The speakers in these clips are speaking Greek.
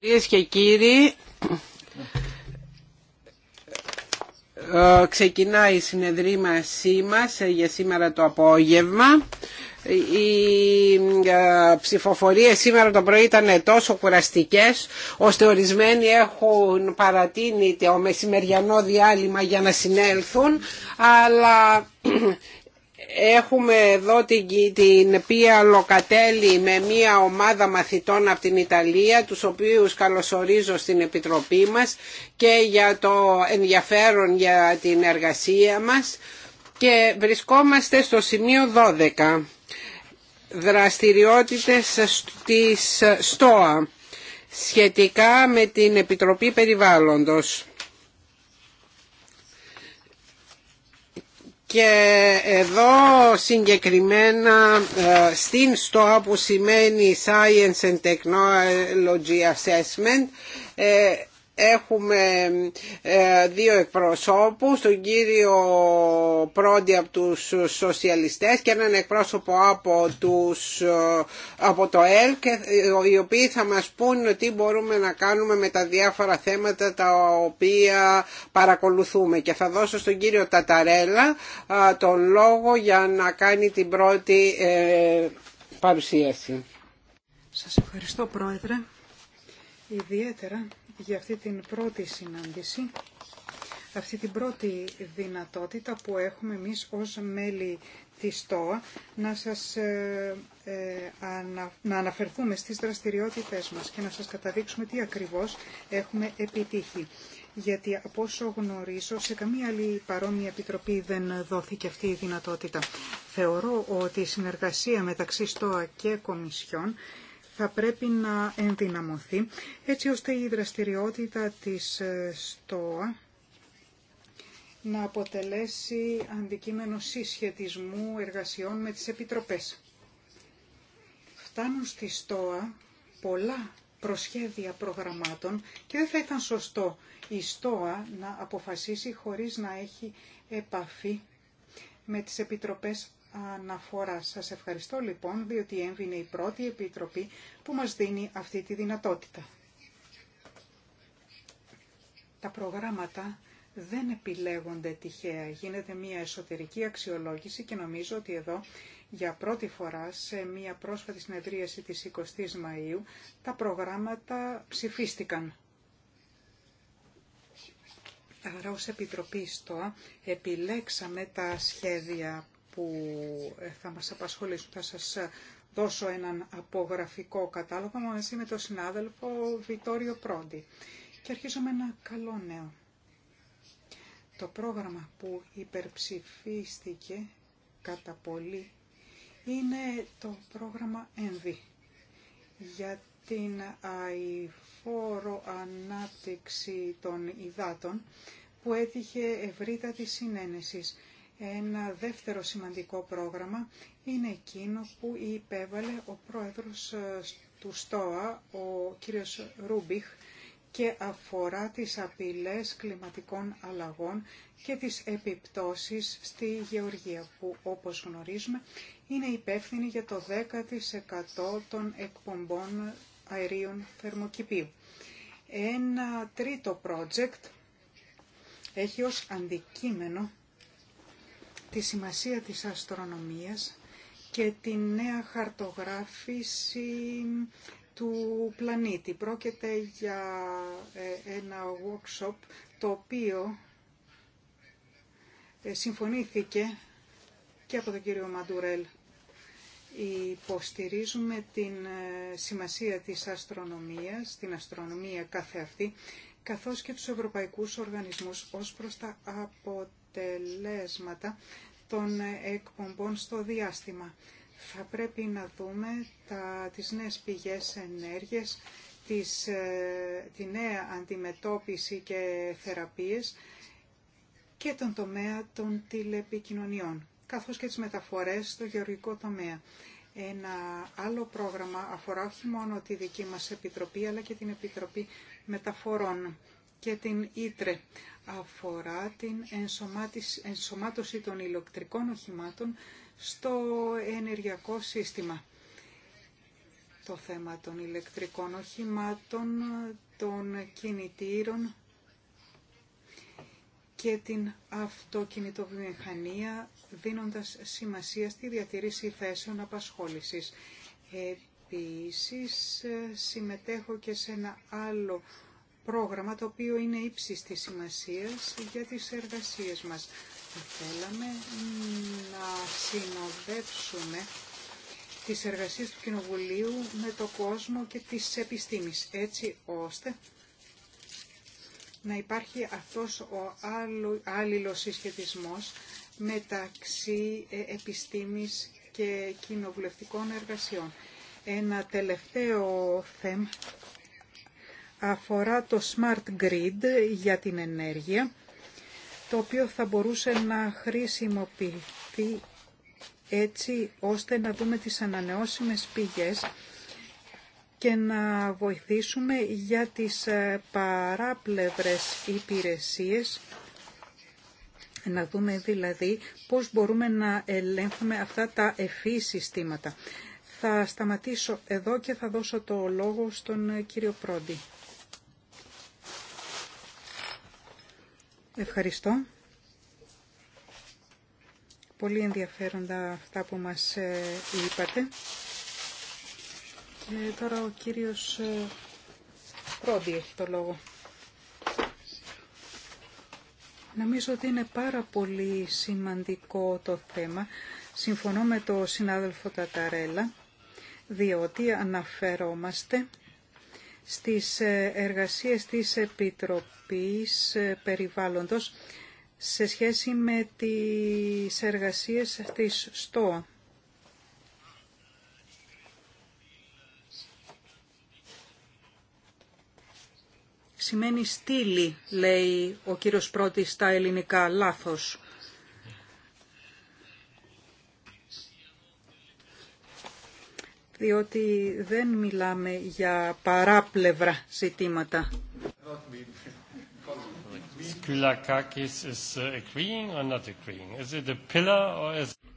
Κυρίε και κύριοι, ε, ξεκινάει η συνεδρίμασή μας ε, για σήμερα το απόγευμα. Οι ε, ψηφοφορία σήμερα το πρωί ήταν τόσο κουραστικέ ώστε ορισμένοι έχουν παρατείνει το μεσημεριανό διάλειμμα για να συνέλθουν αλλά έχουμε εδώ την, την Πία Λοκατέλη με μια ομάδα μαθητών από την Ιταλία τους οποίους καλωσορίζω στην Επιτροπή μας και για το ενδιαφέρον για την εργασία μας και βρισκόμαστε στο σημείο 12 δραστηριότητες της ΣΤΟΑ σχετικά με την Επιτροπή Περιβάλλοντος. και εδώ συγκεκριμένα ε, στην ΣΤΟΑ που σημαίνει Science and Technology Assessment ε, Έχουμε ε, δύο εκπροσώπους, τον κύριο Πρόντι από τους σοσιαλιστές και έναν εκπρόσωπο από, τους, ε, από το ΕΛ ε, οι οποίοι θα μας πούν τι μπορούμε να κάνουμε με τα διάφορα θέματα τα οποία παρακολουθούμε. Και θα δώσω στον κύριο Ταταρέλα τον λόγο για να κάνει την πρώτη παρουσίαση. Σας ευχαριστώ πρόεδρε. Ιδιαίτερα για αυτή την πρώτη συνάντηση, αυτή την πρώτη δυνατότητα που έχουμε εμείς ως μέλη της ΤΟΑ να, σας, ε, ε, να αναφερθούμε στις δραστηριότητες μας και να σας καταδείξουμε τι ακριβώς έχουμε επιτύχει. Γιατί από όσο γνωρίζω, σε καμία άλλη παρόμοια επιτροπή δεν δόθηκε αυτή η δυνατότητα. Θεωρώ ότι η συνεργασία μεταξύ ΣΤΟΑ και Κομισιόν θα πρέπει να ενδυναμωθεί έτσι ώστε η δραστηριότητα της ε, ΣΤΟΑ να αποτελέσει αντικείμενο συσχετισμού εργασιών με τις επιτροπές. Φτάνουν στη ΣΤΟΑ πολλά προσχέδια προγραμμάτων και δεν θα ήταν σωστό η ΣΤΟΑ να αποφασίσει χωρίς να έχει επαφή με τις επιτροπές αναφορά. Σας ευχαριστώ λοιπόν, διότι η η πρώτη επιτροπή που μας δίνει αυτή τη δυνατότητα. Τα προγράμματα δεν επιλέγονται τυχαία. Γίνεται μια εσωτερική αξιολόγηση και νομίζω ότι εδώ για πρώτη φορά σε μια πρόσφατη συνεδρίαση της 20ης Μαΐου τα προγράμματα ψηφίστηκαν. Άρα ως Επιτροπή ΣΤΟΑ επιλέξαμε τα σχέδια που ε, θα μας απασχολήσουν. Θα σας ε, δώσω έναν απογραφικό κατάλογο μαζί με τον συνάδελφο Βιτόριο Πρόντι. Και αρχίζω με ένα καλό νέο. Το πρόγραμμα που υπερψηφίστηκε κατά πολύ είναι το πρόγραμμα ΕΝΒΗ για την αηφόρο ανάπτυξη των υδάτων που έτυχε ευρύτατη συνένεσης. Ένα δεύτερο σημαντικό πρόγραμμα είναι εκείνο που υπέβαλε ο πρόεδρος ε, του ΣΤΟΑ, ο κύριος Ρούμπιχ, και αφορά τις απειλές κλιματικών αλλαγών και τις επιπτώσεις στη γεωργία που όπως γνωρίζουμε είναι υπεύθυνη για το 10% των εκπομπών αερίων θερμοκηπίου. Ένα τρίτο project έχει ως αντικείμενο τη σημασία της αστρονομίας και τη νέα χαρτογράφηση του πλανήτη. Πρόκειται για ε, ένα workshop το οποίο ε, συμφωνήθηκε και από τον κύριο Μαντουρέλ. Υποστηρίζουμε την ε, σημασία της αστρονομίας, την αστρονομία κάθε αυτή, καθώς και τους ευρωπαϊκούς οργανισμούς ως προς τα αποτελέσματα των εκπομπών στο διάστημα. Θα πρέπει να δούμε τα, τις νέες πηγές ενέργειας, τις, ε, τη νέα αντιμετώπιση και θεραπείες και τον τομέα των τηλεπικοινωνιών, καθώς και τις μεταφορές στο γεωργικό τομέα. Ένα άλλο πρόγραμμα αφορά όχι μόνο τη δική μας Επιτροπή, αλλά και την Επιτροπή Μεταφορών και την Ήτρε αφορά την ενσωμάτωση των ηλεκτρικών οχημάτων στο ενεργειακό σύστημα. Το θέμα των ηλεκτρικών οχημάτων, των κινητήρων και την αυτοκινητοβιομηχανία δίνοντας σημασία στη διατηρήση θέσεων απασχόλησης. Επίσης συμμετέχω και σε ένα άλλο πρόγραμμα το οποίο είναι ύψης της σημασίας για τις εργασίες μας. Θέλαμε να συνοδεύσουμε τις εργασίες του Κοινοβουλίου με το κόσμο και τις επιστήμης, έτσι ώστε να υπάρχει αυτός ο άλληλος συσχετισμός μεταξύ ε, επιστήμης και κοινοβουλευτικών εργασιών. Ένα τελευταίο θέμα αφορά το Smart Grid για την ενέργεια, το οποίο θα μπορούσε να χρησιμοποιηθεί έτσι ώστε να δούμε τις ανανεώσιμες πηγές και να βοηθήσουμε για τις ε, παράπλευρες υπηρεσίες, να δούμε δηλαδή πώς μπορούμε να ελέγχουμε αυτά τα ευφύ συστήματα. Θα σταματήσω εδώ και θα δώσω το λόγο στον κύριο Πρόντι. Ευχαριστώ. Πολύ ενδιαφέροντα αυτά που μας ε, είπατε. Και ε, τώρα ο κύριος ε, Πρόντι έχει το λόγο. Νομίζω ότι είναι πάρα πολύ σημαντικό το θέμα. Συμφωνώ με το συνάδελφο Ταταρέλα, διότι αναφερόμαστε στις ε, εργασίες της Επιτροπής ε, Περιβάλλοντος σε σχέση με τις εργασίες της ΣΤΟΑ. Σημαίνει στήλη, λέει ο κύριος πρώτη στα ελληνικά, λάθος. διότι δεν μιλάμε για παράπλευρα ζητήματα.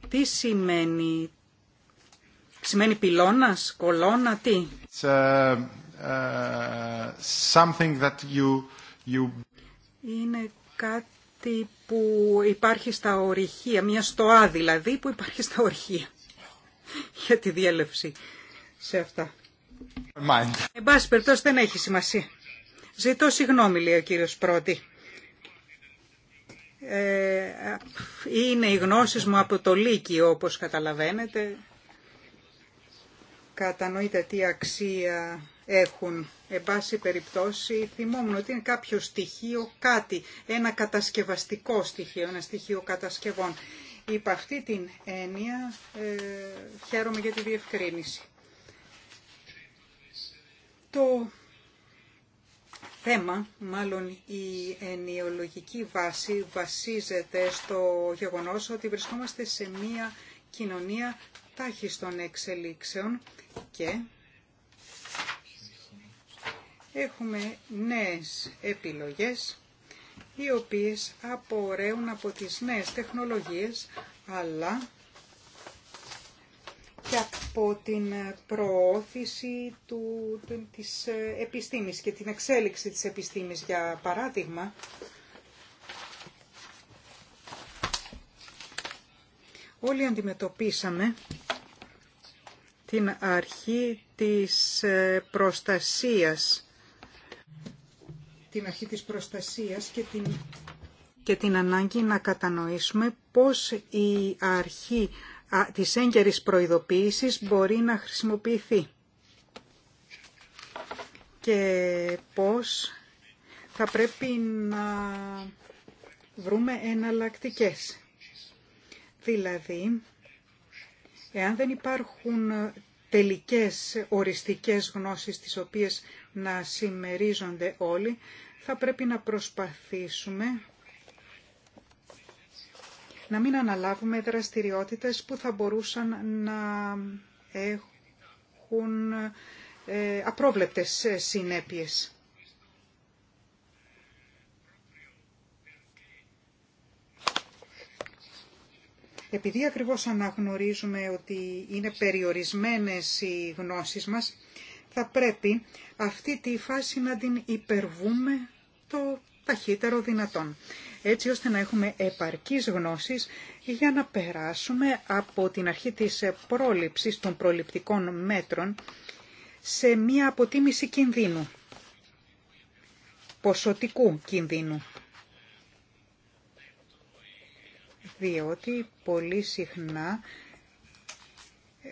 Τι σημαίνει, σημαίνει πυλώνας, κολώνα, τι. Uh, uh, Είναι κάτι που υπάρχει στα ορυχεία, μια στοά δηλαδή που υπάρχει στα ορυχεία. για τη διέλευση σε αυτά. Mind. Εν πάση περιπτώσει δεν έχει σημασία. Ζητώ συγγνώμη, λέει ο κύριος Πρώτη. Ε, είναι οι γνώσεις μου από το Λύκειο, όπως καταλαβαίνετε. Κατανοείτε τι αξία έχουν. Εν πάση περιπτώσει, θυμόμουν ότι είναι κάποιο στοιχείο, κάτι, ένα κατασκευαστικό στοιχείο, ένα στοιχείο κατασκευών. Υπ' αυτή την έννοια ε, χαίρομαι για τη διευκρίνηση. Το θέμα, μάλλον η ενιολογική βάση βασίζεται στο γεγονός ότι βρισκόμαστε σε μία κοινωνία τάχιστων εξελίξεων και έχουμε νέες επιλογές οι οποίες απορρέουν από τις νέες τεχνολογίες, αλλά και από την προώθηση του, του, της ε, επιστήμης και την εξέλιξη της επιστήμης. Για παράδειγμα, όλοι αντιμετωπίσαμε την αρχή της ε, προστασίας την αρχή της προστασίας και την, και ανάγκη να κατανοήσουμε πώς η αρχή της έγκαιρης προειδοποίησης μπορεί να χρησιμοποιηθεί και πώς θα πρέπει να βρούμε εναλλακτικέ. Δηλαδή, εάν δεν υπάρχουν τελικές οριστικές γνώσεις τις οποίες να συμμερίζονται όλοι, θα πρέπει να προσπαθήσουμε να μην αναλάβουμε δραστηριότητες που θα μπορούσαν να έχουν ε, απρόβλεπτες συνέπειες. Επειδή ακριβώς αναγνωρίζουμε ότι είναι περιορισμένες οι γνώσεις μας, θα πρέπει αυτή τη φάση να την υπερβούμε το ταχύτερο δυνατόν, έτσι ώστε να έχουμε επαρκείς γνώσεις για να περάσουμε από την αρχή της πρόληψης των προληπτικών μέτρων σε μία αποτίμηση κινδύνου, ποσοτικού κινδύνου. Διότι πολύ συχνά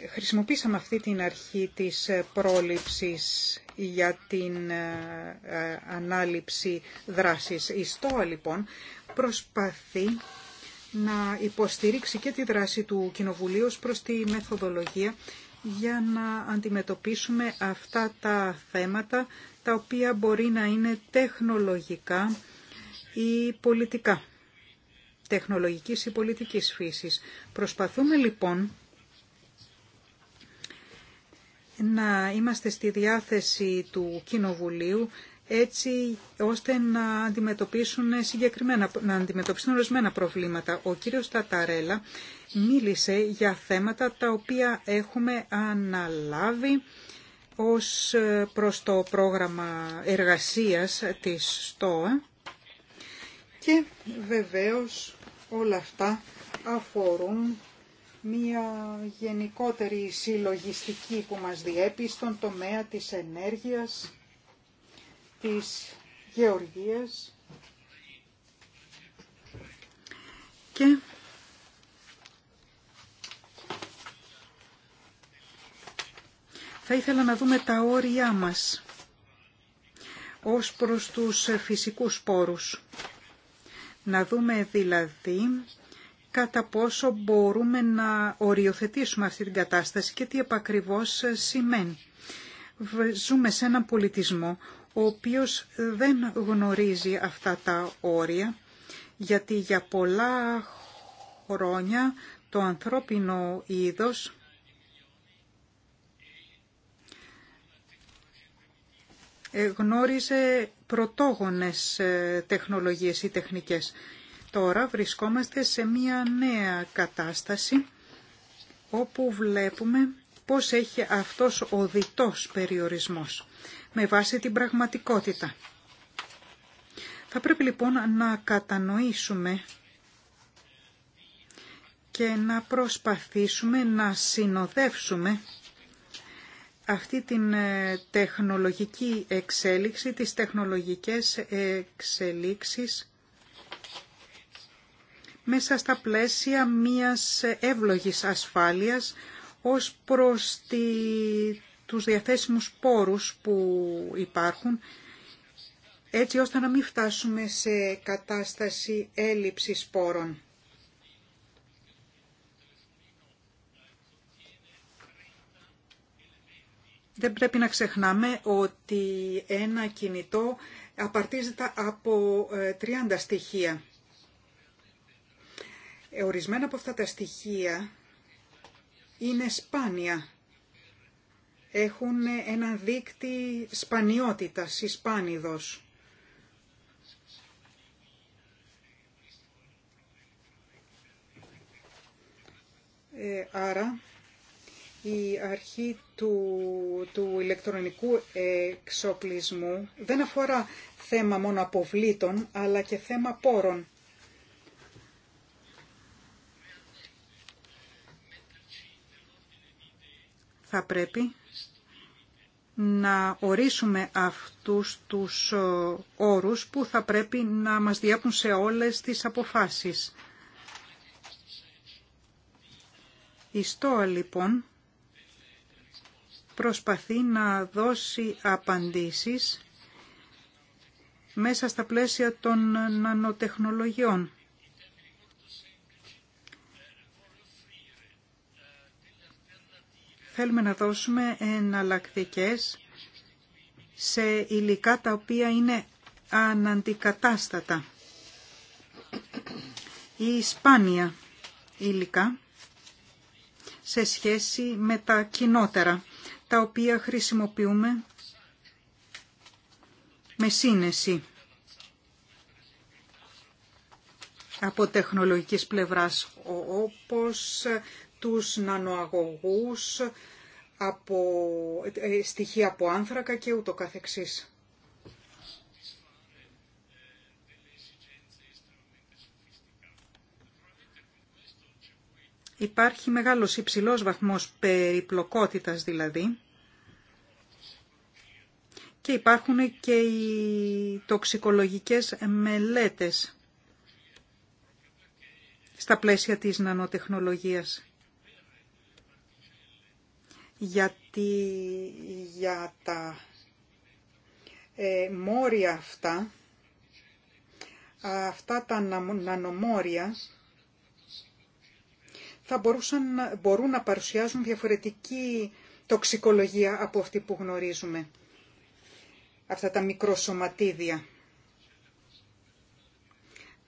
Χρησιμοποίησαμε αυτή την αρχή της πρόληψης για την ε, ε, ανάληψη δράσης. Η ΣΤΟΑ λοιπόν προσπαθεί να υποστηρίξει και τη δράση του Κοινοβουλίου προς τη μεθοδολογία για να αντιμετωπίσουμε αυτά τα θέματα τα οποία μπορεί να είναι τεχνολογικά ή πολιτικά, τεχνολογικής ή πολιτικής φύσης. Προσπαθούμε λοιπόν να είμαστε στη διάθεση του Κοινοβουλίου έτσι ώστε να αντιμετωπίσουν συγκεκριμένα, να αντιμετωπίσουν ορισμένα προβλήματα. Ο κύριος Ταταρέλα μίλησε για θέματα τα οποία έχουμε αναλάβει ως προς το πρόγραμμα εργασίας της ΣΤΟΑ και βεβαίως όλα αυτά αφορούν μία γενικότερη συλλογιστική που μας διέπει στον τομέα της ενέργειας, της γεωργίας και θα ήθελα να δούμε τα όρια μας ως προς τους φυσικούς πόρους. Να δούμε δηλαδή κατά πόσο μπορούμε να οριοθετήσουμε αυτή την κατάσταση και τι επακριβώς σημαίνει. Ζούμε σε έναν πολιτισμό ο οποίος δεν γνωρίζει αυτά τα όρια, γιατί για πολλά χρόνια το ανθρώπινο είδος γνώριζε πρωτόγονες τεχνολογίες ή τεχνικές. Τώρα βρισκόμαστε σε μια νέα κατάσταση όπου βλέπουμε πώς έχει αυτός ο διτός περιορισμός με βάση την πραγματικότητα. Θα πρέπει λοιπόν να κατανοήσουμε και να προσπαθήσουμε να συνοδεύσουμε αυτή την ε, τεχνολογική εξέλιξη, τις τεχνολογικές εξελίξεις μέσα στα πλαίσια μιας εύλογης ασφάλειας ως προς τη, τους διαθέσιμους πόρους που υπάρχουν, έτσι ώστε να μην φτάσουμε σε κατάσταση έλλειψης πόρων. Δεν πρέπει να ξεχνάμε ότι ένα κινητό απαρτίζεται από 30 ε, στοιχεία. Ε, ορισμένα από αυτά τα στοιχεία είναι σπάνια. Έχουν ένα δείκτη σπανιότητας ή σπάνιδος. Ε, άρα η αρχή του, του ηλεκτρονικού εξοπλισμού δεν αφορά θέμα μόνο αποβλήτων αλλά και θέμα πόρων. θα πρέπει να ορίσουμε αυτούς τους όρους που θα πρέπει να μας διέπουν σε όλες τις αποφάσεις. Η ΣΤΟΑ λοιπόν προσπαθεί να δώσει απαντήσεις μέσα στα πλαίσια των νανοτεχνολογιών θέλουμε να δώσουμε εναλλακτικέ σε υλικά τα οποία είναι αναντικατάστατα ή σπάνια υλικά σε σχέση με τα κοινότερα, τα οποία χρησιμοποιούμε με σύνεση. Από τεχνολογικής πλευράς, όπως τους νανοαγωγούς, από, ε, ε, στοιχεία από άνθρακα και ούτω καθεξής. Υπάρχει μεγάλος υψηλός βαθμός περιπλοκότητας δηλαδή και υπάρχουν και οι τοξικολογικές μελέτες στα πλαίσια της νανοτεχνολογίας γιατί για τα ε, μόρια αυτά, αυτά τα νανομόρια θα μπορούσαν, μπορούν να παρουσιάζουν διαφορετική τοξικολογία από αυτή που γνωρίζουμε. Αυτά τα μικροσωματίδια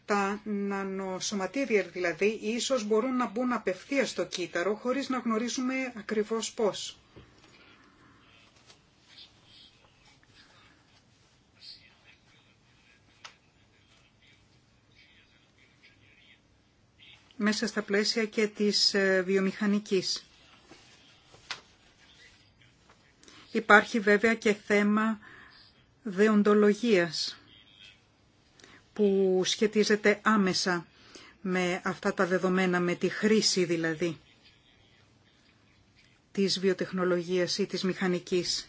τα νανοσωματίδια δηλαδή ίσως μπορούν να μπουν απευθεία στο κύτταρο χωρίς να γνωρίζουμε ακριβώς πώς. μέσα στα πλαίσια και της ε, βιομηχανικής. Υπάρχει βέβαια και θέμα δεοντολογίας που σχετίζεται άμεσα με αυτά τα δεδομένα, με τη χρήση δηλαδή της βιοτεχνολογίας ή της μηχανικής.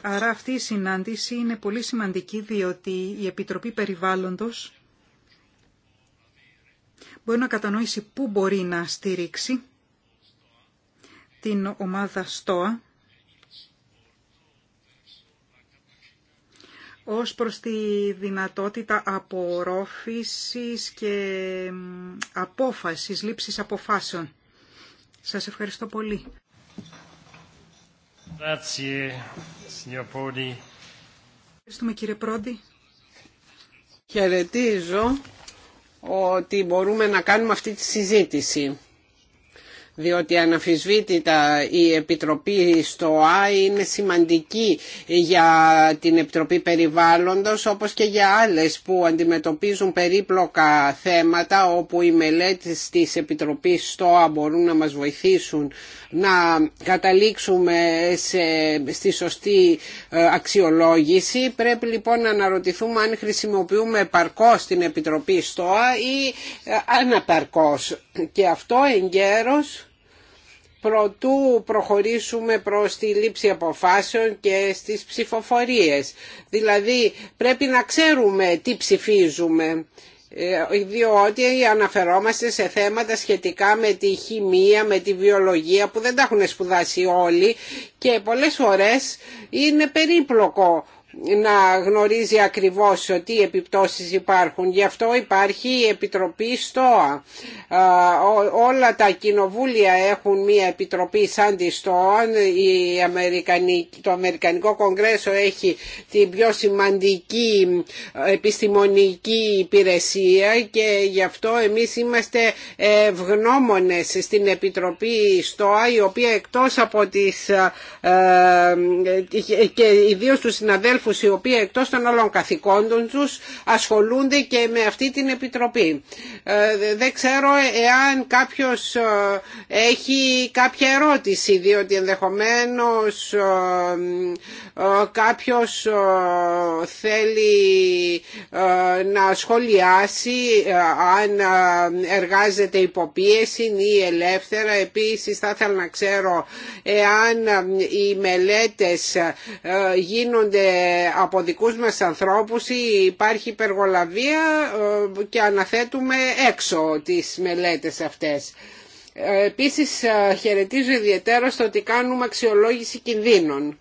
Άρα αυτή η συνάντηση είναι πολύ σημαντική διότι η Επιτροπή Περιβάλλοντος μπορεί να κατανοήσει πού μπορεί να στηρίξει την ομάδα ΣΤΟΑ ως προς τη δυνατότητα απορρόφησης και απόφασης, λήψης αποφάσεων. Σας ευχαριστώ πολύ. Ευχαριστούμε κύριε Πρόντι. Χαιρετίζω ότι μπορούμε να κάνουμε αυτή τη συζήτηση διότι αναφυσβήτητα η Επιτροπή στο είναι σημαντική για την Επιτροπή Περιβάλλοντος όπως και για άλλες που αντιμετωπίζουν περίπλοκα θέματα όπου οι μελέτες της Επιτροπής ΣΤΟΑ μπορούν να μας βοηθήσουν να καταλήξουμε σε, στη σωστή ε, αξιολόγηση. Πρέπει λοιπόν να αναρωτηθούμε αν χρησιμοποιούμε παρκώς την Επιτροπή ΣΤΟΑ ή ε, αναπαρκώς. Και αυτό εγκαίρως προτού προχωρήσουμε προς τη λήψη αποφάσεων και στις ψηφοφορίες. Δηλαδή πρέπει να ξέρουμε τι ψηφίζουμε ε, διότι αναφερόμαστε σε θέματα σχετικά με τη χημεία, με τη βιολογία που δεν τα έχουν σπουδάσει όλοι και πολλές φορές είναι περίπλοκο να γνωρίζει ακριβώς τι επιπτώσεις υπάρχουν. Γι' αυτό υπάρχει η Επιτροπή ΣΤΟΑ. Όλα τα κοινοβούλια έχουν μια Επιτροπή σαν τη ΣΤΟΑ. Το Αμερικανικό Κογκρέσο έχει την πιο σημαντική ε, επιστημονική υπηρεσία και γι' αυτό εμείς είμαστε ευγνώμονες στην Επιτροπή ΣΤΟΑ η οποία εκτός από τις ε, ε, και ιδίως τους συναδέλφους οι οποίοι εκτός των όλων καθηκόντων τους ασχολούνται και με αυτή την Επιτροπή. Ε, δεν ξέρω εάν κάποιος ε, έχει κάποια ερώτηση διότι ενδεχομένως ε, ε, κάποιος ε, θέλει ε, να σχολιάσει αν εργάζεται υποπίεση ή ελεύθερα. Επίσης θα ήθελα να ξέρω εάν οι μελέτες γίνονται από δικούς μας ανθρώπους ή υπάρχει υπεργολαβία και αναθέτουμε έξω τις μελέτες αυτές. Επίσης χαιρετίζω ιδιαίτερα στο ότι κάνουμε αξιολόγηση κινδύνων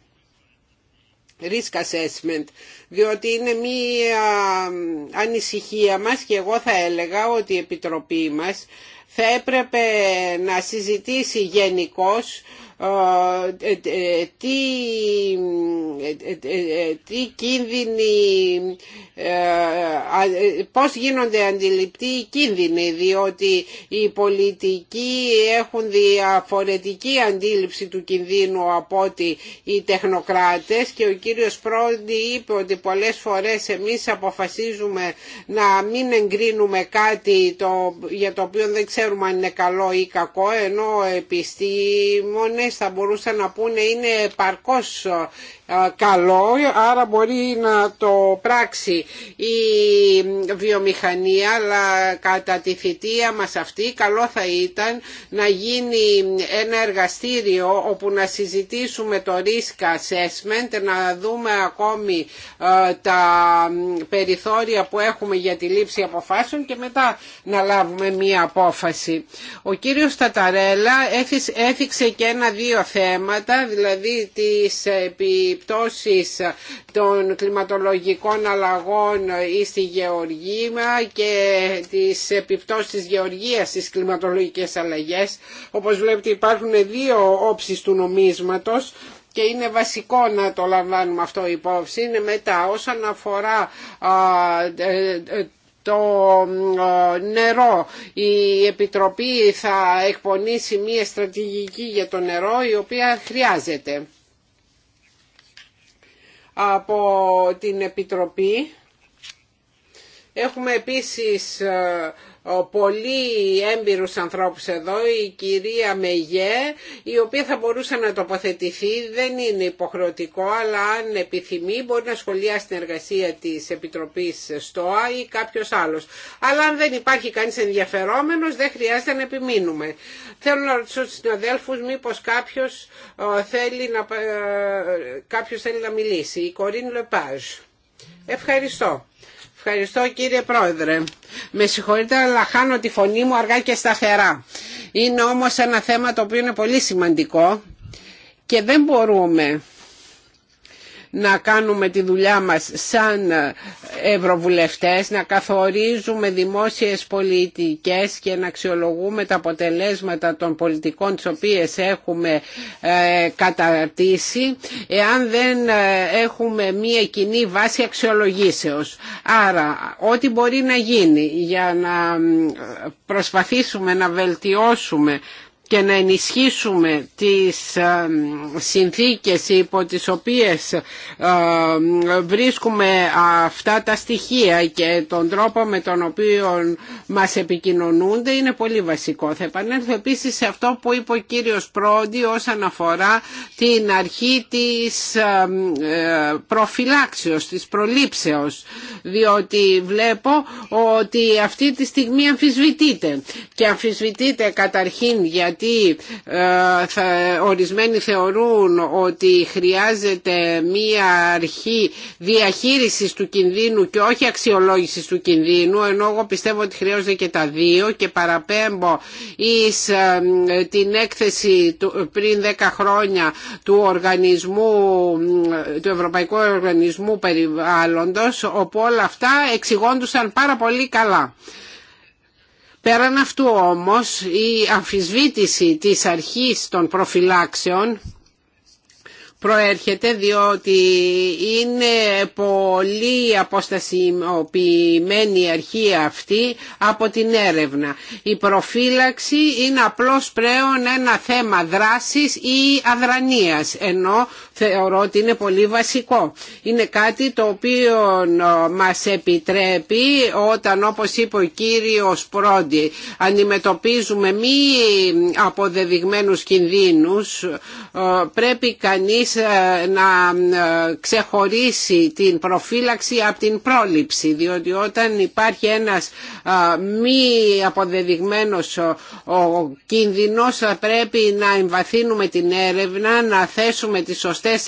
risk assessment διότι είναι μία ανησυχία μας και εγώ θα έλεγα ότι η Επιτροπή μας θα έπρεπε να συζητήσει γενικώς ε, ε, ε, τι, τι κίνδυνοι ε, ε, πώς γίνονται αντιληπτοί οι κίνδυνοι διότι οι πολιτικοί έχουν διαφορετική αντίληψη του κινδύνου από ότι οι τεχνοκράτες και ο κύριος Πρόντι είπε ότι πολλές φορές εμείς αποφασίζουμε να μην εγκρίνουμε κάτι το, για το οποίο δεν ξέρουμε αν είναι καλό ή κακό ενώ επιστήμονες θα μπορούσαν να πούνε είναι παρκώς καλό, άρα μπορεί να το πράξει η βιομηχανία, αλλά κατά τη θητεία μας αυτή καλό θα ήταν να γίνει ένα εργαστήριο όπου να συζητήσουμε το risk assessment, να δούμε ακόμη τα περιθώρια που έχουμε για τη λήψη αποφάσεων και μετά να λάβουμε μία απόφαση. Ο κύριος Ταταρέλα έφυξε και ένα-δύο θέματα, δηλαδή τις επιχειρήσεις επιπτώσεις των κλιματολογικών αλλαγών στη γεωργία και τις επιπτώσεις της γεωργίας στις κλιματολογικές αλλαγές. Όπως βλέπετε υπάρχουν δύο όψεις του νομίσματος και είναι βασικό να το λαμβάνουμε αυτό υπόψη. Είναι μετά όσον αφορά ε, ε, το ε, νερό. Η Επιτροπή θα εκπονήσει μία στρατηγική για το νερό η οποία χρειάζεται από την Επιτροπή. Έχουμε επίσης ε, πολύ έμπειρους ανθρώπους εδώ, η κυρία Μεγέ, η οποία θα μπορούσε να τοποθετηθεί, δεν είναι υποχρεωτικό, αλλά αν επιθυμεί μπορεί να σχολιάσει την εργασία της Επιτροπής ΣΤΟΑ ή κάποιος άλλος. Αλλά αν δεν υπάρχει κανείς ενδιαφερόμενος, δεν χρειάζεται να επιμείνουμε. Θέλω να ρωτήσω του συναδέλφους μήπως κάποιος, ε, θέλει, ε, θέλει να μιλήσει. Η Κορίν Λεπάζ. Ευχαριστώ. Ευχαριστώ κύριε Πρόεδρε. Με συγχωρείτε αλλά χάνω τη φωνή μου αργά και σταθερά. Είναι όμως ένα θέμα το οποίο είναι πολύ σημαντικό και δεν μπορούμε να κάνουμε τη δουλειά μας σαν ευρωβουλευτές, να καθορίζουμε δημόσιες πολιτικές και να αξιολογούμε τα αποτελέσματα των πολιτικών τις οποίες έχουμε ε, καταρτήσει εάν δεν ε, έχουμε μία κοινή βάση αξιολογήσεως. Άρα, ό,τι μπορεί να γίνει για να ε, προσπαθήσουμε να βελτιώσουμε και να ενισχύσουμε τις ε, συνθήκες υπό τις οποίες ε, βρίσκουμε αυτά τα στοιχεία και τον τρόπο με τον οποίο μας επικοινωνούνται είναι πολύ βασικό. Θα επανέλθω επίσης σε αυτό που είπε ο κύριος Πρόντι όσον αφορά την αρχή της ε, προφυλάξεως, της προλήψεως διότι βλέπω ότι αυτή τη στιγμή αμφισβητείται και αμφισβητείται καταρχήν γιατί γιατί ε, θα, ορισμένοι θεωρούν ότι χρειάζεται μία αρχή διαχείρισης του κινδύνου και όχι αξιολόγησης του κινδύνου ενώ εγώ πιστεύω ότι χρειάζεται και τα δύο και παραπέμπω εις ε, την έκθεση πριν 10 χρόνια του οργανισμού ε, του Ευρωπαϊκού Οργανισμού Περιβάλλοντος όπου όλα αυτά εξηγόντουσαν πάρα πολύ καλά. Πέραν αυτού όμως η αμφισβήτηση της αρχής των προφυλάξεων προέρχεται διότι είναι πολύ αποστασιμοποιημένη η αρχή αυτή από την έρευνα. Η προφύλαξη είναι απλώς πλέον ένα θέμα δράσης ή αδρανίας ενώ θεωρώ ότι είναι πολύ βασικό. Είναι κάτι το οποίο μας επιτρέπει όταν όπως είπε ο κύριος Πρόντι αντιμετωπίζουμε μη αποδεδειγμένους κινδύνους ε, πρέπει κανείς ε, να ε, ξεχωρίσει την προφύλαξη από την πρόληψη διότι όταν υπάρχει ένας μη αποδεδειγμένος ο κίνδυνος θα πρέπει να εμβαθύνουμε την έρευνα να θέσουμε τις σωστές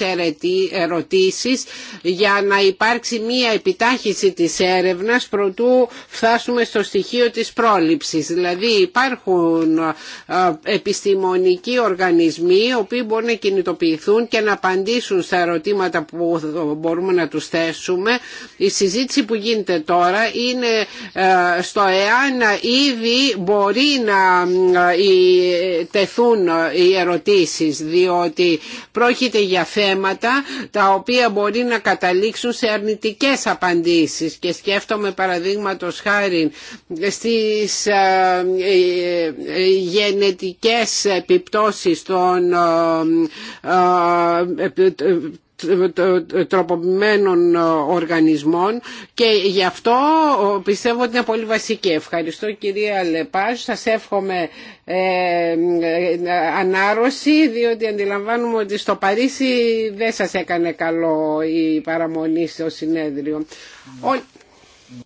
ερωτήσεις για να υπάρξει μία επιτάχυση της έρευνας προτού φτάσουμε στο στοιχείο της πρόληψης δηλαδή υπάρχουν επιστημονικοί οργανισμοί οποίοι μπορούν να κινητοποιηθούν και να απαντήσουν στα ερωτήματα που μπορούμε να τους θέσουμε. Η συζήτηση που γίνεται τώρα είναι ε, στο εάν ήδη μπορεί να ε, τεθούν οι ερωτήσεις διότι πρόκειται για θέματα τα οποία μπορεί να καταλήξουν σε αρνητικές απαντήσεις και σκέφτομαι παραδείγματος χάρη στις ε, γενετικές επιπτώσεις των τροποποιημένων οργανισμών και γι' αυτό πιστεύω ότι είναι πολύ βασική. Ευχαριστώ κυρία Λεπάζ, σας εύχομαι ε, ανάρρωση διότι αντιλαμβάνουμε ότι στο Παρίσι δεν σας έκανε καλό η παραμονή στο συνέδριο.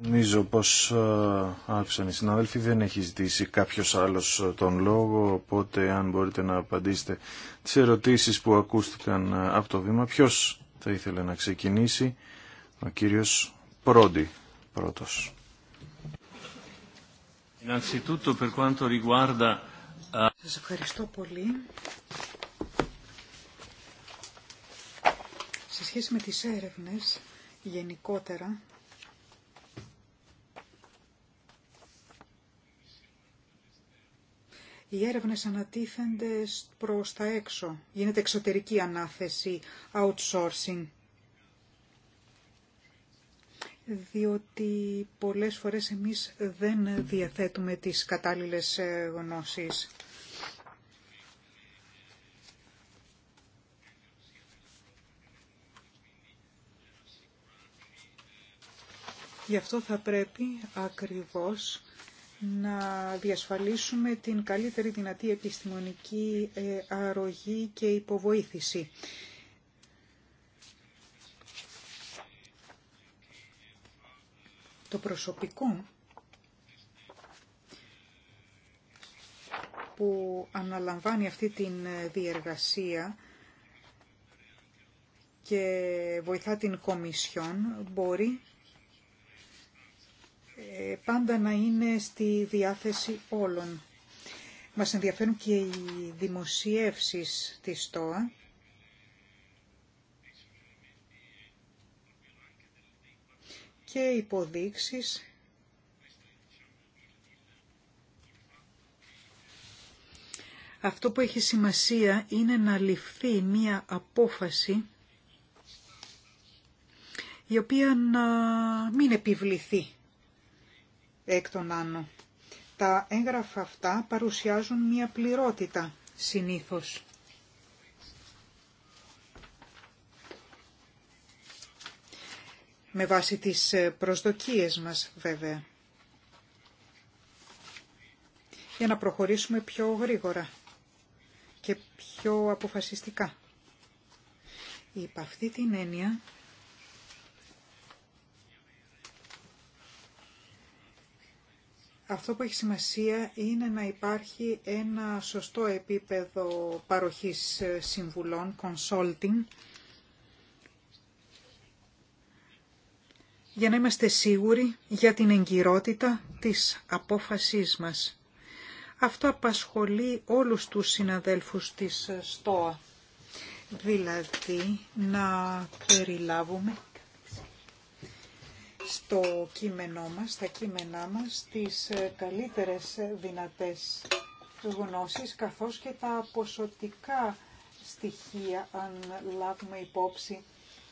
Νομίζω πως ε, άφησαν οι συνάδελφοι, δεν έχει ζητήσει κάποιος άλλος ε, τον λόγο, οπότε αν μπορείτε να απαντήσετε τις ερωτήσεις που ακούστηκαν ε, από το βήμα, ποιος θα ήθελε να ξεκινήσει, ο κύριος Πρόντι πρώτος. Σας ευχαριστώ πολύ. Σε σχέση με τις έρευνες γενικότερα, Οι έρευνες ανατίθενται προς τα έξω. Γίνεται εξωτερική ανάθεση, outsourcing. Διότι πολλές φορές εμείς δεν διαθέτουμε τις κατάλληλες ε, γνώσεις. Γι' αυτό θα πρέπει ακριβώς να διασφαλίσουμε την καλύτερη δυνατή επιστημονική ε, αρρωγή και υποβοήθηση. Το προσωπικό που αναλαμβάνει αυτή την διεργασία και βοηθά την Κομισιόν μπορεί ε, πάντα να είναι στη διάθεση όλων. Μας ενδιαφέρουν και οι δημοσιεύσεις της ΤΟΑ. και υποδείξεις Αυτό που έχει σημασία είναι να ληφθεί μία απόφαση η οποία να μην επιβληθεί τα έγγραφα αυτά παρουσιάζουν μία πληρότητα συνήθως. Με βάση τις ε, προσδοκίες μας βέβαια. Για να προχωρήσουμε πιο γρήγορα και πιο αποφασιστικά. Υπ' αυτή την έννοια Αυτό που έχει σημασία είναι να υπάρχει ένα σωστό επίπεδο παροχής ε, συμβουλών, consulting, για να είμαστε σίγουροι για την εγκυρότητα της απόφασής μας. Αυτό απασχολεί όλους τους συναδέλφους της ε, ΣΤΟΑ. Δηλαδή να περιλάβουμε στο κείμενό μας, στα κείμενά μας, τις ε, καλύτερες ε, δυνατές γνώσεις, καθώς και τα ποσοτικά στοιχεία, αν λάβουμε υπόψη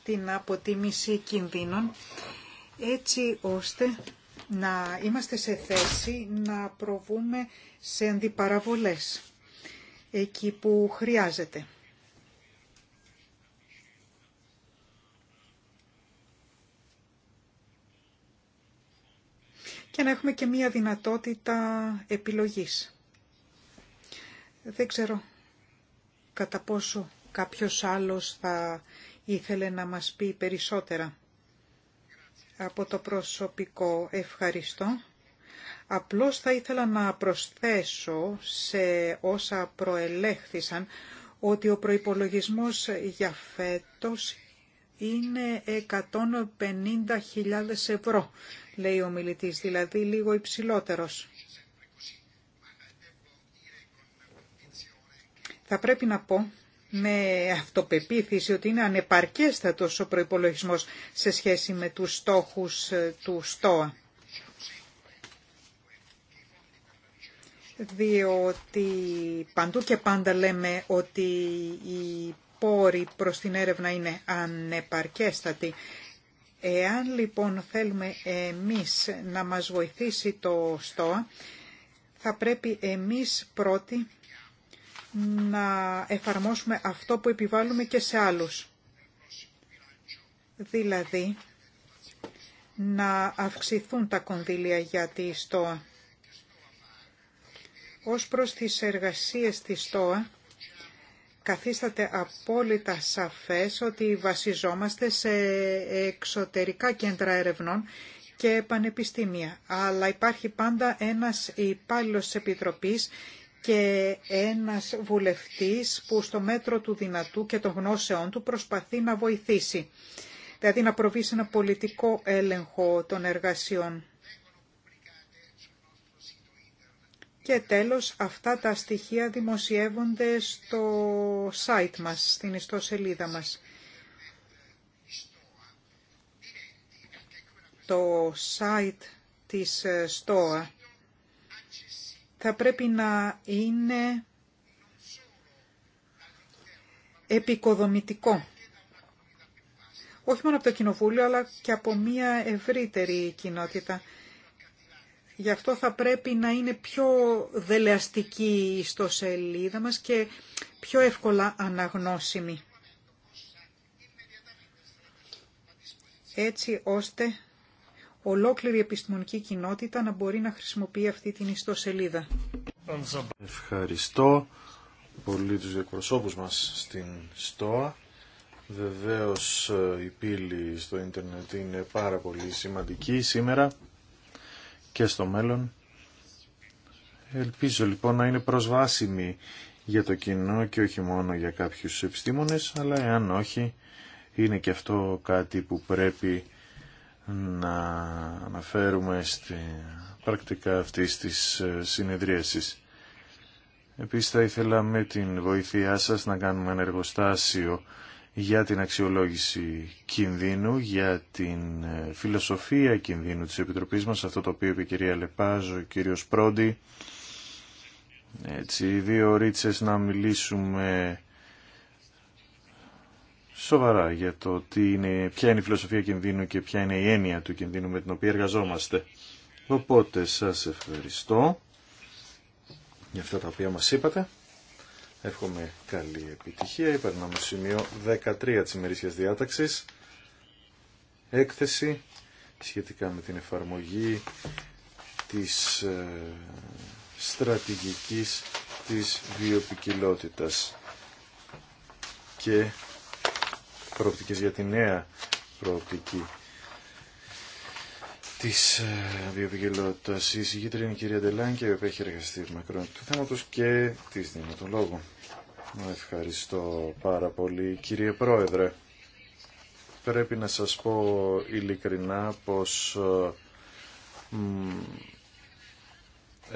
την αποτίμηση κινδύνων, έτσι ώστε να είμαστε σε θέση να προβούμε σε αντιπαραβολές εκεί που χρειάζεται. και να έχουμε και μία δυνατότητα επιλογής. Δεν ξέρω κατά πόσο κάποιος άλλος θα ήθελε να μας πει περισσότερα από το προσωπικό ευχαριστώ. Απλώς θα ήθελα να προσθέσω σε όσα προελέχθησαν ότι ο προϋπολογισμός για φέτος είναι 150.000 ευρώ, λέει ο μιλητής, δηλαδή λίγο υψηλότερος. Θα πρέπει να πω με αυτοπεποίθηση ότι είναι ανεπαρκέστατος ο προϋπολογισμός σε σχέση με τους στόχους ε, του ΣΤΟΑ. διότι παντού και πάντα λέμε ότι η πόροι προς την έρευνα είναι ανεπαρκέστατοι. Εάν λοιπόν θέλουμε εμείς να μας βοηθήσει το ΣΤΟΑ, θα πρέπει εμείς πρώτοι να εφαρμόσουμε αυτό που επιβάλλουμε και σε άλλους. Δηλαδή, να αυξηθούν τα κονδύλια για τη ΣΤΟΑ. Ως προς τις εργασίες της ΣΤΟΑ, καθίσταται απόλυτα σαφές ότι βασιζόμαστε σε εξωτερικά κέντρα ερευνών και πανεπιστήμια. Αλλά υπάρχει πάντα ένας υπάλληλος της Επιτροπής και ένας βουλευτής που στο μέτρο του δυνατού και των γνώσεών του προσπαθεί να βοηθήσει. Δηλαδή να προβεί σε ένα πολιτικό έλεγχο των εργασιών Και τέλος, αυτά τα στοιχεία δημοσιεύονται στο site μας, στην ιστοσελίδα μας. Το site της ΣΤΟΑ ε, θα πρέπει να είναι επικοδομητικό. Όχι μόνο από το Κοινοβούλιο, αλλά και από μια ευρύτερη κοινότητα. Γι' αυτό θα πρέπει να είναι πιο δελεαστική η ιστοσελίδα μας και πιο εύκολα αναγνώσιμη. Έτσι ώστε ολόκληρη η επιστημονική κοινότητα να μπορεί να χρησιμοποιεί αυτή την ιστοσελίδα. Ευχαριστώ πολύ τους εκπροσώπους μας στην ΣΤΟΑ. Βεβαίως ε, η πύλη στο ίντερνετ είναι πάρα πολύ σημαντική σήμερα και στο μέλλον. Ελπίζω λοιπόν να είναι προσβάσιμη για το κοινό και όχι μόνο για κάποιους επιστήμονες, αλλά εάν όχι είναι και αυτό κάτι που πρέπει να αναφέρουμε στη πρακτικά αυτής της ε, συνεδρίασης. Επίσης θα ήθελα με την βοήθειά σας να κάνουμε ένα εργοστάσιο για την αξιολόγηση κινδύνου, για την ε, φιλοσοφία κινδύνου της Επιτροπής μας, αυτό το οποίο είπε η κυρία Λεπάζο, ο κύριος Πρόντι. Έτσι, δύο ρίτσες να μιλήσουμε σοβαρά για το τι είναι, ποια είναι η φιλοσοφία κινδύνου και ποια είναι η έννοια του κινδύνου με την οποία εργαζόμαστε. Οπότε σας ευχαριστώ για αυτά τα οποία μας είπατε. Εύχομαι καλή επιτυχία. Υπερνάμε σημείο 13 της ημερήσιας διάταξης. Έκθεση σχετικά με την εφαρμογή της ε, στρατηγικής της βιοπικιλότητας και προοπτικές για τη νέα προοπτική της ε, βιοπικιλότητα. Η συγγήτρια είναι η κυρία Ντελάν και η οποία έχει εργαστεί μακρόν του θέματος και της δυνατολόγου. Ευχαριστώ πάρα πολύ κύριε Πρόεδρε. Πρέπει να σας πω ειλικρινά πως ε,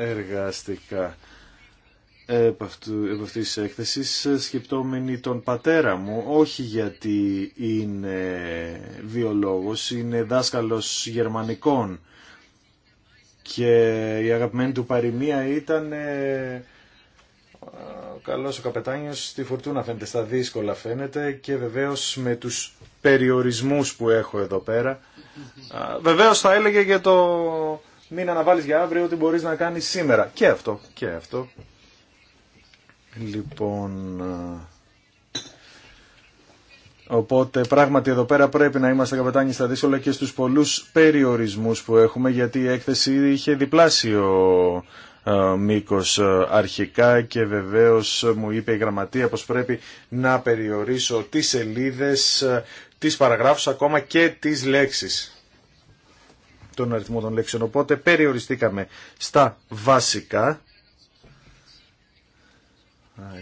εργαστικά επ' αυτής της έκθεσης σκεπτόμενοι τον πατέρα μου, όχι γιατί είναι βιολόγος, είναι δάσκαλος γερμανικών και η αγαπημένη του παροιμία ήταν ε, ο καλός ο καπετάνιος στη φορτούνα φαίνεται, στα δύσκολα φαίνεται και βεβαίως με τους περιορισμούς που έχω εδώ πέρα βεβαίως θα έλεγε για το μην αναβάλεις για αύριο ότι μπορείς να κάνεις σήμερα και αυτό και αυτό Λοιπόν, ε, οπότε πράγματι εδώ πέρα πρέπει να είμαστε καπετάνιοι στα δύσκολα και στους πολλούς περιορισμούς που έχουμε γιατί η έκθεση είχε διπλάσιο ε, μήκος ε, αρχικά και βεβαίως μου είπε η γραμματεία πως πρέπει να περιορίσω τις σελίδες, τις παραγράφους ακόμα και τις λέξεις τον αριθμό των λέξεων. Οπότε περιοριστήκαμε στα βασικά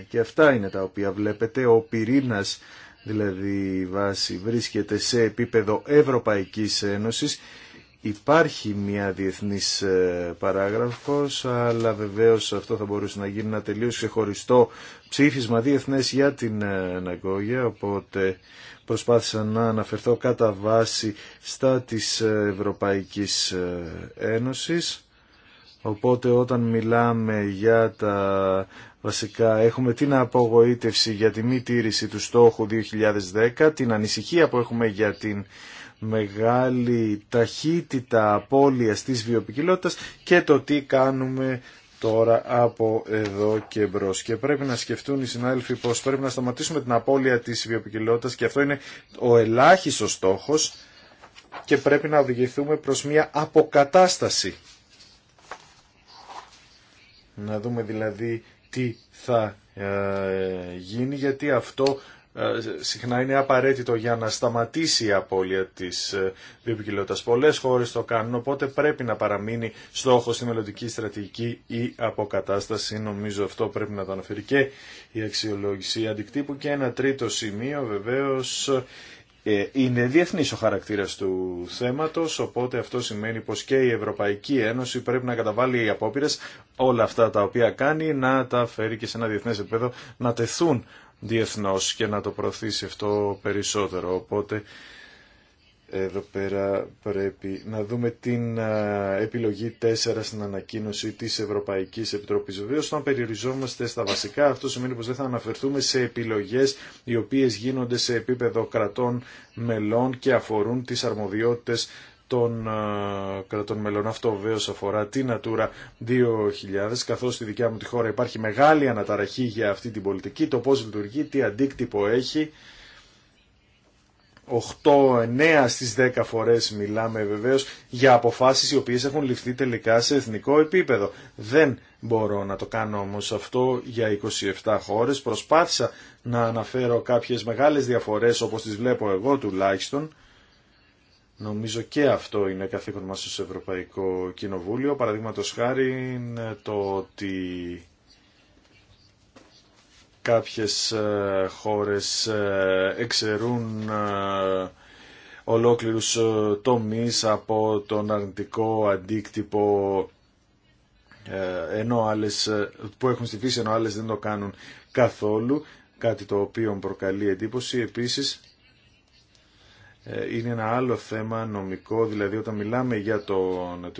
και αυτά είναι τα οποία βλέπετε. Ο πυρήνας, δηλαδή η βάση, βρίσκεται σε επίπεδο Ευρωπαϊκής Ένωσης. Υπάρχει μια διεθνής ε, παράγραφος, αλλά βεβαίως αυτό θα μπορούσε να γίνει ένα τελείω ξεχωριστό ψήφισμα διεθνές για την ε, Ναγκόγια, οπότε προσπάθησα να αναφερθώ κατά βάση στα της ε, Ευρωπαϊκής Ένωσης. Οπότε όταν μιλάμε για τα Βασικά έχουμε την απογοήτευση για τη μη τήρηση του στόχου 2010, την ανησυχία που έχουμε για την μεγάλη ταχύτητα απώλειας της βιοπικιλότητας και το τι κάνουμε τώρα από εδώ και μπρο. Και πρέπει να σκεφτούν οι συνάδελφοι πώ πρέπει να σταματήσουμε την απώλεια τη βιοπικιλότητας και αυτό είναι ο ελάχιστος στόχο. και πρέπει να οδηγηθούμε προ μια αποκατάσταση. Να δούμε δηλαδή τι θα ε, γίνει γιατί αυτό ε, συχνά είναι απαραίτητο για να σταματήσει η απώλεια της ε, βιοποικιλότητας. Πολλές χώρες το κάνουν, οπότε πρέπει να παραμείνει στόχος στη μελλοντική στρατηγική η αποκατάσταση. Νομίζω αυτό πρέπει να το αναφέρει και η αξιολόγηση αντικτύπου. Και ένα τρίτο σημείο βεβαίως ε, είναι διεθνή ο χαρακτήρας του θέματος, οπότε αυτό σημαίνει πως και η Ευρωπαϊκή Ένωση πρέπει να καταβάλει οι απόπειρε όλα αυτά τα οποία κάνει, να τα φέρει και σε ένα διεθνές επίπεδο, να τεθούν διεθνώς και να το προωθήσει αυτό περισσότερο. Οπότε εδώ πέρα πρέπει να δούμε την επιλογή 4 στην ανακοίνωση της Ευρωπαϊκής Επιτροπής. Βεβαίως, όταν περιοριζόμαστε στα βασικά, αυτό σημαίνει πως δεν θα αναφερθούμε σε επιλογές οι οποίες γίνονται σε επίπεδο κρατών μελών και αφορούν τις αρμοδιότητες των κρατών μελών. Αυτό βεβαίω αφορά την Natura 2000, καθώς στη δικιά μου τη χώρα υπάρχει μεγάλη αναταραχή για αυτή την πολιτική, το πώς λειτουργεί, τι αντίκτυπο έχει. 8-9 στις 10 φορές μιλάμε βεβαίως για αποφάσεις οι οποίες έχουν ληφθεί τελικά σε εθνικό επίπεδο. Δεν μπορώ να το κάνω όμως αυτό για 27 χώρες. Προσπάθησα να αναφέρω κάποιες μεγάλες διαφορές όπως τις βλέπω εγώ τουλάχιστον. Νομίζω και αυτό είναι καθήκον μας στο Ευρωπαϊκό Κοινοβούλιο. Παραδείγματο χάρη το ότι Κάποιες ε, χώρες ε, εξαιρούν ε, ολόκληρους τομείς από τον αρνητικό αντίκτυπο ενώ άλλες, που έχουν στη φύση ενώ άλλες δεν το κάνουν καθόλου, κάτι το οποίο προκαλεί εντύπωση. Επίσης ε, είναι ένα άλλο θέμα νομικό, δηλαδή όταν μιλάμε για το Natura 2000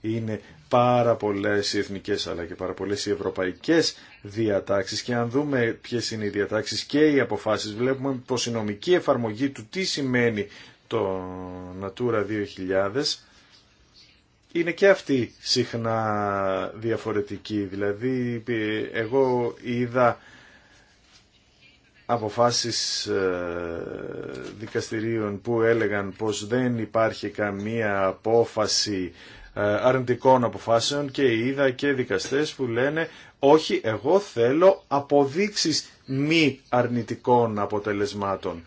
είναι πάρα πολλές οι εθνικές αλλά και πάρα πολλές οι ευρωπαϊκές διατάξεις και αν δούμε ποιες είναι οι διατάξεις και οι αποφάσεις βλέπουμε πως η νομική εφαρμογή του τι σημαίνει το Natura 2000 είναι και αυτή συχνά διαφορετική. Δηλαδή εγώ είδα αποφάσεις ε, δικαστηρίων που έλεγαν πως δεν υπάρχει καμία απόφαση ε, αρνητικών αποφάσεων και είδα και δικαστές που λένε όχι εγώ θέλω αποδείξεις μη αρνητικών αποτελεσμάτων.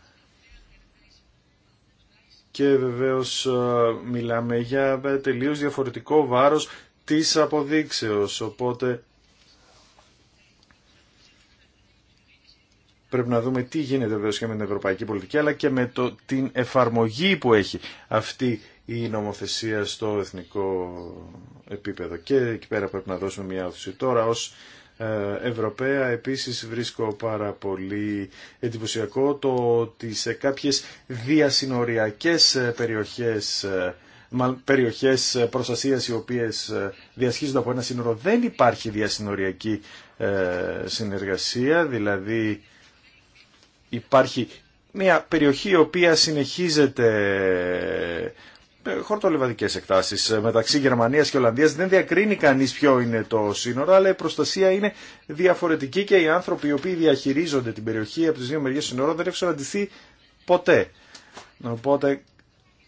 Και βεβαίως ε, μιλάμε για τελείως διαφορετικό βάρος της αποδείξεως, οπότε Πρέπει να δούμε τι γίνεται βέβαια και με την ευρωπαϊκή πολιτική αλλά και με το, την εφαρμογή που έχει αυτή η νομοθεσία στο εθνικό επίπεδο. Και εκεί πέρα πρέπει να δώσουμε μια όθηση. Τώρα ως ε, Ευρωπαία επίσης βρίσκω πάρα πολύ εντυπωσιακό το ότι σε κάποιες διασυνοριακές ε, περιοχές ε, περιοχές προστασίας οι οποίες διασχίζονται από ένα σύνορο δεν υπάρχει διασυνοριακή συνεργασία δηλαδή υπάρχει μια περιοχή η οποία συνεχίζεται ε, χορτολεβαδικές εκτάσεις ε, μεταξύ Γερμανίας και Ολλανδίας. Δεν διακρίνει κανείς ποιο είναι το σύνορο, αλλά η προστασία είναι διαφορετική και οι άνθρωποι οι οποίοι διαχειρίζονται την περιοχή από τις δύο μεριές σύνορων δεν έχουν αντιθεί ποτέ. Οπότε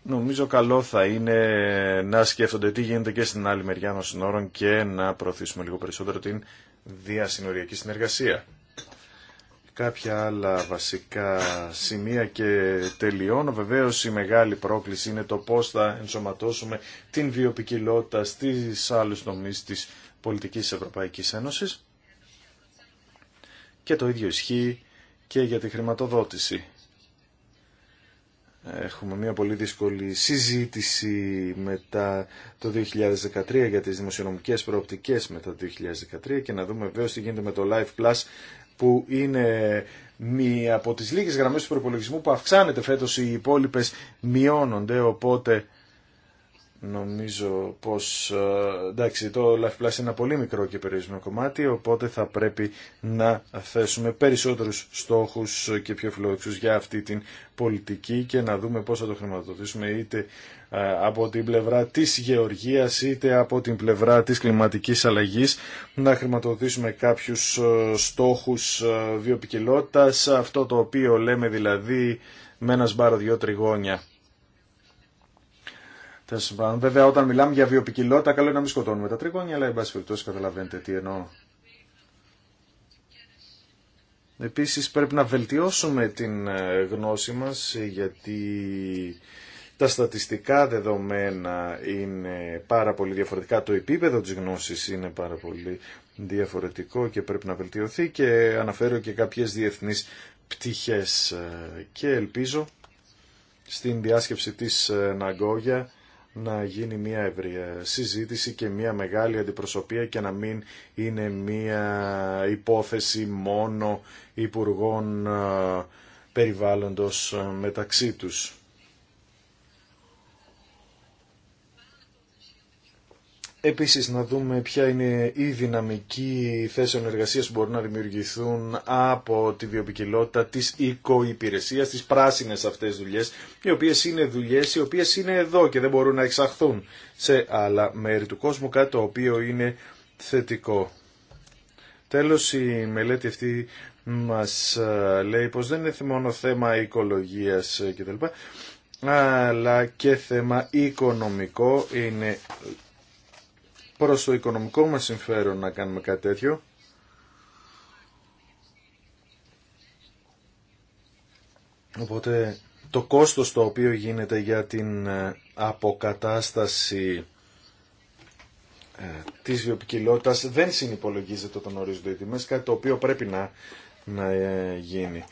νομίζω καλό θα είναι να σκέφτονται τι γίνεται και στην άλλη μεριά των σύνορων και να προωθήσουμε λίγο περισσότερο την διασυνοριακή συνεργασία κάποια άλλα βασικά σημεία και τελειώνω. Βεβαίως η μεγάλη πρόκληση είναι το πώς θα ενσωματώσουμε την βιοπικιλότητα στις άλλους τομείς της πολιτικής Ευρωπαϊκής Ένωσης και το ίδιο ισχύει και για τη χρηματοδότηση. Έχουμε μια πολύ δύσκολη συζήτηση μετά το 2013 για τις δημοσιονομικές προοπτικές μετά το 2013 και να δούμε βέβαια τι γίνεται με το Life Plus που είναι μία από τις λίγες γραμμές του προπολογισμού που αυξάνεται φέτος οι υπόλοιπε μειώνονται οπότε νομίζω πως ε, εντάξει το Life Plus είναι ένα πολύ μικρό και περιορισμένο κομμάτι οπότε θα πρέπει να θέσουμε περισσότερους στόχους και πιο φιλόδοξους για αυτή την πολιτική και να δούμε πώς θα το χρηματοδοτήσουμε είτε ε, από την πλευρά της γεωργίας είτε από την πλευρά της κλιματικής αλλαγής να χρηματοδοτήσουμε κάποιους ε, στόχους ε, βιοπικιλότητας αυτό το οποίο λέμε δηλαδή με ένα σπάρο δυο τριγώνια. Βέβαια όταν μιλάμε για βιοπικιλότητα καλό είναι να μην σκοτώνουμε τα τριγώνια αλλά εν πάση περιπτώσει καταλαβαίνετε τι εννοώ. Επίσης πρέπει να βελτιώσουμε την γνώση μας γιατί τα στατιστικά δεδομένα είναι πάρα πολύ διαφορετικά, το επίπεδο της γνώσης είναι πάρα πολύ διαφορετικό και πρέπει να βελτιωθεί και αναφέρω και κάποιες διεθνείς πτυχές και ελπίζω στην διάσκεψη της ε, Ναγκόγια να γίνει μια ευρεία συζήτηση και μια μεγάλη αντιπροσωπεία και να μην είναι μια υπόθεση μόνο υπουργών ε, περιβάλλοντος μεταξύ τους. Επίσης να δούμε ποια είναι η δυναμική θέσεων εργασίας που μπορούν να δημιουργηθούν από τη βιοπικιλότητα της οικοϊπηρεσίας, τις πράσινες αυτές δουλειές, οι οποίες είναι δουλειές οι οποίες είναι εδώ και δεν μπορούν να εξαχθούν σε άλλα μέρη του κόσμου, κάτι το οποίο είναι θετικό. Τέλος, η μελέτη αυτή μας λέει πως δεν είναι μόνο θέμα οικολογίας κτλ αλλά και θέμα οικονομικό είναι προς το οικονομικό μας συμφέρον να κάνουμε κάτι τέτοιο. Οπότε το κόστος το οποίο γίνεται για την ε, αποκατάσταση ε, της βιοπικιλότητας δεν συνυπολογίζεται όταν ορίζονται οι τιμές, κάτι το οποίο πρέπει να, να ε, γίνει.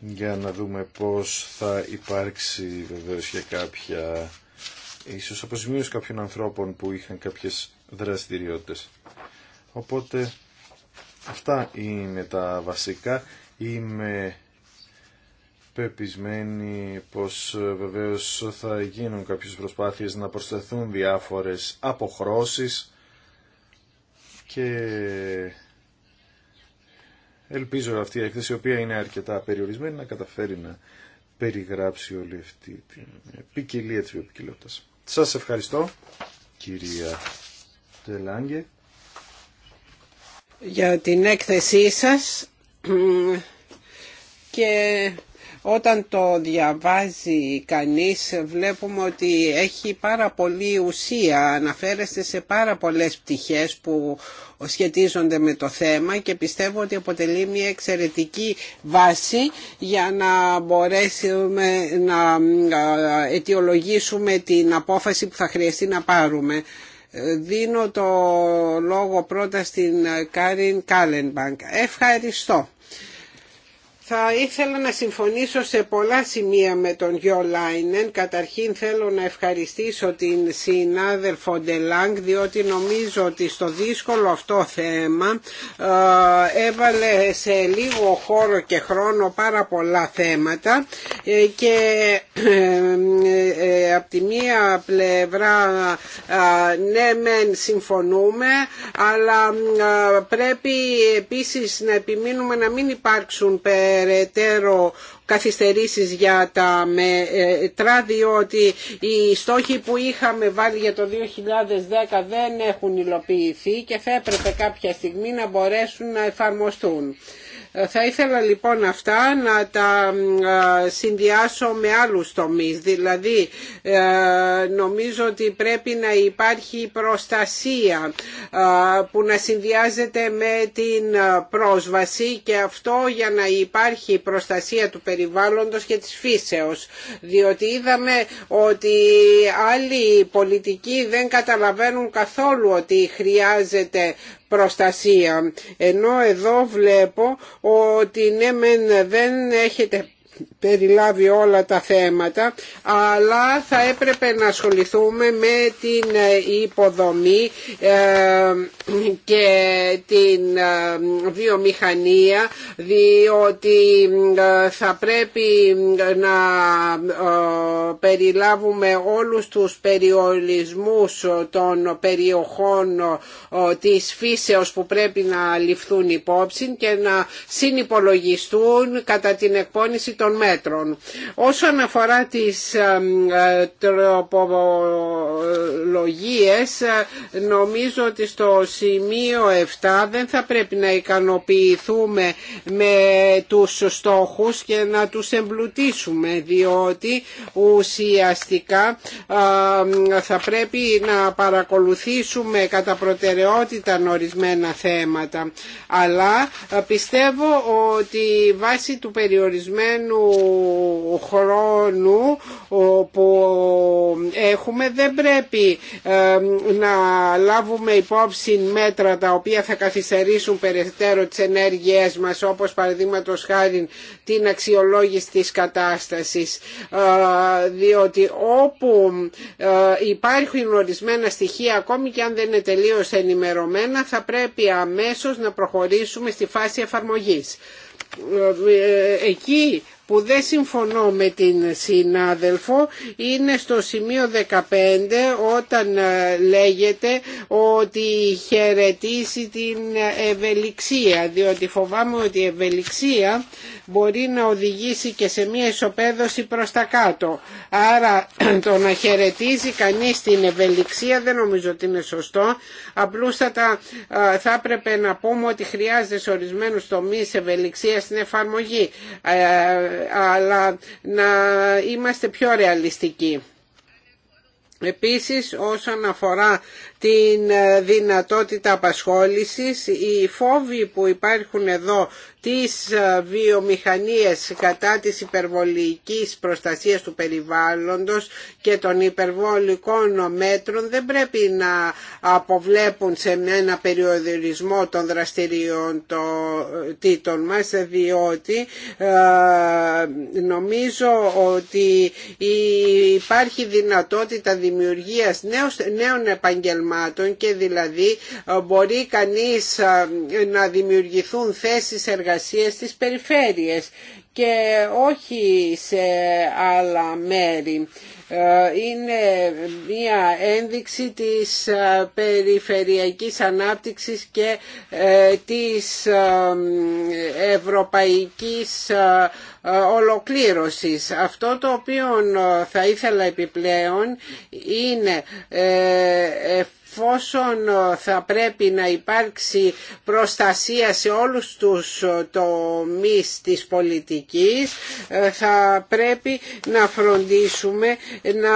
για να δούμε πώς θα υπάρξει βεβαίως και κάποια ίσως αποζημίωση κάποιων ανθρώπων που είχαν κάποιες δραστηριότητες. Οπότε αυτά είναι τα βασικά. Είμαι πεπισμένη πως βεβαίως θα γίνουν κάποιες προσπάθειες να προσθεθούν διάφορες αποχρώσεις και Ελπίζω αυτή η έκθεση, η οποία είναι αρκετά περιορισμένη, να καταφέρει να περιγράψει όλη αυτή την ποικιλία της βιοποικιλότητας. Σας ευχαριστώ, κυρία Τελάνγκε. Για την έκθεσή σας και όταν το διαβάζει κανείς βλέπουμε ότι έχει πάρα πολύ ουσία, αναφέρεστε σε πάρα πολλές πτυχές που σχετίζονται με το θέμα και πιστεύω ότι αποτελεί μια εξαιρετική βάση για να μπορέσουμε να αιτιολογήσουμε την απόφαση που θα χρειαστεί να πάρουμε. Δίνω το λόγο πρώτα στην Κάριν Κάλενμπανκ. Ευχαριστώ. Θα ήθελα να συμφωνήσω σε πολλά σημεία με τον Γιώ Λάινεν. Καταρχήν θέλω να ευχαριστήσω την συνάδελφο Ντελάνγκ διότι νομίζω ότι στο δύσκολο αυτό θέμα ε, έβαλε σε λίγο χώρο και χρόνο πάρα πολλά θέματα ε, και ε, από τη μία πλευρά ναι μεν συμφωνούμε αλλά πρέπει επίσης να επιμείνουμε να μην υπάρξουν περαιτέρω καθυστερήσεις για τα μετρά διότι οι στόχοι που είχαμε βάλει για το 2010 δεν έχουν υλοποιηθεί και θα έπρεπε κάποια στιγμή να μπορέσουν να εφαρμοστούν. Ε, θα ήθελα λοιπόν αυτά να τα συνδυάσω με άλλους τομείς. Δηλαδή ε, νομίζω ότι πρέπει να υπάρχει προστασία που να συνδυάζεται με την ε, πρόσβαση και αυτό για να υπάρχει προστασία του περιβάλλοντος και της φύσεως. Διότι είδαμε ότι άλλοι πολιτικοί δεν καταλαβαίνουν καθόλου ότι χρειάζεται προστασία. Ενώ εδώ βλέπω ότι ναι μεν δεν έχετε περιλάβει όλα τα θέματα αλλά θα έπρεπε να ασχοληθούμε με την ε, υποδομή ε, και την ε, βιομηχανία διότι θα πρέπει να περιλάβουμε όλους τους περιορισμούς των περιοχών της φύσεως που πρέπει να ληφθούν υπόψη και να συνυπολογιστούν κατά την εκπόνηση των μέτρων. Όσον αφορά τις ε, ε, τροπολογίες, ε, νομίζω ότι στο σημείο 7 δεν θα πρέπει να ικανοποιηθούμε με τους στόχους και να τους εμπλουτίσουμε, διότι ουσιαστικά θα πρέπει να παρακολουθήσουμε κατά προτεραιότητα ορισμένα θέματα. Αλλά πιστεύω ότι βάσει του περιορισμένου χρόνου που έχουμε δεν πρέπει ε, να λάβουμε υπόψη μέτρα τα οποία θα καθυστερήσουν περαιτέρω τις ενέργειές μας όπως παραδείγματο χάρη την αξιολόγηση της κατάστασης ε, διότι όπου ε, υπάρχουν ορισμένα στοιχεία ακόμη και αν δεν είναι τελείως ενημερωμένα θα πρέπει αμέσως να προχωρήσουμε στη φάση εφαρμογής εκεί που δεν συμφωνώ με την συνάδελφο είναι στο σημείο 15 όταν ε, λέγεται ότι χαιρετήσει την ευελιξία διότι φοβάμαι ότι η ευελιξία μπορεί να οδηγήσει και σε μια ισοπαίδωση προς τα κάτω. Άρα το να χαιρετίζει κανείς την ευελιξία δεν νομίζω ότι είναι σωστό. Απλούστατα ε, θα έπρεπε να πούμε ότι χρειάζεται σε ορισμένους τομείς ευελιξία στην εφαρμογή. Ε, αλλά να είμαστε πιο ρεαλιστικοί. Επίσης όσον αφορά την ε, δυνατότητα απασχόλησης. Οι φόβοι που υπάρχουν εδώ τις ε, βιομηχανίες κατά της υπερβολικής προστασίας του περιβάλλοντος και των υπερβολικών μέτρων δεν πρέπει να αποβλέπουν σε ένα περιορισμό των δραστηριών τίτων μας διότι ε, νομίζω ότι υπάρχει δυνατότητα δημιουργίας νέων επαγγελμάτων και δηλαδή ε, μπορεί κανείς ε, να δημιουργηθούν θέσεις εργασίας στις περιφέρειες και όχι σε άλλα μέρη. Ε, είναι μία ένδειξη της περιφερειακής ανάπτυξης και της ευρωπαϊκής ολοκλήρωσης. Αυτό το οποίο θα ήθελα επιπλέον είναι εφόσον ε, θα πρέπει να υπάρξει προστασία σε όλους τους ε, τομείς της πολιτικής ε, θα πρέπει να φροντίσουμε να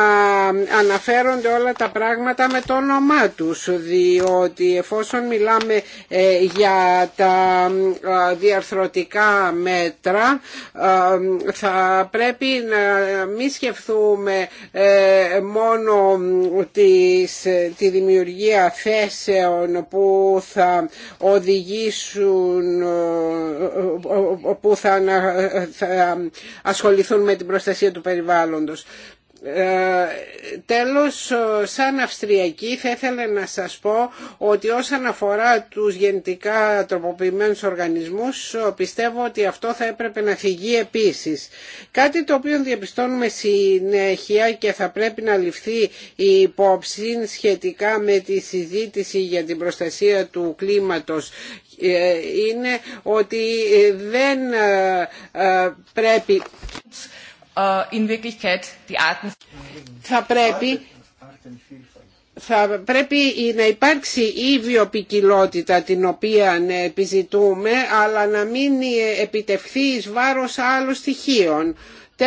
αναφέρονται όλα τα πράγματα με το όνομά τους διότι εφόσον μιλάμε για τα διαρθρωτικά μέτρα θα πρέπει να μην σκεφτούμε μόνο τη δημιουργία δημιουργία θέσεων που θα οδηγήσουν, ε, ε, ε, που θα, ασχοληθούν με την προστασία του περιβάλλοντος. Ε, τέλος, σαν Αυστριακή θα ήθελα να σας πω ότι όσον αφορά τους γενετικά τροποποιημένους οργανισμούς πιστεύω ότι αυτό θα έπρεπε να φυγεί επίσης. Κάτι το οποίο διαπιστώνουμε συνέχεια και θα πρέπει να ληφθεί η υπόψη σχετικά με τη συζήτηση για την προστασία του κλίματος ε, είναι ότι δεν ε, πρέπει ε, θα πρέπει θα πρέπει να υπάρξει η βιοπικιλότητα την οποία ναι, επιζητούμε αλλά να μην ε, επιτευχθεί εις βάρος άλλων στοιχείων.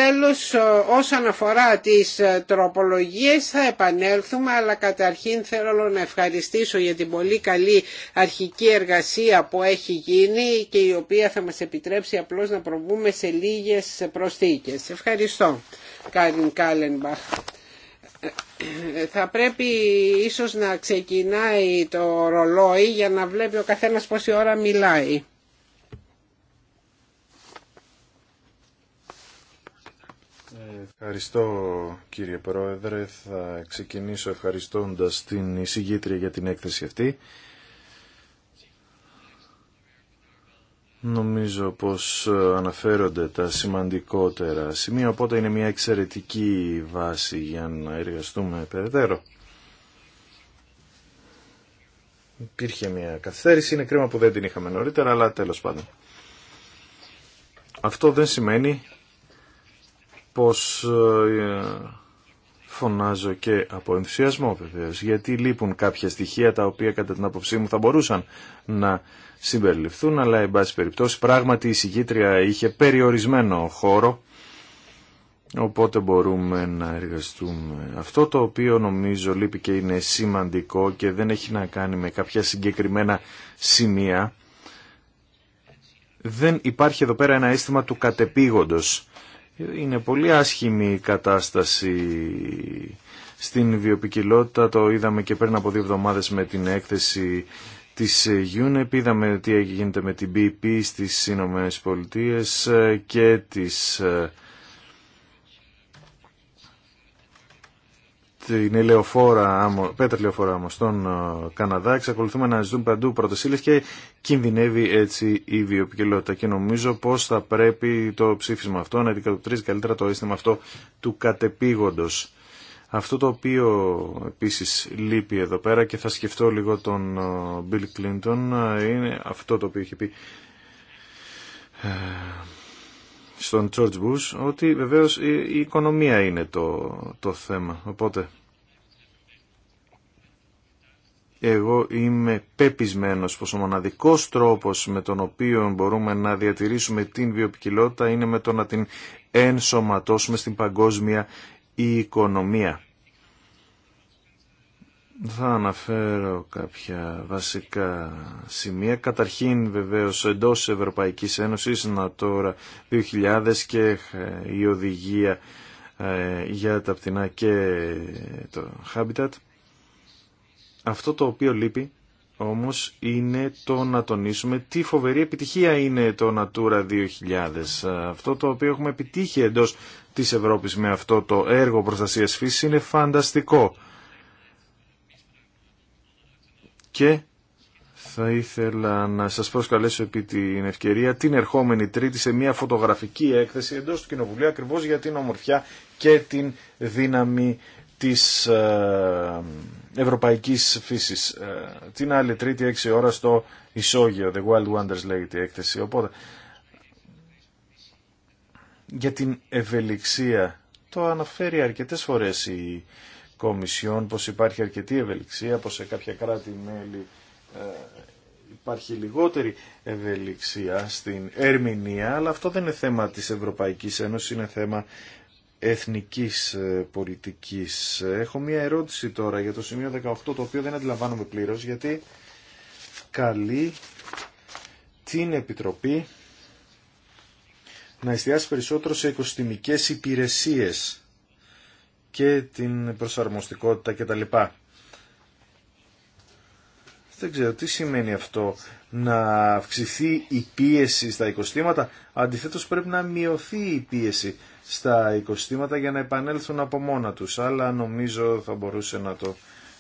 Τέλος, όσον αφορά τις ε, τροπολογίες θα επανέλθουμε, αλλά καταρχήν θέλω να ευχαριστήσω για την πολύ καλή αρχική εργασία που έχει γίνει και η οποία θα μας επιτρέψει απλώς να προβούμε σε λίγες προσθήκες. Ευχαριστώ, Κάριν Κάλενμπαχ ε, ε, θα πρέπει ίσως να ξεκινάει το ρολόι για να βλέπει ο καθένας πόση ώρα μιλάει. Ευχαριστώ κύριε Πρόεδρε. Θα ξεκινήσω ευχαριστώντας την εισηγήτρια για την έκθεση αυτή. Νομίζω πως αναφέρονται τα σημαντικότερα σημεία, οπότε είναι μια εξαιρετική βάση για να εργαστούμε περαιτέρω. Υπήρχε μια καθυστέρηση, είναι κρίμα που δεν την είχαμε νωρίτερα, αλλά τέλος πάντων. Αυτό δεν σημαίνει πως ε, φωνάζω και από ενθουσιασμό βεβαίω, γιατί λείπουν κάποια στοιχεία τα οποία κατά την άποψή μου θα μπορούσαν να συμπεριληφθούν, αλλά εν πάση περιπτώσει πράγματι η συγκήτρια είχε περιορισμένο χώρο, οπότε μπορούμε να εργαστούμε. Αυτό το οποίο νομίζω λείπει και είναι σημαντικό και δεν έχει να κάνει με κάποια συγκεκριμένα σημεία, δεν υπάρχει εδώ πέρα ένα αίσθημα του κατεπήγοντος είναι πολύ άσχημη η κατάσταση στην βιοπικιλότητα. Το είδαμε και πριν από δύο εβδομάδες με την έκθεση της UNEP. Είδαμε τι γίνεται με την BP στις Ηνωμένες Πολιτείες και τις ε, την λεωφόρα πέτρα λεωφόρα όμως στον ε, Καναδά, εξακολουθούμε να ζητούν παντού πρωτοσύλλες και κινδυνεύει έτσι η βιοπικιλότητα. Και νομίζω πως θα πρέπει το ψήφισμα αυτό να αντικατοπτρίζει καλύτερα το αίσθημα αυτό του κατεπήγοντος. Αυτό το οποίο επίσης λείπει εδώ πέρα και θα σκεφτώ λίγο τον ε, Bill Clinton ε, είναι αυτό το οποίο είχε πει στον George Bush ότι βεβαίως η οικονομία είναι το, το θέμα. Οπότε εγώ είμαι πεπισμένος πως ο μοναδικός τρόπος με τον οποίο μπορούμε να διατηρήσουμε την βιοπικιλότητα είναι με το να την ενσωματώσουμε στην παγκόσμια οικονομία. Θα αναφέρω κάποια βασικά σημεία. Καταρχήν βεβαίως εντός Ευρωπαϊκής Ένωσης, να τώρα 2000 και η οδηγία ε, για τα πτηνά και το Habitat. Αυτό το οποίο λείπει όμως είναι το να τονίσουμε τι φοβερή επιτυχία είναι το Natura 2000. Αυτό το οποίο έχουμε επιτύχει εντός της Ευρώπης με αυτό το έργο προστασίας φύσης είναι φανταστικό. Και θα ήθελα να σας προσκαλέσω επί την ευκαιρία την ερχόμενη Τρίτη σε μια φωτογραφική έκθεση εντός του Κοινοβουλίου ακριβώς για την ομορφιά και την δύναμη της ε, ευρωπαϊκής φύσης. Ε, την άλλη τρίτη έξι ώρα στο Ισόγειο, The Wild Wonders λέγεται η έκθεση. Οπότε, για την ευελιξία, το αναφέρει αρκετές φορές η Κομισιόν, πως υπάρχει αρκετή ευελιξία, πως σε κάποια κράτη-μέλη ε, υπάρχει λιγότερη ευελιξία στην ερμηνεία, αλλά αυτό δεν είναι θέμα της Ευρωπαϊκής Ένωσης, είναι θέμα εθνικής ε, πολιτικής. Έχω μία ερώτηση τώρα για το σημείο 18, το οποίο δεν αντιλαμβάνομαι πλήρως, γιατί καλεί την Επιτροπή να εστιάσει περισσότερο σε οικοστημικές υπηρεσίες και την προσαρμοστικότητα κτλ. Δεν ξέρω τι σημαίνει αυτό να αυξηθεί η πίεση στα οικοστήματα. Αντιθέτως πρέπει να μειωθεί η πίεση στα οικοστήματα για να επανέλθουν από μόνα τους. Αλλά νομίζω θα μπορούσε να το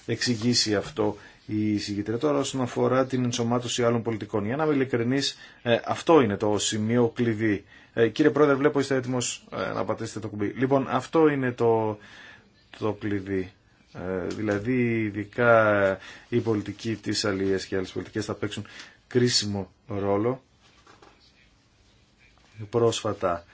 εξηγήσει αυτό η συγκεκριτή. Τώρα όσον αφορά την ενσωμάτωση άλλων πολιτικών. Για να είμαι ειλικρινής, ε, αυτό είναι το σημείο κλειδί. Ε, κύριε Πρόεδρε, βλέπω είστε έτοιμος ε, να πατήσετε το κουμπί. Λοιπόν, αυτό είναι το, το κλειδί. δηλαδή, ειδικά οι πολιτικοί της αλλιές και άλλες πολιτικές θα παίξουν κρίσιμο ρόλο πρόσφατα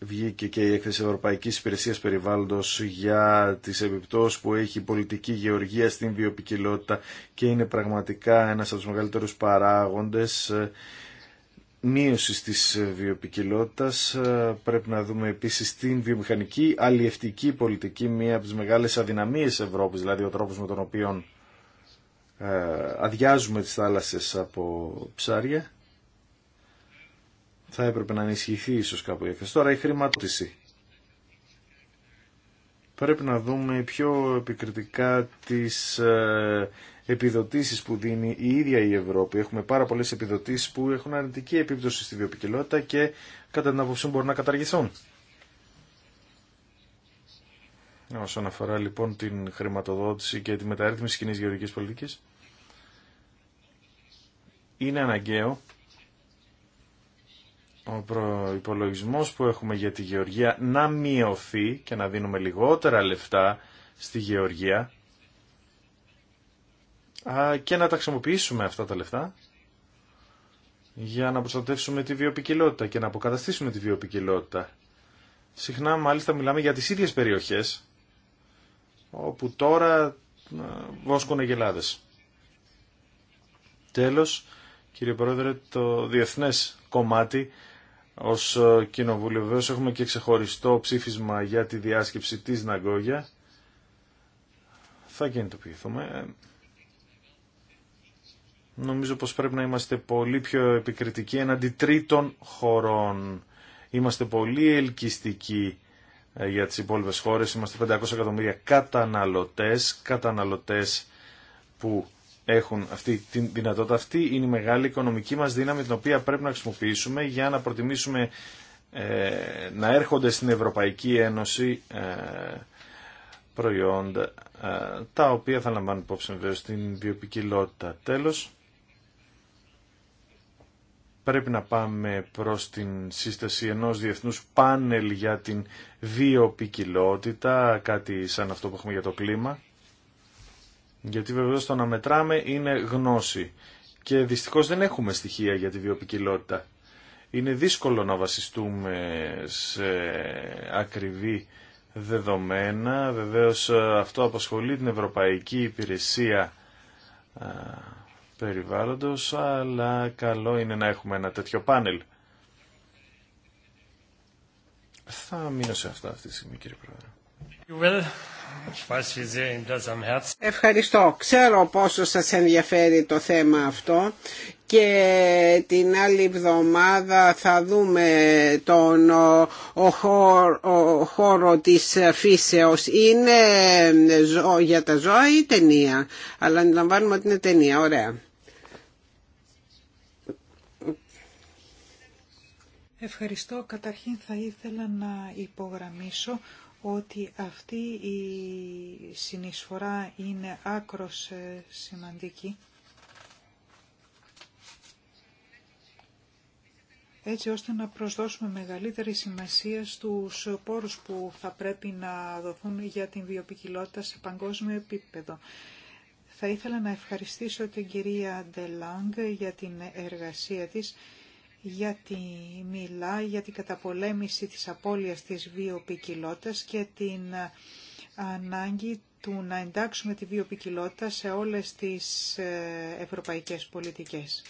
βγήκε και η έκθεση Ευρωπαϊκής Υπηρεσίας Περιβάλλοντος για τις επιπτώσεις που έχει η πολιτική γεωργία στην βιοπικιλότητα και είναι πραγματικά ένας από τους μεγαλύτερους παράγοντες ε, μείωση τη βιοπικιλότητα. Ε, πρέπει να δούμε επίσης την βιομηχανική αλλιευτική πολιτική, μία από τι μεγάλες αδυναμίες Ευρώπης, δηλαδή ο τρόπο με τον οποίο ε, αδειάζουμε τις θάλασσες από ψάρια θα έπρεπε να ενισχυθεί ίσως κάπου η έκθεση. Τώρα η χρηματοδότηση. Πρέπει να δούμε πιο επικριτικά τις ε, επιδοτήσεις που δίνει η ίδια η Ευρώπη. Έχουμε πάρα πολλές επιδοτήσεις που έχουν αρνητική επίπτωση στη βιοπικιλότητα και κατά την άποψή μου μπορούν να καταργηθούν. Όσον αφορά λοιπόν την χρηματοδότηση και τη μεταρρύθμιση κοινή γεωργική πολιτική. είναι αναγκαίο ο προϋπολογισμός που έχουμε για τη Γεωργία να μειωθεί και να δίνουμε λιγότερα λεφτά στη Γεωργία και να τα χρησιμοποιήσουμε αυτά τα λεφτά για να προστατεύσουμε τη βιοπικιλότητα και να αποκαταστήσουμε τη βιοπικιλότητα. Συχνά μάλιστα μιλάμε για τις ίδιες περιοχές όπου τώρα ε, βόσκουν γελάδες. Τέλος, κύριε Πρόεδρε, το διεθνές κομμάτι ως ε, κοινοβούλιο. έχουμε και ξεχωριστό ψήφισμα για τη διάσκεψη της Ναγκόγια. Θα κινητοποιηθούμε. Νομίζω πως πρέπει να είμαστε πολύ πιο επικριτικοί εναντί τρίτων χωρών. Είμαστε πολύ ελκυστικοί ε, για τις υπόλοιπες χώρες. Είμαστε 500 εκατομμύρια καταναλωτές, καταναλωτές που έχουν αυτή τη δυνατότητα. Αυτή είναι η μεγάλη οικονομική μας δύναμη την οποία πρέπει να χρησιμοποιήσουμε για να προτιμήσουμε ε, να έρχονται στην Ευρωπαϊκή Ένωση ε, προϊόντα ε, τα οποία θα λαμβάνουν υπόψη βέβαια στην βιοπικιλότητα. Τέλος, πρέπει να πάμε προς την σύσταση ενός διεθνούς πάνελ για την βιοπικιλότητα, κάτι σαν αυτό που έχουμε για το κλίμα γιατί βεβαίως το να μετράμε είναι γνώση. Και δυστυχώς δεν έχουμε στοιχεία για τη βιοπικιλότητα. Είναι δύσκολο να βασιστούμε σε ακριβή δεδομένα. Βεβαίως ε, αυτό απασχολεί την Ευρωπαϊκή Υπηρεσία ε, Περιβάλλοντος, αλλά καλό είναι να έχουμε ένα τέτοιο πάνελ. Θα μείνω σε αυτά αυτή τη στιγμή κύριε Πρόεδρε. Ευχαριστώ. Ξέρω πόσο σας ενδιαφέρει το θέμα αυτό και την άλλη εβδομάδα θα δούμε τον ο, χώρο, ο, της φύσεως. Είναι για τα ζώα ή ταινία. Αλλά αντιλαμβάνουμε ότι είναι ταινία. Ωραία. Ευχαριστώ. Καταρχήν θα ήθελα να υπογραμμίσω ότι αυτή η συνεισφορά είναι άκρος ε, σημαντική. έτσι ώστε να προσδώσουμε μεγαλύτερη σημασία στους πόρους που θα πρέπει να δοθούν για την βιοπικιλότητα σε παγκόσμιο επίπεδο. Θα ήθελα να ευχαριστήσω την κυρία Ντελάνγκ για την εργασία της γιατί μιλά για την καταπολέμηση της απώλειας της βιοπικιλότητας και την ανάγκη του να εντάξουμε τη βιοπικιλότητα σε όλες τις ε, ευρωπαϊκές πολιτικές.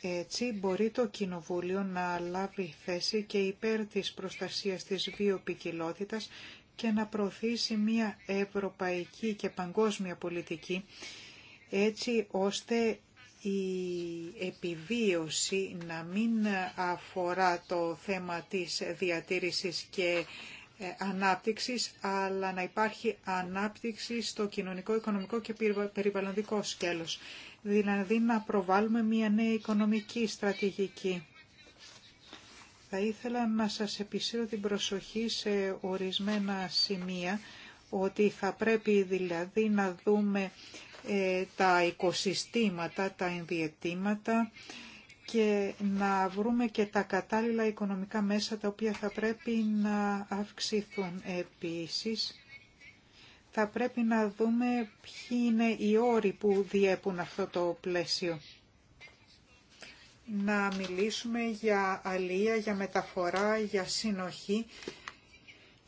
Έτσι μπορεί το Κοινοβούλιο να λάβει θέση και υπέρ της προστασίας της βιοπικιλότητας και να προωθήσει μια ευρωπαϊκή και παγκόσμια πολιτική έτσι ώστε η επιβίωση να μην αφορά το θέμα της διατήρησης και ε, ανάπτυξης, αλλά να υπάρχει ανάπτυξη στο κοινωνικό, οικονομικό και περιβαλλοντικό σκέλος. Δηλαδή να προβάλλουμε μια νέα οικονομική στρατηγική. Θα ήθελα να σας επισύρω την προσοχή σε ορισμένα σημεία, ότι θα πρέπει δηλαδή να δούμε ε, τα οικοσυστήματα, τα ενδιαιτήματα και να βρούμε και τα κατάλληλα οικονομικά μέσα τα οποία θα πρέπει να αυξηθούν. Επίσης, θα πρέπει να δούμε ποιοι είναι οι όροι που διέπουν αυτό το πλαίσιο. Να μιλήσουμε για αλία, για μεταφορά, για συνοχή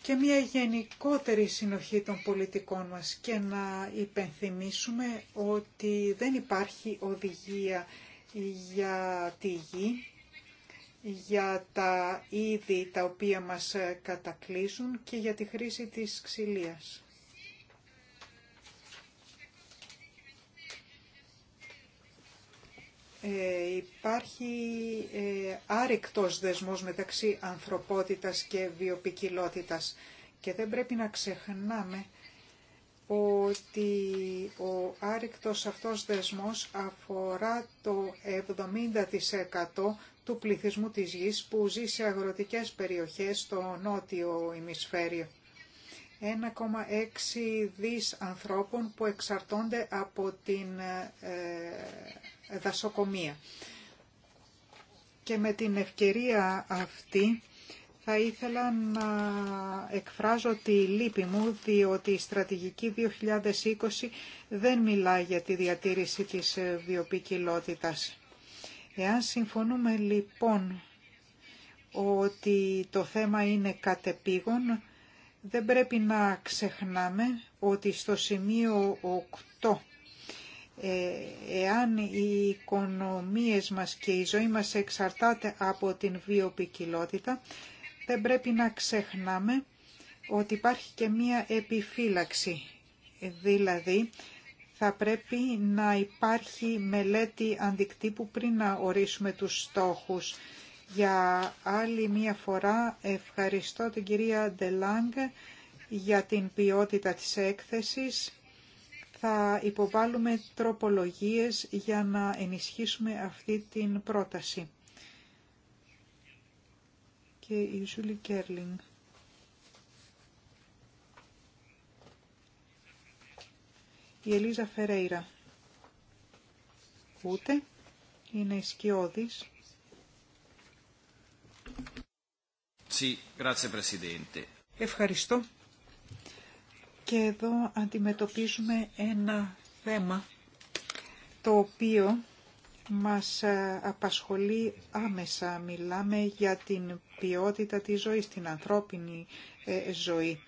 και μια γενικότερη συνοχή των πολιτικών μας και να υπενθυμίσουμε ότι δεν υπάρχει οδηγία για τη γη, για τα είδη τα οποία μας κατακλείζουν και για τη χρήση της ξυλίας. Ε, υπάρχει ε, άρρηκτος δεσμός μεταξύ ανθρωπότητας και βιοπικιλότητας και δεν πρέπει να ξεχνάμε ότι ο άρρηκτος αυτός δεσμός αφορά το 70% του πληθυσμού της γης που ζει σε αγροτικές περιοχές στο νότιο ημισφαίριο. 1,6 δις ανθρώπων που εξαρτώνται από την ε, δασοκομεία. Και με την ευκαιρία αυτή θα ήθελα να εκφράζω τη λύπη μου διότι η στρατηγική 2020 δεν μιλά για τη διατήρηση της βιοπικιλότητας. Εάν συμφωνούμε λοιπόν ότι το θέμα είναι κατεπήγον, δεν πρέπει να ξεχνάμε ότι στο σημείο 8 ε, εάν οι οικονομίες μας και η ζωή μας εξαρτάται από την βιοπικιλότητα, δεν πρέπει να ξεχνάμε ότι υπάρχει και μία επιφύλαξη. Δηλαδή, θα πρέπει να υπάρχει μελέτη αντικτύπου πριν να ορίσουμε τους στόχους. Για άλλη μία φορά ευχαριστώ την κυρία Ντελάνγκ για την ποιότητα της έκθεσης θα υποβάλουμε τροπολογίες για να ενισχύσουμε αυτή την πρόταση. Και η Ζούλη Κέρλινγκ. Η Ελίζα Φερέιρα. Ούτε. Είναι η Ευχαριστώ. Και εδώ αντιμετωπίζουμε ένα θέμα το οποίο μας ε, απασχολεί άμεσα. Μιλάμε για την ποιότητα της ζωής, την ανθρώπινη ε, ζωή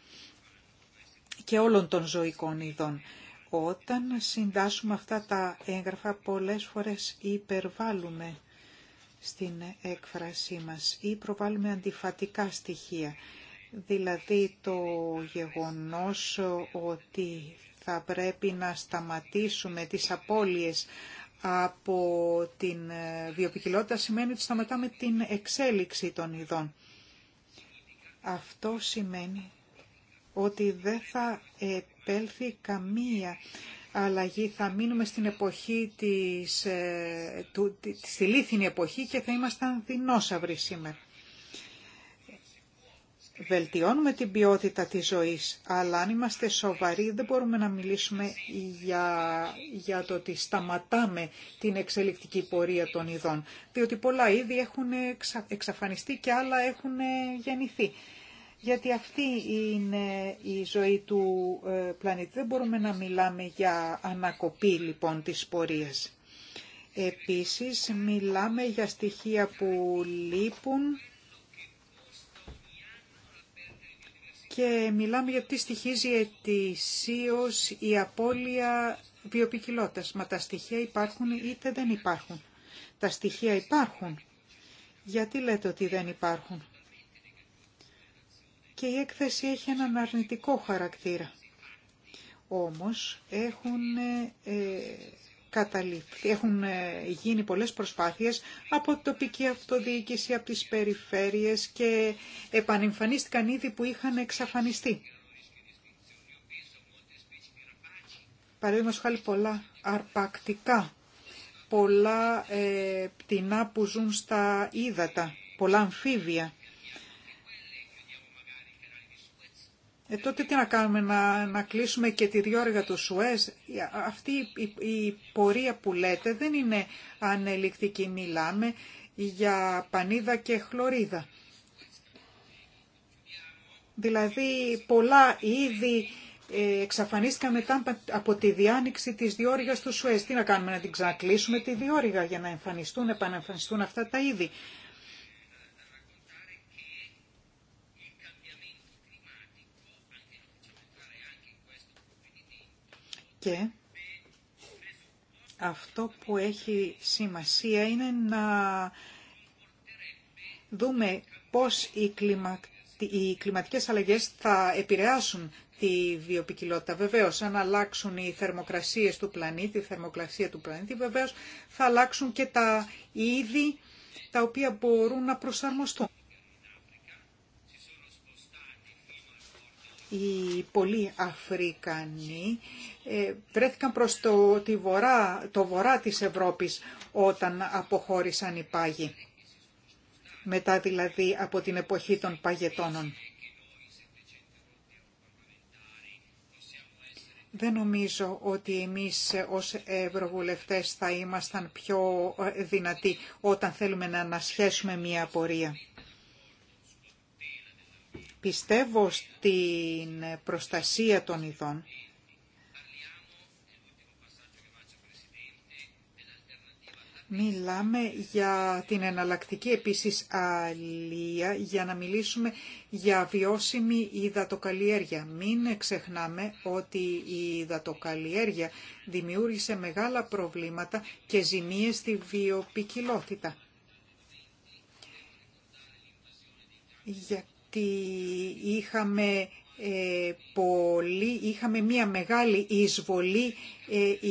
και όλων των ζωικών ειδών. Όταν συντάσσουμε αυτά τα έγγραφα, πολλές φορές υπερβάλλουμε στην έκφρασή μας ή προβάλλουμε αντιφατικά στοιχεία δηλαδή το γεγονός ότι θα πρέπει να σταματήσουμε τις απώλειες από την ε, βιοπικιλότητα σημαίνει ότι σταματάμε την εξέλιξη των ειδών. Αυτό σημαίνει ότι δεν θα επέλθει καμία αλλαγή. Θα μείνουμε στην εποχή της, ε, του, στη λίθινη εποχή και θα ήμασταν δεινόσαυροι σήμερα βελτιώνουμε την ποιότητα της ζωής, αλλά αν είμαστε σοβαροί δεν μπορούμε να μιλήσουμε για, για το ότι σταματάμε την εξελικτική πορεία των ειδών, διότι πολλά είδη έχουν εξαφανιστεί και άλλα έχουν ε, γεννηθεί. Γιατί αυτή είναι η ζωή του ε, πλανήτη. Δεν μπορούμε να μιλάμε για ανακοπή λοιπόν της πορείας. Επίσης μιλάμε για στοιχεία που λείπουν και μιλάμε για τι στοιχίζει ετησίω η απώλεια βιοπικιλότητα. Μα τα στοιχεία υπάρχουν είτε δεν υπάρχουν. Τα στοιχεία υπάρχουν. Γιατί λέτε ότι δεν υπάρχουν. Και η έκθεση έχει έναν αρνητικό χαρακτήρα. Όμως έχουν ε, έχουν ε, γίνει πολλές προσπάθειες από τοπική αυτοδιοίκηση, από τις περιφέρειες και επανεμφανίστηκαν ήδη που είχαν εξαφανιστεί. Παραδείγματος χάρη πολλά αρπακτικά, πολλά ε, πτηνά που ζουν στα ύδατα, πολλά αμφίβια. Ε, τότε τι να κάνουμε, να, κλείσουμε και τη διόρυγα του Σουέζ. Αυτή η, πορεία που λέτε δεν είναι ανελικτική. Μιλάμε για πανίδα και χλωρίδα. Δηλαδή πολλά είδη ε, εξαφανίστηκαν μετά από τη διάνοιξη της διόρυγας του Σουέζ. Τι να κάνουμε, να την ξανακλείσουμε τη διόρυγα για να εμφανιστούν, επαναεμφανιστούν αυτά τα είδη. Και αυτό που έχει σημασία είναι να δούμε πώς οι, κλιμα... οι κλιματικές αλλαγές θα επηρεάσουν τη βιοπικιλότητα. Βεβαίως, αν αλλάξουν οι θερμοκρασίες του πλανήτη, η θερμοκρασία του πλανήτη, βεβαίως θα αλλάξουν και τα είδη τα οποία μπορούν να προσαρμοστούν. οι πολλοί Αφρικανοί ε, βρέθηκαν προς το, τη βορρά, το βορρά της Ευρώπης όταν αποχώρησαν οι πάγοι. Μετά δηλαδή από την εποχή των παγετώνων. Δεν νομίζω ότι εμείς ως ευρωβουλευτές θα ήμασταν πιο ε, δυνατοί όταν θέλουμε να ανασχέσουμε μια απορία. Πιστεύω στην προστασία των ειδών. Μιλάμε για την εναλλακτική επίσης αλία για να μιλήσουμε για βιώσιμη υδατοκαλλιέργεια. Μην ξεχνάμε ότι η υδατοκαλλιέργεια δημιούργησε μεγάλα προβλήματα και ζημίες στη βιοπικιλότητα είχαμε, ε, πολύ, είχαμε μια μεγάλη εισβολή ε,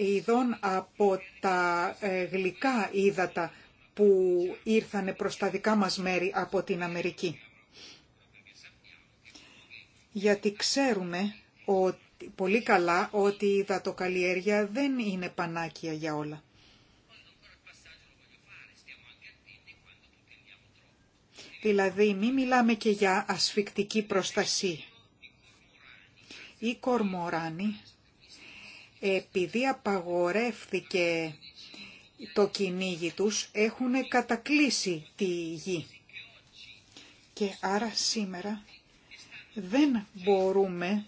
ειδών, από τα ε, γλυκά ύδατα που ήρθαν προς τα δικά μας μέρη από την Αμερική. Γιατί ξέρουμε ότι, πολύ καλά ότι η υδατοκαλλιέργεια δεν είναι πανάκια για όλα. Δηλαδή μη μιλάμε και για ασφικτική προστασία. Η κορμοράνη επειδή απαγορεύθηκε το κυνήγι τους έχουν κατακλείσει τη γη. Και άρα σήμερα δεν μπορούμε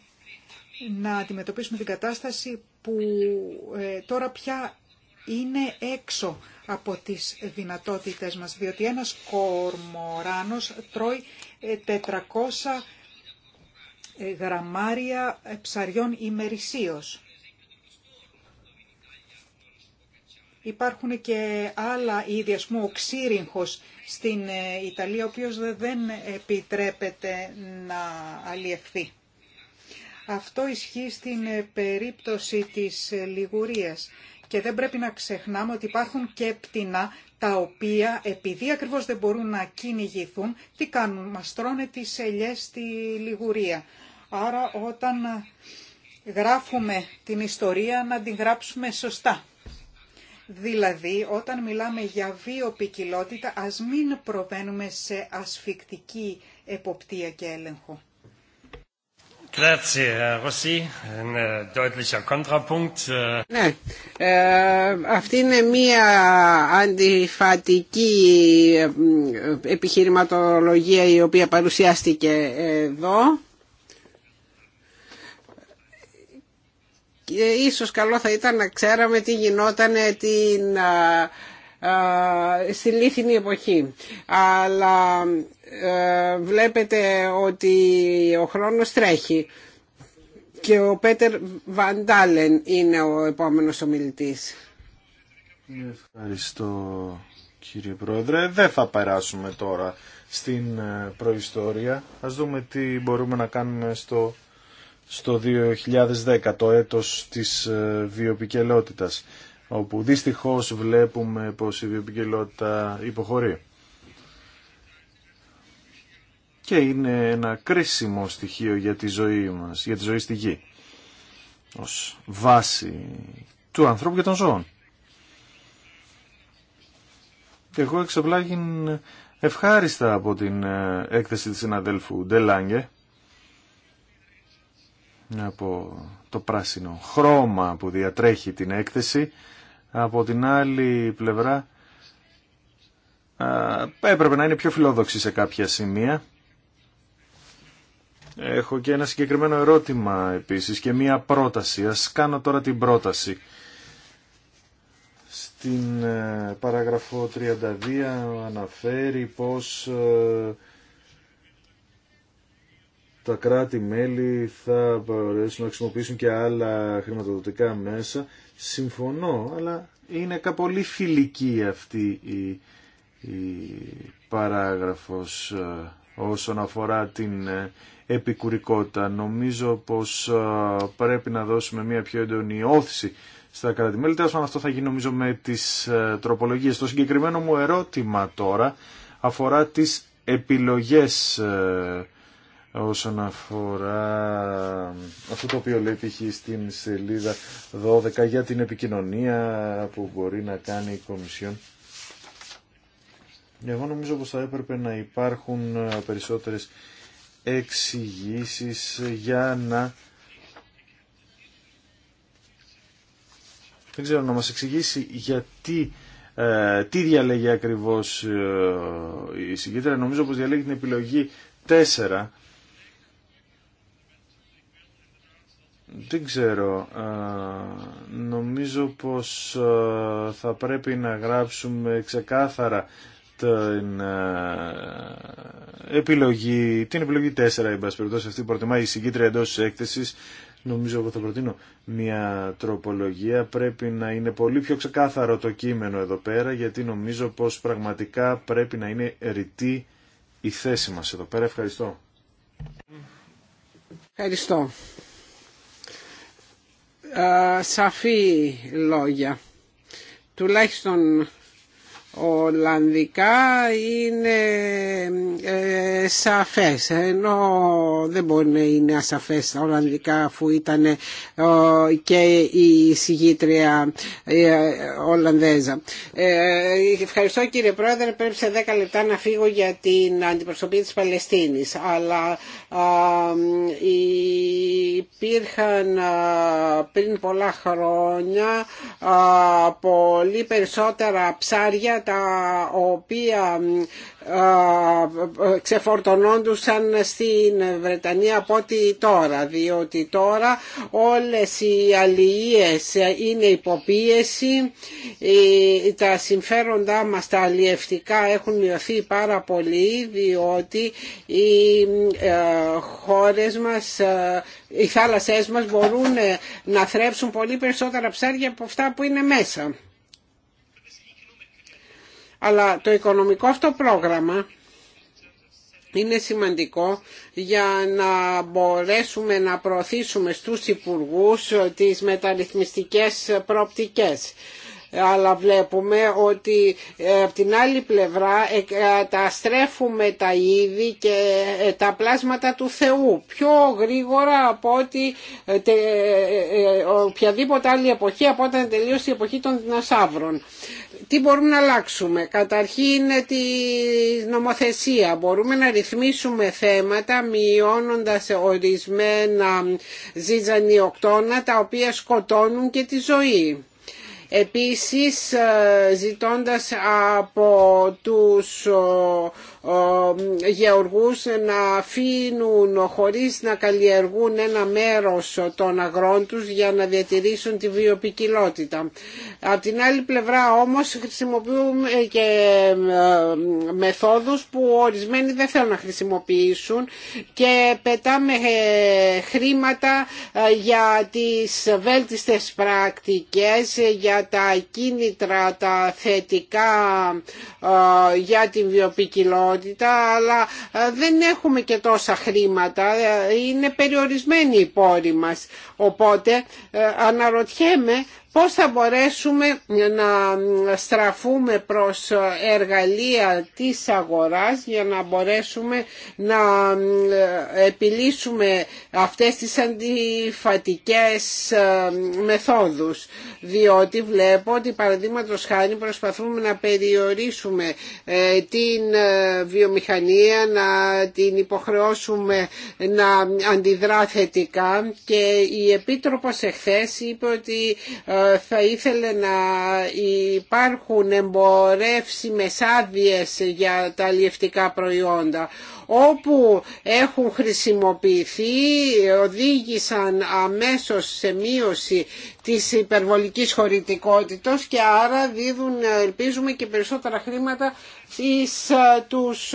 να αντιμετωπίσουμε την κατάσταση που ε, τώρα πια είναι έξω από τις δυνατότητες μας, διότι ένας κορμοράνος τρώει 400 ε, ε, γραμμάρια ε, ψαριών ημερησίως. Υπάρχουν και άλλα είδη, ας πούμε ο ξύριγχος στην Ιταλία, ο οποίος δεν επιτρέπεται να αλλιευθεί. Αυτό ισχύει στην περίπτωση της Λιγουρίας. Και δεν πρέπει να ξεχνάμε ότι υπάρχουν και πτηνά τα οποία επειδή ακριβώς δεν μπορούν να κυνηγηθούν, τι κάνουν, μας τρώνε τις ελιές στη Λιγουρία. Άρα όταν γράφουμε την ιστορία να την γράψουμε σωστά. Δηλαδή, όταν μιλάμε για βιοπικιλότητα, ας μην προβαίνουμε σε ασφικτική εποπτεία και έλεγχο. Äh, äh. Ναι, ε, αυτή είναι μία αντιφατική ε, επιχειρηματολογία η οποία παρουσιάστηκε εδώ. Και ίσως καλό θα ήταν να ξέραμε τι γινόταν την ε, στη λίθινη εποχή. Αλλά ε, βλέπετε ότι ο χρόνος τρέχει και ο Πέτερ Βαντάλεν είναι ο επόμενος ομιλητής. Ευχαριστώ κύριε Πρόεδρε. Δεν θα περάσουμε τώρα στην ε, προϊστορία. Ας δούμε τι μπορούμε να κάνουμε στο, στο 2010, το έτος της ε, βιοπικελότητας όπου δυστυχώς βλέπουμε πως η βιοποικιλότητα υποχωρεί. Και είναι ένα κρίσιμο στοιχείο για τη ζωή μας, για τη ζωή στη γη, ως βάση του ανθρώπου και των ζώων. Και εγώ εξεπλάγιν ευχάριστα από την ε, έκθεση της συναδέλφου Ντελάνγκε, από το πράσινο χρώμα που διατρέχει την έκθεση. Από την άλλη πλευρά έπρεπε να είναι πιο φιλόδοξη σε κάποια σημεία. Έχω και ένα συγκεκριμένο ερώτημα επίσης και μία πρόταση. Ας κάνω τώρα την πρόταση. Στην ε, παραγραφό 32 αναφέρει πως ε, τα κράτη-μέλη θα μπορέσουν να χρησιμοποιήσουν και άλλα χρηματοδοτικά μέσα. Συμφωνώ, αλλά είναι πολύ φιλική αυτή η, η παράγραφος ε, όσον αφορά την ε, επικουρικότητα. Νομίζω πως ε, πρέπει να δώσουμε μια πιο έντονη όθηση στα κράτη-μέλη. Τέλος αυτό θα γίνει νομίζω με τις τροπολογίες. Το συγκεκριμένο μου ερώτημα τώρα αφορά τις επιλογές όσον αφορά αυτό το οποίο λέει π.χ. στην σελίδα 12 για την επικοινωνία που μπορεί να κάνει η Κομισιόν. Εγώ νομίζω πως θα έπρεπε να υπάρχουν περισσότερες εξηγήσει για να... Δεν ξέρω να μας εξηγήσει γιατί ε, τι διαλέγει ακριβώς ε, η συγκέντρα. Νομίζω πως διαλέγει την επιλογή 4 δεν ξέρω. Νομίζω πως θα πρέπει να γράψουμε ξεκάθαρα την επιλογή, την επιλογή 4, εν πάση περιπτώσει, αυτή που προτιμάει η συγκίτρια εντό τη έκθεση. Νομίζω εγώ θα προτείνω μια τροπολογία. Πρέπει να είναι πολύ πιο ξεκάθαρο το κείμενο εδώ πέρα, γιατί νομίζω πως πραγματικά πρέπει να είναι ρητή η θέση μας εδώ πέρα. Ευχαριστώ. Ευχαριστώ. Ε, σαφή λόγια. Τουλάχιστον Ολλανδικά είναι ε, σαφές ενώ δεν μπορεί να είναι ασαφές τα Ολλανδικά αφού ήταν και η συγγήτρια ε, Ολλανδέζα. Ε, ευχαριστώ κύριε Πρόεδρε, πρέπει σε 10 λεπτά να φύγω για την αντιπροσωπή της Παλαιστίνης αλλά υπήρχαν πριν πολλά χρόνια πολύ περισσότερα ψάρια τα οποία ξεφορτωνόντουσαν στην Βρετανία από ό,τι τώρα διότι τώρα όλες οι αλληλίες είναι υποπίεση τα συμφέροντά μας τα αλλιευτικά έχουν μειωθεί πάρα πολύ διότι οι ε, χώρες μας ε, οι θάλασσές μας μπορούν να θρέψουν πολύ περισσότερα ψάρια από αυτά που είναι μέσα αλλά το οικονομικό αυτό πρόγραμμα είναι σημαντικό για να μπορέσουμε να προωθήσουμε στους υπουργούς τις μεταρρυθμιστικές προοπτικές αλλά βλέπουμε ότι ε, από την άλλη πλευρά ε, στρέφουμε τα είδη και ε, τα πλάσματα του Θεού πιο γρήγορα από ότι οποιαδήποτε άλλη εποχή από όταν τελείωσε η εποχή των δεινοσαύρων. Τι μπορούμε να αλλάξουμε. Καταρχήν τη νομοθεσία. Μπορούμε να ρυθμίσουμε θέματα μειώνοντας ορισμένα ζύζανιοκτώνα τα οποία σκοτώνουν και τη ζωή. Επίσης ε, ζητώντας από τους ε, γεωργούς να αφήνουν χωρίς να καλλιεργούν ένα μέρος των αγρών τους για να διατηρήσουν τη βιοπικιλότητα. Από την άλλη πλευρά όμως χρησιμοποιούμε και μεθόδους που ορισμένοι δεν θέλουν να χρησιμοποιήσουν και πετάμε ε, χρήματα ε, για τις βέλτιστες πρακτικές, ε, για τα κίνητρα, τα θετικά ε, για την βιοπικιλότητα αλλά ε, δεν έχουμε και τόσα χρήματα, ε, είναι περιορισμένοι οι πόροι μας. Οπότε αναρωτιέμαι πώς θα μπορέσουμε να στραφούμε προς εργαλεία της αγοράς για να μπορέσουμε να επιλύσουμε αυτές τις αντιφατικές ε, μεθόδους. Διότι βλέπω ότι παραδείγματο χάρη προσπαθούμε να περιορίσουμε ε, την ε, βιομηχανία, να την υποχρεώσουμε να αντιδρά θετικά και η Επίτροπος εχθές είπε ότι θα ήθελε να υπάρχουν εμπορεύσιμες άδειε για τα αλλιευτικά προϊόντα όπου έχουν χρησιμοποιηθεί οδήγησαν αμέσως σε μείωση της υπερβολικής χωρητικότητας και άρα δίδουν ελπίζουμε και περισσότερα χρήματα στους ε, τους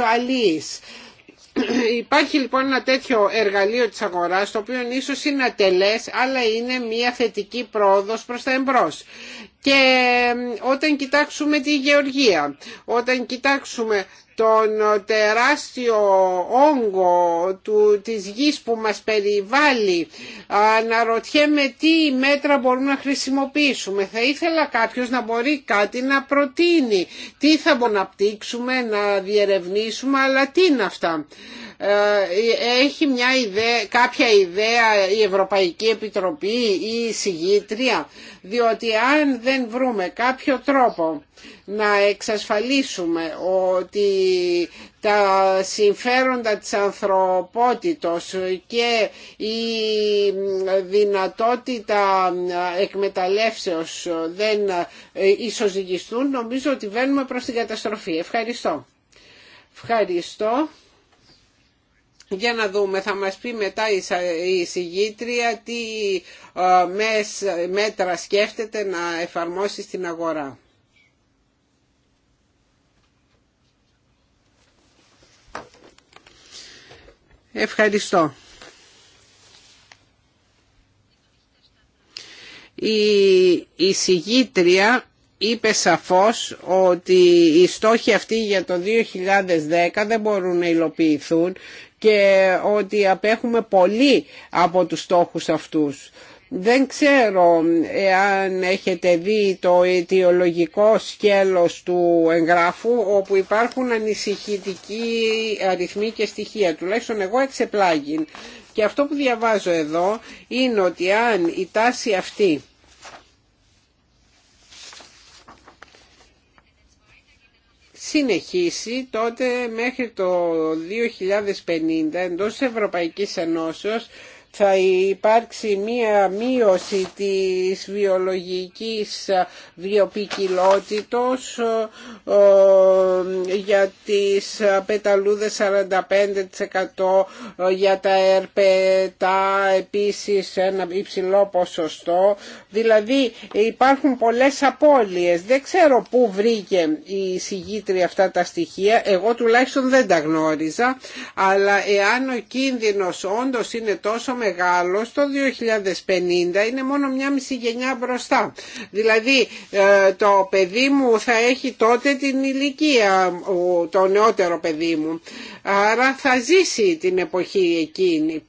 Υπάρχει λοιπόν ένα τέτοιο εργαλείο της αγοράς το οποίο ίσως είναι ατελές αλλά είναι μια θετική πρόοδος προς τα εμπρός. Και όταν κοιτάξουμε τη γεωργία, όταν κοιτάξουμε τον τεράστιο όγκο του, της γης που μας περιβάλλει αναρωτιέμαι τι μέτρα μπορούμε να χρησιμοποιήσουμε θα ήθελα κάποιος να μπορεί κάτι να προτείνει τι θα μπορούμε να πτύξουμε, να διερευνήσουμε αλλά τι είναι αυτά ε, έχει μια ιδέα, κάποια ιδέα η Ευρωπαϊκή Επιτροπή ή η συγγήτρια, διότι αν δεν βρούμε κάποιο τρόπο να εξασφαλίσουμε ότι τα συμφέροντα της ανθρωπότητος και η δυνατότητα εκμεταλλεύσεως δεν ε, ισοζυγιστούν, νομίζω ότι βαίνουμε προς την καταστροφή. Ευχαριστώ. Ευχαριστώ. Για να δούμε, θα μας πει μετά η συγγήτρια τι ε, μέτρα σκέφτεται να εφαρμόσει στην αγορά. Ευχαριστώ. Η συγγήτρια είπε σαφώς ότι οι στόχοι αυτοί για το 2010 δεν μπορούν να υλοποιηθούν και ότι απέχουμε πολύ από τους στόχους αυτούς. Δεν ξέρω εάν έχετε δει το αιτιολογικό σκέλος του εγγράφου όπου υπάρχουν ανησυχητικοί αριθμοί και στοιχεία. Τουλάχιστον εγώ πλάγιν. Και αυτό που διαβάζω εδώ είναι ότι αν η τάση αυτή συνεχίσει τότε μέχρι το 2050 εντός Ευρωπαϊκής Ενώσεως θα υπάρξει μία μείωση της βιολογικής βιοπικιλότητος ε, για τις πεταλούδες 45% ε, για τα ερπετά επίσης ένα υψηλό ποσοστό δηλαδή υπάρχουν πολλές απώλειες δεν ξέρω πού βρήκε η συγγήτρια αυτά τα στοιχεία εγώ τουλάχιστον δεν τα γνώριζα αλλά εάν ο κίνδυνος όντως είναι τόσο μεγάλο το 2050 είναι μόνο μια μισή γενιά μπροστά. Δηλαδή ε, το παιδί μου θα έχει τότε την ηλικία, το νεότερο παιδί μου. Άρα θα ζήσει την εποχή εκείνη.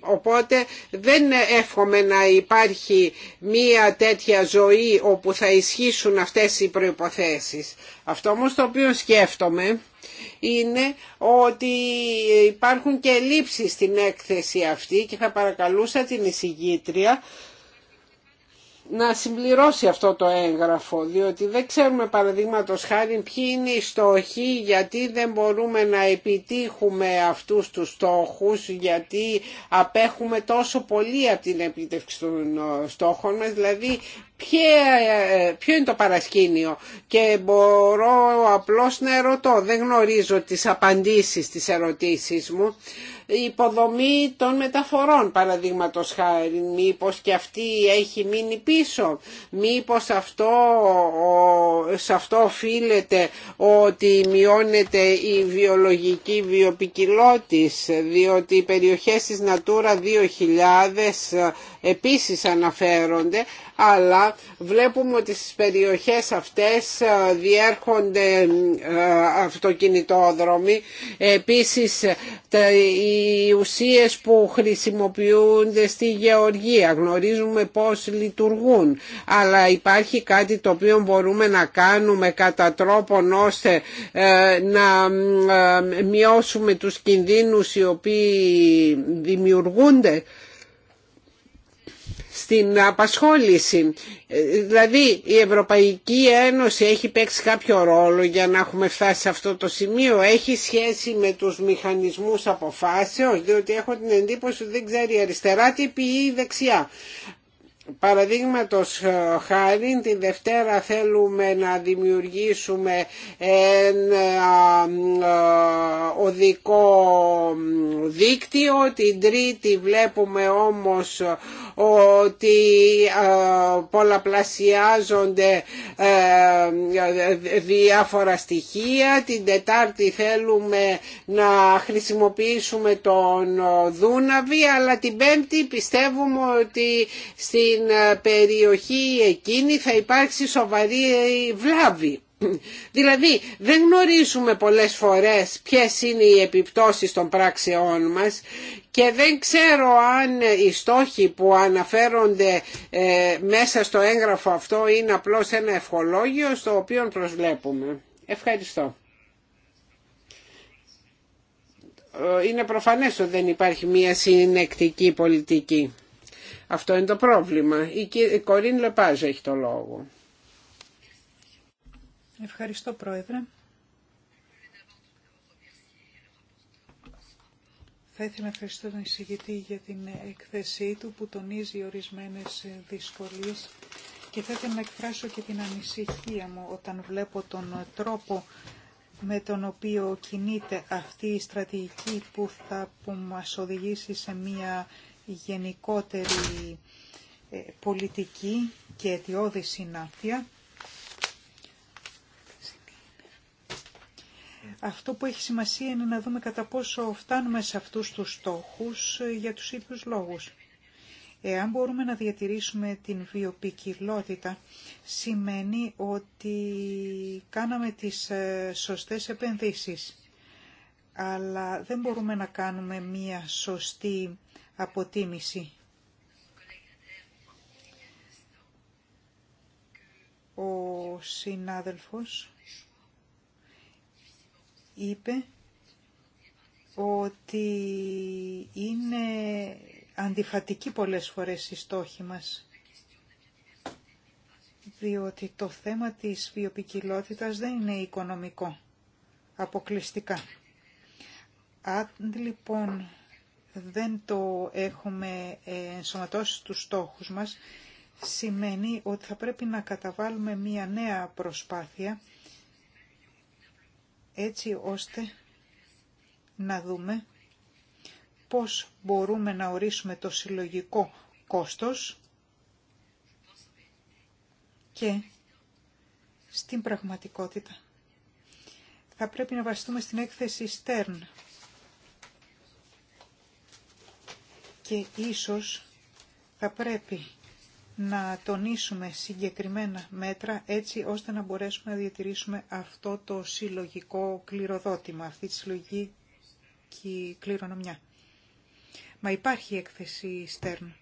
Οπότε δεν εύχομαι να υπάρχει μία τέτοια ζωή όπου θα ισχύσουν αυτές οι προϋποθέσεις. Αυτό όμως το οποίο σκέφτομαι είναι ότι υπάρχουν και λήψεις στην έκθεση αυτή και θα παρακαλούσα την εισηγήτρια να συμπληρώσει αυτό το έγγραφο, διότι δεν ξέρουμε παραδείγματο χάρη ποιοι είναι οι στόχοι, γιατί δεν μπορούμε να επιτύχουμε αυτούς τους στόχους, γιατί απέχουμε τόσο πολύ από την επίτευξη των ε, στόχων μας, δηλαδή ποιο είναι το παρασκήνιο και μπορώ απλώς να ερωτώ, δεν γνωρίζω τις απαντήσεις της ερωτήσεις μου. Η υποδομή των μεταφορών παραδείγματο χάρη, μήπως και αυτή έχει μείνει πίσω, μήπως αυτό, σε αυτό οφείλεται ότι μειώνεται η βιολογική βιοπικιλότης, διότι οι περιοχές της Natura 2000 επίσης αναφέρονται, αλλά βλέπουμε ότι στις περιοχές αυτές ε, διέρχονται ε, αυτοκινητόδρομοι. Επίσης οι ουσίες που χρησιμοποιούνται στη γεωργία γνωρίζουμε πώς λειτουργούν αλλά υπάρχει κάτι το οποίο μπορούμε να κάνουμε κατά τρόπο ώστε ε, να μειώσουμε τους κινδύνους οι οποίοι δημιουργούνται στην απασχόληση. Ε, δηλαδή η Ευρωπαϊκή Ένωση έχει παίξει κάποιο ρόλο για να έχουμε φτάσει σε αυτό το σημείο. Έχει σχέση με τους μηχανισμούς αποφάσεως, διότι έχω την εντύπωση ότι δεν ξέρει αριστερά τι πει ή δεξιά. Παραδείγματος ε, χάρη, τη Δευτέρα θέλουμε να δημιουργήσουμε ένα ε, οδικό δίκτυο, την Τρίτη βλέπουμε όμως ότι ε, πολλαπλασιάζονται ε, διάφορα στοιχεία. Την Τετάρτη θέλουμε να χρησιμοποιήσουμε τον Δούναβη, αλλά την Πέμπτη πιστεύουμε ότι στην ε, περιοχή εκείνη θα υπάρξει σοβαρή βλάβη. Δηλαδή δεν γνωρίζουμε πολλές φορές ποιες είναι οι επιπτώσεις των πράξεών μας και δεν ξέρω αν οι στόχοι που αναφέρονται ε, μέσα στο έγγραφο αυτό είναι απλώς ένα ευχολόγιο στο οποίο προσβλέπουμε. Ευχαριστώ. Ε, είναι προφανές ότι δεν υπάρχει μία συνεκτική πολιτική. Αυτό είναι το πρόβλημα. Η Κορίν Λεπάζ έχει το λόγο. Ευχαριστώ Πρόεδρε. Θα ήθελα να ευχαριστώ τον εισηγητή για την εκθεσή του που τονίζει ορισμένες δυσκολίες και θα ήθελα να εκφράσω και την ανησυχία μου όταν βλέπω τον τρόπο με τον οποίο κινείται αυτή η στρατηγική που θα που μας οδηγήσει σε μια γενικότερη ε, πολιτική και αιτιώδη συνάφεια Αυτό που έχει σημασία είναι να δούμε κατά πόσο φτάνουμε σε αυτούς τους στόχους ε, για τους ίδιους λόγους. Εάν μπορούμε να διατηρήσουμε την βιοπικιλότητα, σημαίνει ότι κάναμε τις ε, σωστές επενδύσεις. Αλλά δεν μπορούμε να κάνουμε μία σωστή αποτίμηση. Ο συνάδελφος είπε ότι είναι αντιφατική πολλές φορές η στόχη μας διότι το θέμα της βιοπικιλότητας δεν είναι οικονομικό αποκλειστικά. Αν λοιπόν δεν το έχουμε ενσωματώσει στους στόχους μας, σημαίνει ότι θα πρέπει να καταβάλουμε μία νέα προσπάθεια έτσι ώστε να δούμε πώς μπορούμε να ορίσουμε το συλλογικό κόστος και στην πραγματικότητα. Θα πρέπει να βαστούμε στην έκθεση Stern και ίσως θα πρέπει να τονίσουμε συγκεκριμένα μέτρα έτσι ώστε να μπορέσουμε να διατηρήσουμε αυτό το συλλογικό κληροδότημα, αυτή τη συλλογική κληρονομιά. Μα υπάρχει έκθεση Στέρν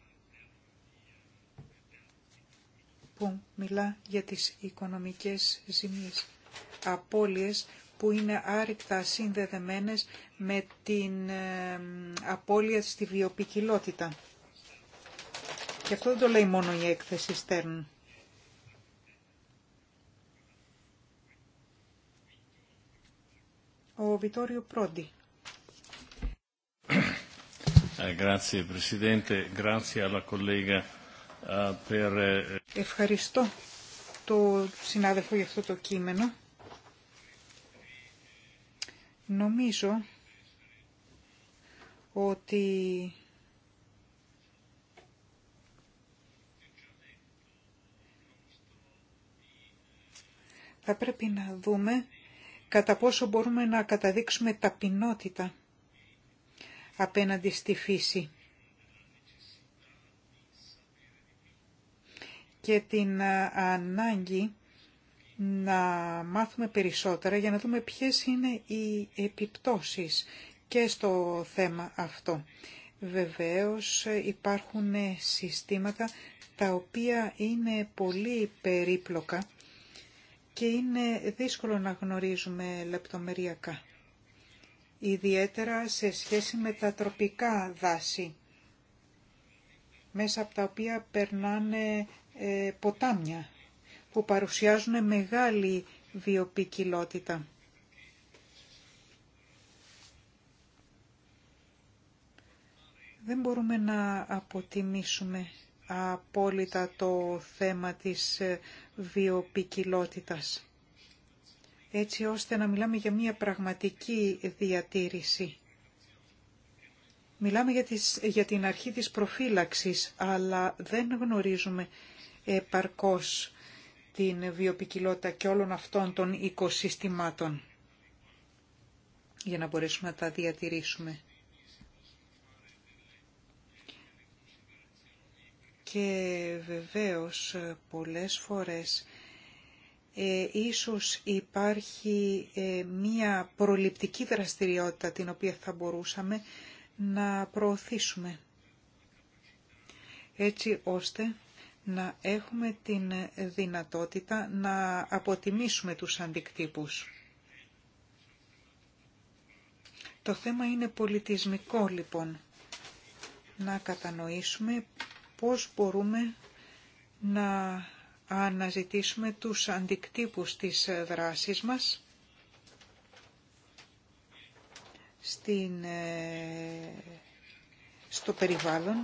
που μιλά για τις οικονομικές ζημίες, απώλειες που είναι άρρηκτα συνδεδεμένες με την ε, απώλεια στη βιοπικιλότητα. Και αυτό δεν το λέει μόνο η έκθεση στερν. Ο Βιτόριο Πρόντι. Ε, ε, ε, Ευχαριστώ το συνάδελφο για αυτό το κείμενο. Νομίζω ότι Θα πρέπει να δούμε κατά πόσο μπορούμε να καταδείξουμε ταπεινότητα απέναντι στη φύση και την ανάγκη να μάθουμε περισσότερα για να δούμε ποιες είναι οι επιπτώσεις και στο θέμα αυτό. Βεβαίως υπάρχουν συστήματα τα οποία είναι πολύ περίπλοκα και είναι δύσκολο να γνωρίζουμε λεπτομεριακά, ιδιαίτερα σε σχέση με τα τροπικά δάση, μέσα από τα οποία περνάνε ε, ποτάμια που παρουσιάζουν μεγάλη βιοπικιλότητα. Δεν μπορούμε να αποτιμήσουμε απόλυτα το θέμα της ε, βιοπικιλότητας, έτσι ώστε να μιλάμε για μια πραγματική διατήρηση. Μιλάμε για, τις, για την αρχή της προφύλαξης, αλλά δεν γνωρίζουμε επαρκώς την βιοπικιλότητα και όλων αυτών των οικοσυστημάτων για να μπορέσουμε να τα διατηρήσουμε. Και βεβαίως ε, πολλές φορές ε, ίσως υπάρχει ε, μία προληπτική δραστηριότητα την οποία θα μπορούσαμε να προωθήσουμε. Έτσι ώστε να έχουμε την δυνατότητα να αποτιμήσουμε τους αντικτύπους. Το θέμα είναι πολιτισμικό λοιπόν. Να κατανοήσουμε πώς μπορούμε να αναζητήσουμε τους αντικτύπους της δράσης μας στην, ε, στο περιβάλλον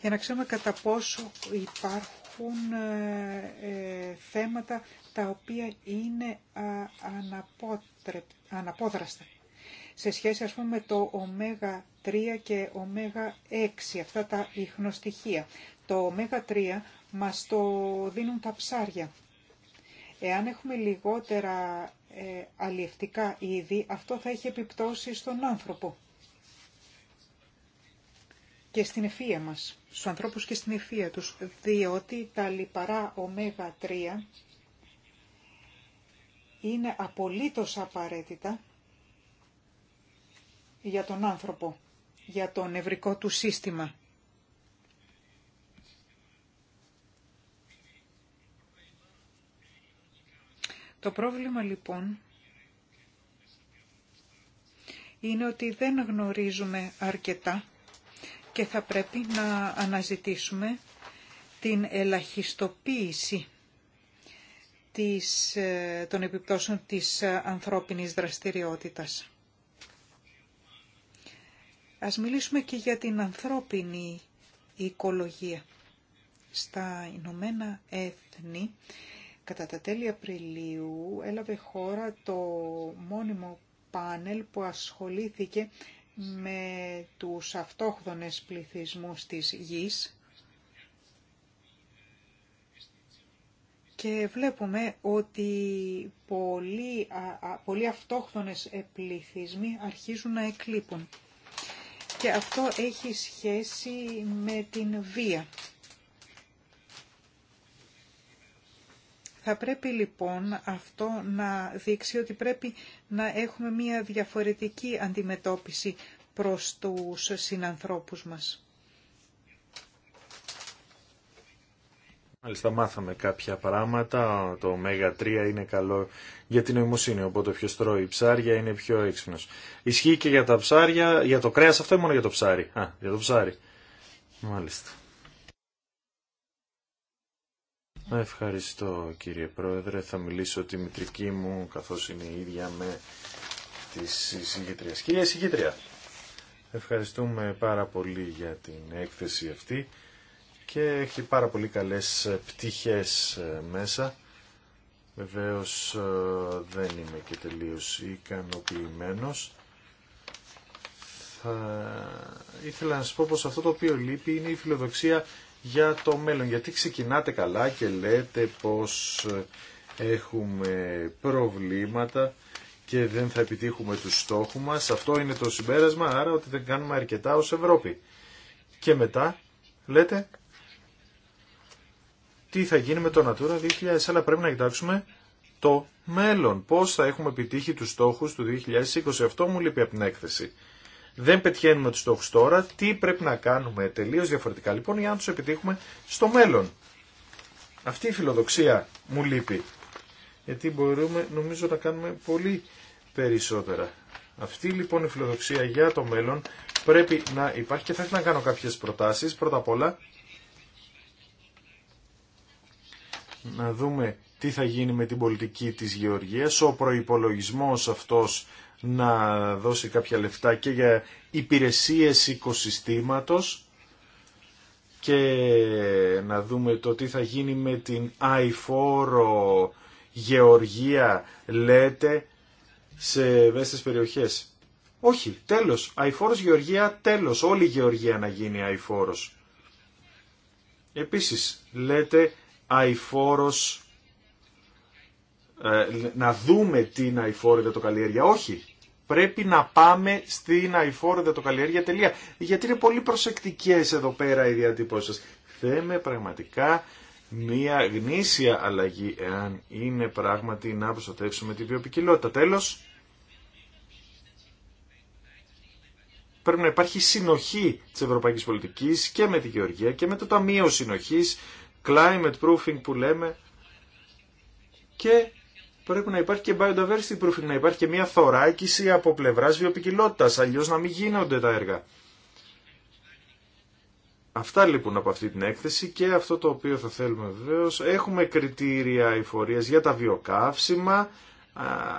για να ξέρουμε κατά πόσο υπάρχουν ε, ε, θέματα τα οποία είναι αναπόδραστα. Σε σχέση ας πούμε με το ωμέγα 3 και ωμέγα 6, αυτά τα ιχνοστοιχεία. Το ωμέγα 3 μας το δίνουν τα ψάρια. Εάν έχουμε λιγότερα ε, αλλιευτικά είδη, αυτό θα έχει επιπτώσει στον άνθρωπο και στην ευφία μας, στους ανθρώπους και στην ευφία τους, διότι τα λιπαρά ω 3 είναι απολύτως απαραίτητα για τον άνθρωπο για το νευρικό του σύστημα. Το πρόβλημα λοιπόν είναι ότι δεν γνωρίζουμε αρκετά και θα πρέπει να αναζητήσουμε την ελαχιστοποίηση ε, των επιπτώσεων της ε, ανθρώπινης δραστηριότητας. Ας μιλήσουμε και για την ανθρώπινη οικολογία. Στα Ηνωμένα Έθνη, κατά τα τέλη Απριλίου, έλαβε χώρα το μόνιμο πάνελ που ασχολήθηκε με τους αυτόχθονες πληθυσμούς της γης και βλέπουμε ότι πολλοί, πολλοί αυτόχθονες πληθυσμοί αρχίζουν να εκλείπουν και αυτό έχει σχέση με την βία. Θα πρέπει λοιπόν αυτό να δείξει ότι πρέπει να έχουμε μια διαφορετική αντιμετώπιση προς τους συνανθρώπους μας. Μάλιστα μάθαμε κάποια πράγματα, το ω3 είναι καλό για την νοημοσύνη, οπότε ποιο τρώει ψάρια είναι πιο έξυπνος. Ισχύει και για τα ψάρια, για το κρέας αυτό ή μόνο για το ψάρι. Α, για το ψάρι. Μάλιστα. Ευχαριστώ κύριε Πρόεδρε, θα μιλήσω τη μητρική μου καθώς είναι η ίδια με τις συγκεκριές. Κυρία συγκήτρια, ευχαριστούμε πάρα πολύ για την έκθεση αυτή και έχει πάρα πολύ καλές ε, πτυχές ε, μέσα. Βεβαίως ε, δεν είμαι και τελείως ικανοποιημένος. Θα ήθελα να σας πω πως αυτό το οποίο λείπει είναι η φιλοδοξία για το μέλλον. Γιατί ξεκινάτε καλά και λέτε πως έχουμε προβλήματα και δεν θα επιτύχουμε τους στόχους μας. Αυτό είναι το συμπέρασμα, άρα ότι δεν κάνουμε αρκετά ως Ευρώπη. Και μετά λέτε τι θα γίνει με το Natura 2000, αλλά πρέπει να κοιτάξουμε το μέλλον. Πώς θα έχουμε επιτύχει τους στόχους του 2020. Αυτό μου λείπει από την έκθεση. Δεν πετυχαίνουμε τους στόχους τώρα. Τι πρέπει να κάνουμε τελείως διαφορετικά λοιπόν για να τους επιτύχουμε στο μέλλον. Αυτή η φιλοδοξία μου λείπει. Γιατί μπορούμε νομίζω να κάνουμε πολύ περισσότερα. Αυτή λοιπόν η φιλοδοξία για το μέλλον πρέπει να υπάρχει και θα ήθελα να κάνω κάποιες προτάσεις. Πρώτα απ' όλα να δούμε τι θα γίνει με την πολιτική της γεωργίας, ο προϋπολογισμός αυτός να δώσει κάποια λεφτά και για υπηρεσίες οικοσυστήματος και να δούμε το τι θα γίνει με την αηφόρο γεωργία λέτε σε ευαίσθητες περιοχές. Όχι, τέλος. Αηφόρος γεωργία, τέλος. Όλη η γεωργία να γίνει αηφόρος. Επίσης, λέτε αηφόρος, ε, να δούμε την το καλλιέργεια. Όχι. Πρέπει να πάμε στην αηφόρο καλλιέργεια. τελεία. Γιατί είναι πολύ προσεκτικές εδώ πέρα οι διατύπωσες σας. Θέμε πραγματικά μία γνήσια αλλαγή εάν είναι πράγματι να προστατεύσουμε την βιοπικιλότητα. Τέλος, πρέπει να υπάρχει συνοχή της ευρωπαϊκής πολιτικής και με τη Γεωργία και με το Ταμείο Συνοχής climate proofing που λέμε και πρέπει να υπάρχει και biodiversity proofing, να υπάρχει και μια θωράκιση από πλευράς βιοπικιλότητας, αλλιώς να μην γίνονται τα έργα. Αυτά λοιπόν από αυτή την έκθεση και αυτό το οποίο θα θέλουμε βεβαίω. Έχουμε κριτήρια εφορία για τα βιοκαύσιμα,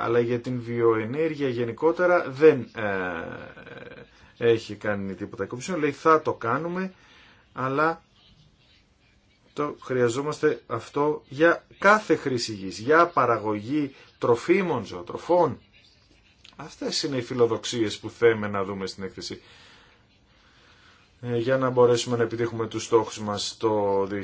αλλά για την βιοενέργεια γενικότερα δεν ε, έχει κάνει τίποτα η Λέει θα το κάνουμε, αλλά το χρειαζόμαστε αυτό για κάθε χρήση γης, για παραγωγή τροφίμων, ζωοτροφών. Αυτές είναι οι φιλοδοξίες που θέμε να δούμε στην έκθεση ε, για να μπορέσουμε να επιτύχουμε τους στόχους μας το 2020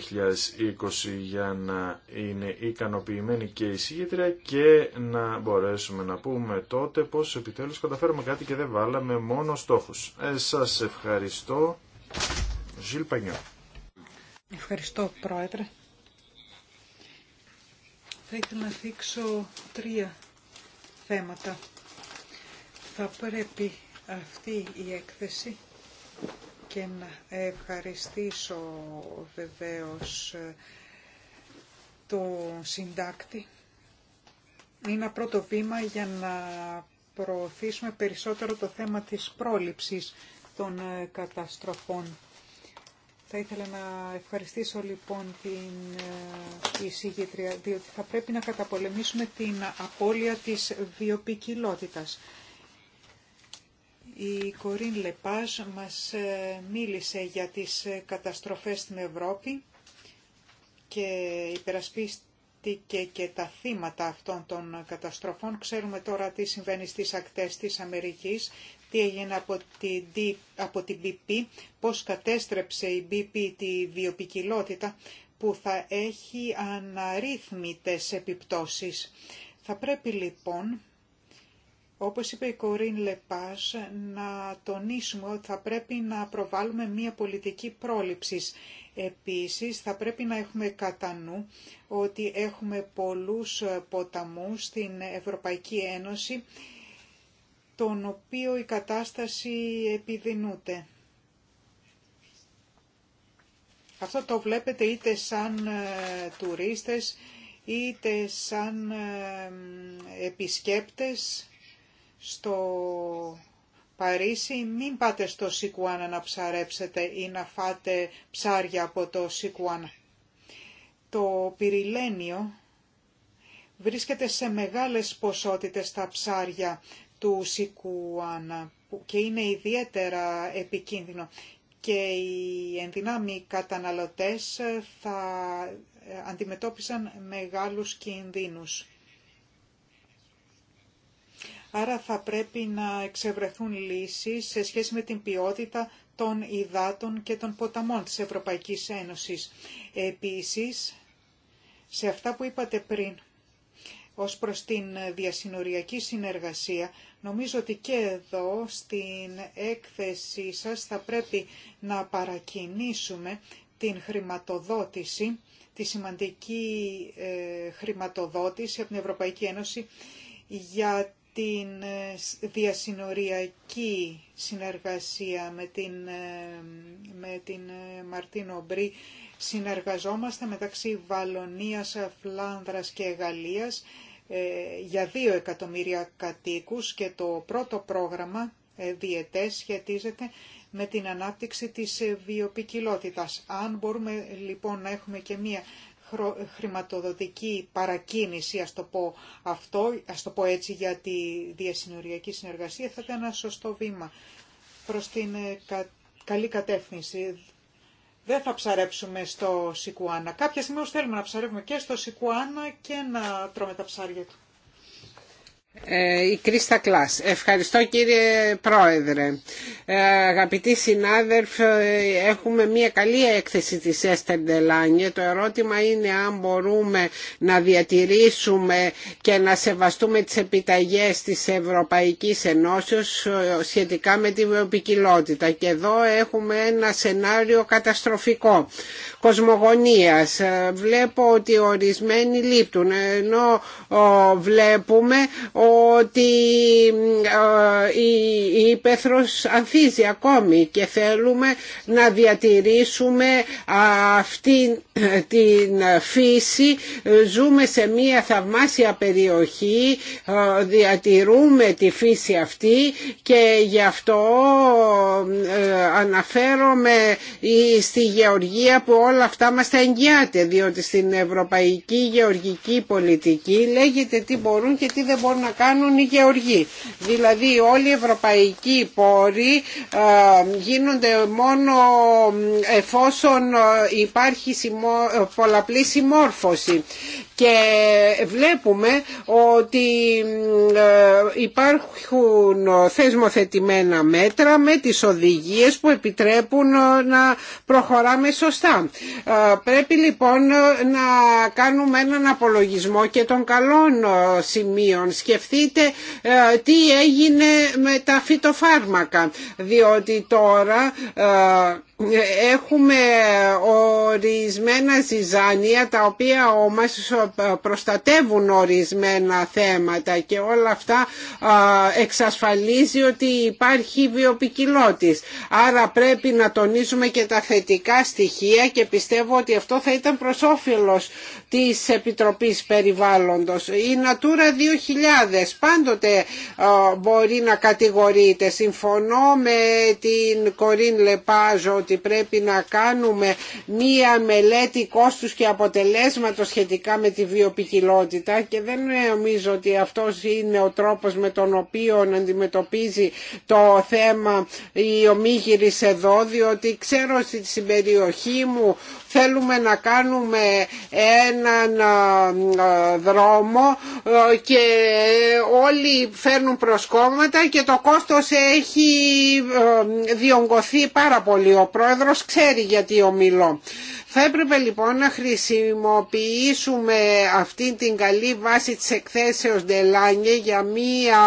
για να είναι ικανοποιημένη και η συγκέντρια και να μπορέσουμε να πούμε τότε πως επιτέλους καταφέρουμε κάτι και δεν βάλαμε μόνο στόχους. Ε, σας ευχαριστώ. Ευχαριστώ, Πρόεδρε. Θα ήθελα να δείξω τρία θέματα. Θα πρέπει αυτή η έκθεση και να ευχαριστήσω βεβαίως ε, το συντάκτη. Είναι ένα πρώτο βήμα για να προωθήσουμε περισσότερο το θέμα της πρόληψης των ε, καταστροφών. Θα ήθελα να ευχαριστήσω λοιπόν την ε, εισηγήτρια, διότι θα πρέπει να καταπολεμήσουμε την απώλεια της βιοπικιλότητας. Η Κορίν Λεπάζ μας ε, μίλησε για τις ε, καταστροφές στην Ευρώπη και υπερασπίστηκε και τα θύματα αυτών των καταστροφών. Ξέρουμε τώρα τι συμβαίνει στις ακτές της Αμερικής τι έγινε από την, από την BP, πώς κατέστρεψε η BP τη βιοπικιλότητα που θα έχει αναρρύθμιτες επιπτώσεις. Θα πρέπει λοιπόν, όπως είπε η Κορίν Λεπάς, να τονίσουμε ότι θα πρέπει να προβάλλουμε μία πολιτική πρόληψης. Επίσης, θα πρέπει να έχουμε κατά νου ότι έχουμε πολλούς ποταμούς στην Ευρωπαϊκή Ένωση τον οποίο η κατάσταση επιδεινούται. Αυτό το βλέπετε είτε σαν ε, τουρίστες, είτε σαν ε, επισκέπτες στο Παρίσι. Μην πάτε στο Σικουάνα να ψαρέψετε ή να φάτε ψάρια από το Σικουάνα. Το Πυριλένιο βρίσκεται σε μεγάλες ποσότητες τα ψάρια του Σικουάνα και είναι ιδιαίτερα επικίνδυνο και οι ενδυνάμοι καταναλωτές θα αντιμετώπισαν μεγάλους κινδύνους. Άρα θα πρέπει να εξευρεθούν λύσεις σε σχέση με την ποιότητα των υδάτων και των ποταμών της Ευρωπαϊκής Ένωσης. Επίσης, σε αυτά που είπατε πριν, ως προς την διασυνοριακή συνεργασία, Νομίζω ότι και εδώ στην έκθεσή σας θα πρέπει να παρακινήσουμε την χρηματοδότηση, τη σημαντική ε, χρηματοδότηση από την Ευρωπαϊκή Ένωση για την ε, διασυνοριακή συνεργασία με την, ε, με την Μαρτίνο Μπρί. Συνεργαζόμαστε μεταξύ Βαλωνίας, Φλάνδρας και Γαλλίας ε, για δύο εκατομμύρια κατοίκους και το πρώτο πρόγραμμα ε, διετές σχετίζεται με την ανάπτυξη της ε, βιοπικιλότητας. Αν μπορούμε λοιπόν να έχουμε και μία χρηματοδοτική παρακίνηση, ας το πω, αυτό, ας το πω έτσι, για τη διασυνοριακή συνεργασία, θα ήταν ένα σωστό βήμα προς την καλή κατεύθυνση. Δεν θα ψαρέψουμε στο Σικουάνα. Κάποια στιγμή όμως θέλουμε να ψαρεύουμε και στο Σικουάνα και να τρώμε τα ψάρια του. Ε, η Κρίστα Κλάς. Ευχαριστώ κύριε Πρόεδρε. Ε, αγαπητοί συνάδελφοι, έχουμε μια καλή έκθεση της Έστερ Ντελάνιε. Το ερώτημα είναι αν μπορούμε να διατηρήσουμε και να σεβαστούμε τις επιταγές της Ευρωπαϊκής Ενώσεως ε, σχετικά με τη βιοπικιλότητα. Και εδώ έχουμε ένα σενάριο καταστροφικό κοσμογονίας. Βλέπω ότι ορισμένοι λείπτουν, ενώ βλέπουμε ότι ε, η πέθρος ανθίζει ακόμη και θέλουμε να διατηρήσουμε αυτή την φύση. Ζούμε σε μια θαυμάσια περιοχή, ε, διατηρούμε τη φύση αυτή και γι' αυτό ε, αναφέρομαι στη γεωργία που όλα αυτά μας τα εγγυάται διότι στην ευρωπαϊκή γεωργική πολιτική λέγεται τι μπορούν και τι δεν μπορούν να κάνουν οι γεωργοί. Δηλαδή όλοι οι ευρωπαϊκοί πόροι ε, γίνονται μόνο εφόσον ε, υπάρχει ε, πολλαπλή συμμόρφωση και βλέπουμε ότι υπάρχουν θεσμοθετημένα μέτρα με τις οδηγίες που επιτρέπουν να προχωράμε σωστά. Πρέπει λοιπόν να κάνουμε έναν απολογισμό και των καλών σημείων. Ε, τι έγινε με τα φυτοφάρμακα διότι τώρα ε, έχουμε ορισμένα ζυζάνια τα οποία όμως ε, προστατεύουν ορισμένα θέματα και όλα αυτά εξασφαλίζει ότι υπάρχει βιοπικιλότης. Άρα πρέπει να τονίζουμε και τα θετικά στοιχεία και πιστεύω ότι αυτό θα ήταν προς της Επιτροπής Περιβάλλοντος. Η Natura ομάδες πάντοτε ε, μπορεί να κατηγορείται. Συμφωνώ με την Κορίν Λεπάζο ότι πρέπει να κάνουμε μία μελέτη κόστους και αποτελέσματος σχετικά με τη βιοπικιλότητα και δεν νομίζω ότι αυτός είναι ο τρόπος με τον οποίο αντιμετωπίζει το θέμα η ομίγυρης εδώ διότι ξέρω στην περιοχή μου θέλουμε να κάνουμε έναν δρόμο και όλοι φέρνουν προσκόμματα και το κόστος έχει διονγκωθεί πάρα πολύ. Ο πρόεδρος ξέρει γιατί ομιλώ. Θα έπρεπε λοιπόν να χρησιμοποιήσουμε αυτή την καλή βάση της εκθέσεως Ντελάνιε για μία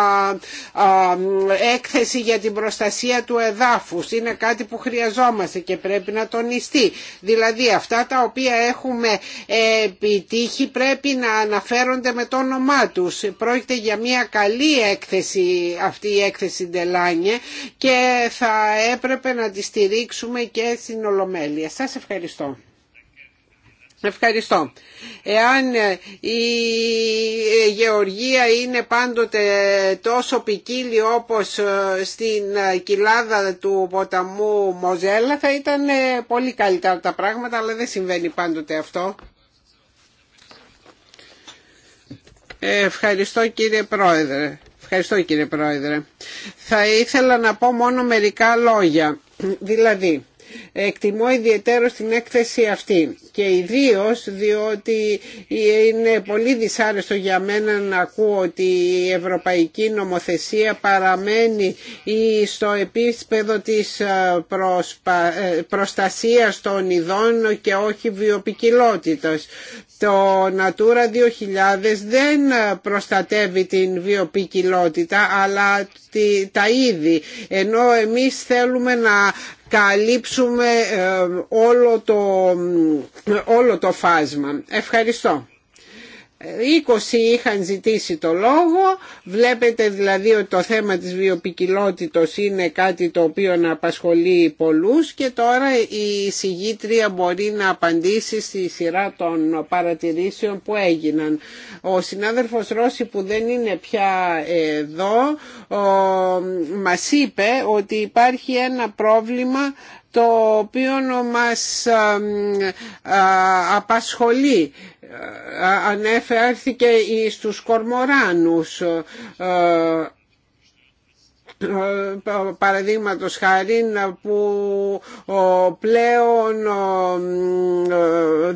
έκθεση για την προστασία του εδάφους. Είναι κάτι που χρειαζόμαστε και πρέπει να τονιστεί. Δηλαδή αυτά τα οποία έχουμε επιτύχει πρέπει να αναφέρονται με το όνομά τους. Πρόκειται για μία καλή έκθεση αυτή η έκθεση Ντελάνιε και θα έπρεπε να τη στηρίξουμε και στην Ολομέλεια. Σας ευχαριστώ. Ευχαριστώ. Εάν ε, η ε, γεωργία είναι πάντοτε τόσο ποικίλη όπως ε, στην κοιλάδα του ποταμού Μοζέλα θα ήταν πολύ καλύτερα τα πράγματα αλλά δεν συμβαίνει πάντοτε αυτό. Ευχαριστώ κύριε Πρόεδρε. Ευχαριστώ κύριε Πρόεδρε. Θα ήθελα να πω μόνο μερικά λόγια. Δηλαδή, Εκτιμώ ιδιαίτερο την έκθεση αυτή και ιδίω διότι είναι πολύ δυσάρεστο για μένα να ακούω ότι η ευρωπαϊκή νομοθεσία παραμένει στο επίπεδο της ε, προσπα... Ε, προστασίας των ειδών και όχι βιοπικιλότητας. Το Natura 2000 δεν προστατεύει την βιοπικιλότητα αλλά τα είδη ενώ εμείς θέλουμε να καλύψουμε ε, όλο το, φάσμα. Ευχαριστώ. 20 είχαν ζητήσει το λόγο. Βλέπετε δηλαδή ότι το θέμα της βιοπικιλότητος είναι κάτι το οποίο να απασχολεί πολλούς και τώρα η συγγήτρια μπορεί να απαντήσει στη σειρά των παρατηρήσεων που έγιναν. Ο συνάδελφος Ρώση που δεν είναι πια εδώ μας είπε ότι υπάρχει ένα πρόβλημα το οποίο μας απασχολεί ανέφερθηκε στους κορμοράνους ε, παραδείγματος χάρη που πλέον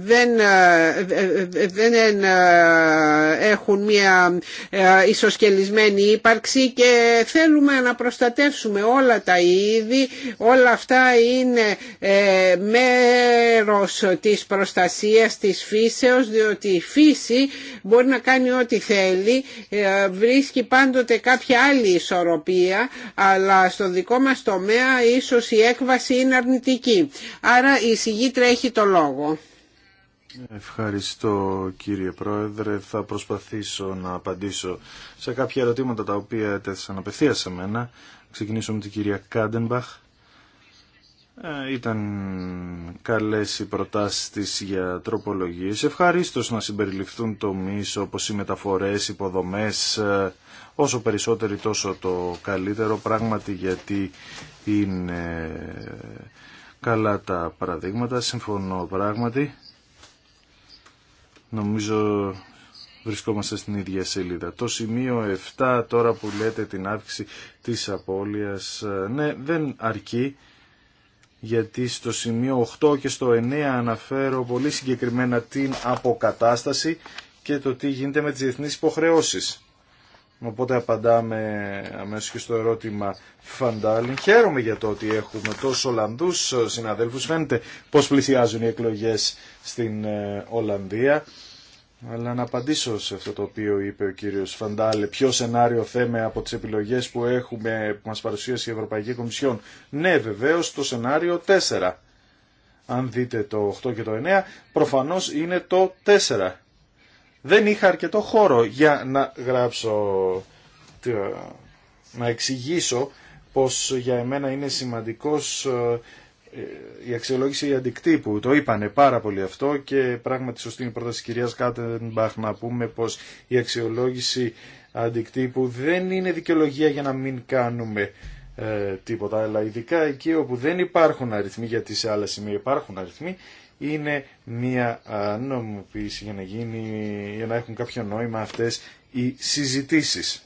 δεν, δεν έχουν μια ε, ισοσκελισμένη ύπαρξη και θέλουμε να προστατεύσουμε όλα τα είδη όλα αυτά είναι ε, μέρος της προστασίας της φύσεως διότι η φύση μπορεί να κάνει ό,τι θέλει ε, βρίσκει πάντοτε κάποια άλλη ισορροπία αλλά στο δικό μας τομέα ίσως η έκβαση είναι αρνητική. Άρα η συγγήτρια έχει το λόγο. Ευχαριστώ κύριε Πρόεδρε. Θα προσπαθήσω να απαντήσω σε κάποια ερωτήματα τα οποία τέθησαν απευθεία σε μένα. Ξεκινήσω με την κυρία Κάντεμπαχ. Ε, ήταν καλές οι προτάσεις της για τροπολογίες. Ευχαρίστως να συμπεριληφθούν τομείς όπως οι μεταφορές, υποδομές, ε, όσο περισσότεροι τόσο το καλύτερο πράγματι γιατί είναι καλά τα παραδείγματα. Συμφωνώ πράγματι. Νομίζω βρισκόμαστε στην ίδια σελίδα. Το σημείο 7 τώρα που λέτε την αύξηση της απώλειας, ε, ναι δεν αρκεί γιατί στο σημείο 8 και στο 9 αναφέρω πολύ συγκεκριμένα την αποκατάσταση και το τι γίνεται με τις διεθνείς υποχρεώσεις. Οπότε απαντάμε αμέσως και στο ερώτημα Φαντάλιν. Χαίρομαι για το ότι έχουμε τόσους Ολλανδούς συναδέλφους. Φαίνεται πώς πλησιάζουν οι εκλογές στην ε, Ολλανδία. Αλλά να απαντήσω σε αυτό το οποίο είπε ο κύριο Φαντάλε. Ποιο σενάριο θέμε από τι επιλογέ που έχουμε, που μας παρουσίασε η Ευρωπαϊκή Κομισιόν. Ναι, βεβαίω το σενάριο 4. Αν δείτε το 8 και το 9, προφανώ είναι το 4. Δεν είχα αρκετό χώρο για να γράψω, να εξηγήσω πως για εμένα είναι σημαντικός ε, η αξιολόγηση αντικτύπου. Το είπανε πάρα πολύ αυτό και πράγματι σωστή είναι η πρόταση να πούμε πως η αξιολόγηση αντικτύπου δεν είναι δικαιολογία για να μην κάνουμε ε, τίποτα. Αλλά ειδικά εκεί όπου δεν υπάρχουν αριθμοί, γιατί σε άλλα σημεία υπάρχουν αριθμοί, είναι μια νομιμοποίηση για να, γίνει, για να έχουν κάποιο νόημα αυτέ οι συζητήσεις.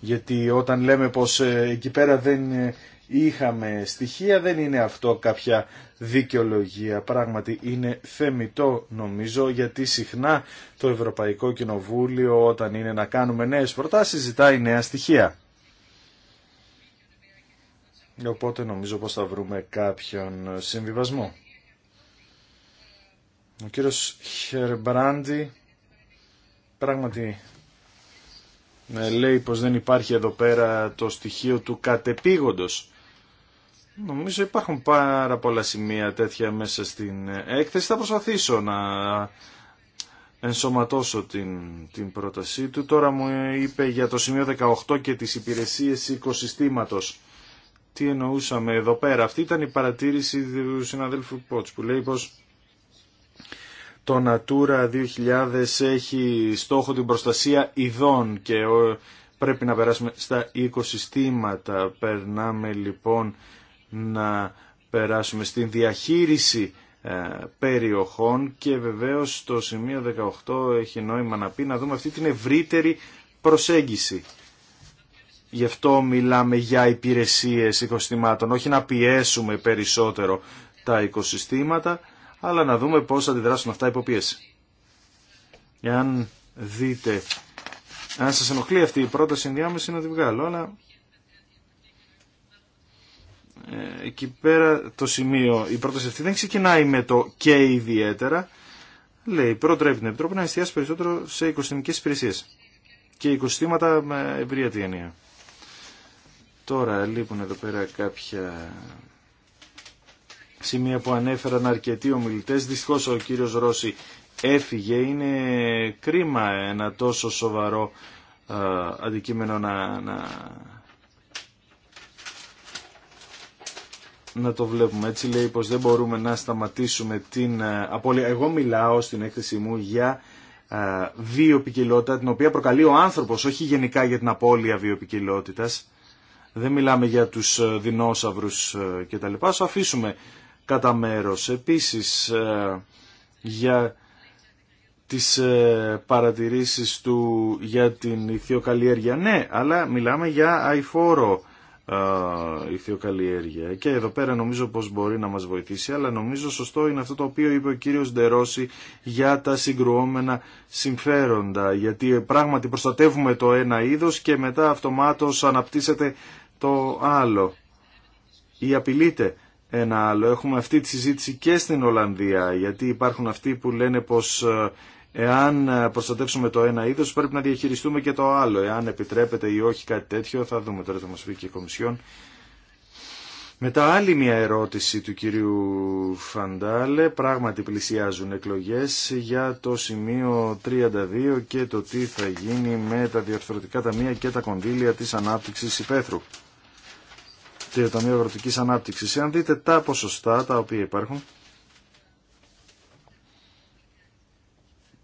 Γιατί όταν λέμε πως ε, εκεί πέρα δεν ε, είχαμε στοιχεία, δεν είναι αυτό κάποια δικαιολογία. Πράγματι είναι θεμητό νομίζω γιατί συχνά το Ευρωπαϊκό Κοινοβούλιο όταν είναι να κάνουμε νέες προτάσεις ζητάει νέα στοιχεία. Οπότε νομίζω πως θα βρούμε κάποιον συμβιβασμό. Ο κύριος Χερμπράντι πράγματι ε, λέει πως δεν υπάρχει εδώ πέρα το στοιχείο του κατεπήγοντος Νομίζω υπάρχουν πάρα πολλά σημεία τέτοια μέσα στην έκθεση. Θα προσπαθήσω να ενσωματώσω την, την πρότασή του. Τώρα μου είπε για το σημείο 18 και τις υπηρεσίες οικοσυστήματος. Τι εννοούσαμε εδώ πέρα. Αυτή ήταν η παρατήρηση του συναδέλφου Πότς που λέει πως το Natura 2000 έχει στόχο την προστασία ειδών και πρέπει να περάσουμε στα οικοσυστήματα. Περνάμε λοιπόν να περάσουμε στην διαχείριση ε, περιοχών και βεβαίως το σημείο 18 έχει νόημα να πει να δούμε αυτή την ευρύτερη προσέγγιση. Γι' αυτό μιλάμε για υπηρεσίες οικοσυστημάτων, όχι να πιέσουμε περισσότερο τα οικοσυστήματα, αλλά να δούμε πώς θα αντιδράσουν αυτά υποπίεση. Εάν δείτε, αν σας ενοχλεί αυτή η πρόταση ενδιάμεση να τη βγάλω, αλλά ε, εκεί πέρα το σημείο, η πρόταση αυτή δεν ξεκινάει με το και ιδιαίτερα. Λέει, προτρέπει την Επιτροπή να εστιάσει περισσότερο σε οικοστημικέ υπηρεσίε και οικοστήματα με ευρία έννοια. Τώρα λείπουν εδώ πέρα κάποια σημεία που ανέφεραν αρκετοί ομιλητές. Δυστυχώς ο κύριος Ρώση έφυγε. Είναι κρίμα ένα τόσο σοβαρό ε, αντικείμενο να να το βλέπουμε. Έτσι λέει πως δεν μπορούμε να σταματήσουμε την ε, απώλεια. Εγώ μιλάω στην έκθεσή μου για ε, βιοπικιλότητα την οποία προκαλεί ο άνθρωπος, όχι γενικά για την απώλεια βιοπικιλότητας. Δεν μιλάμε για τους ε, δεινόσαυρους και τα λοιπά. αφήσουμε κατά μέρος. Επίσης για τις παρατηρήσεις του για την ηθιοκαλλιέργεια. Ναι, αλλά μιλάμε για αηφόρο η θεοκαλλιέργεια Και εδώ πέρα νομίζω πως μπορεί να μας βοηθήσει, αλλά νομίζω σωστό είναι αυτό το οποίο είπε ο κύριος Ντερόση για τα συγκρουόμενα συμφέροντα, γιατί πράγματι προστατεύουμε το ένα είδος και μετά αυτομάτως αναπτύσσεται το άλλο ή απειλείται ένα άλλο. Έχουμε αυτή τη συζήτηση και στην Ολλανδία, γιατί υπάρχουν αυτοί που λένε πως Εάν ε, προστατεύσουμε το ένα είδο πρέπει να διαχειριστούμε και το άλλο. Εάν επιτρέπεται ή όχι κάτι τέτοιο θα δούμε τώρα θα μας πει και η Κομισιόν. Μετά άλλη μια ερώτηση του κυρίου Φαντάλε. Πράγματι πλησιάζουν εκλογές για το σημείο 32 και το τι θα γίνει με τα διορθωτικά ταμεία και τα κονδύλια της ανάπτυξης υπαίθρου. Και το Αγροτικής Ανάπτυξης. Εάν δείτε τα ποσοστά τα οποία υπάρχουν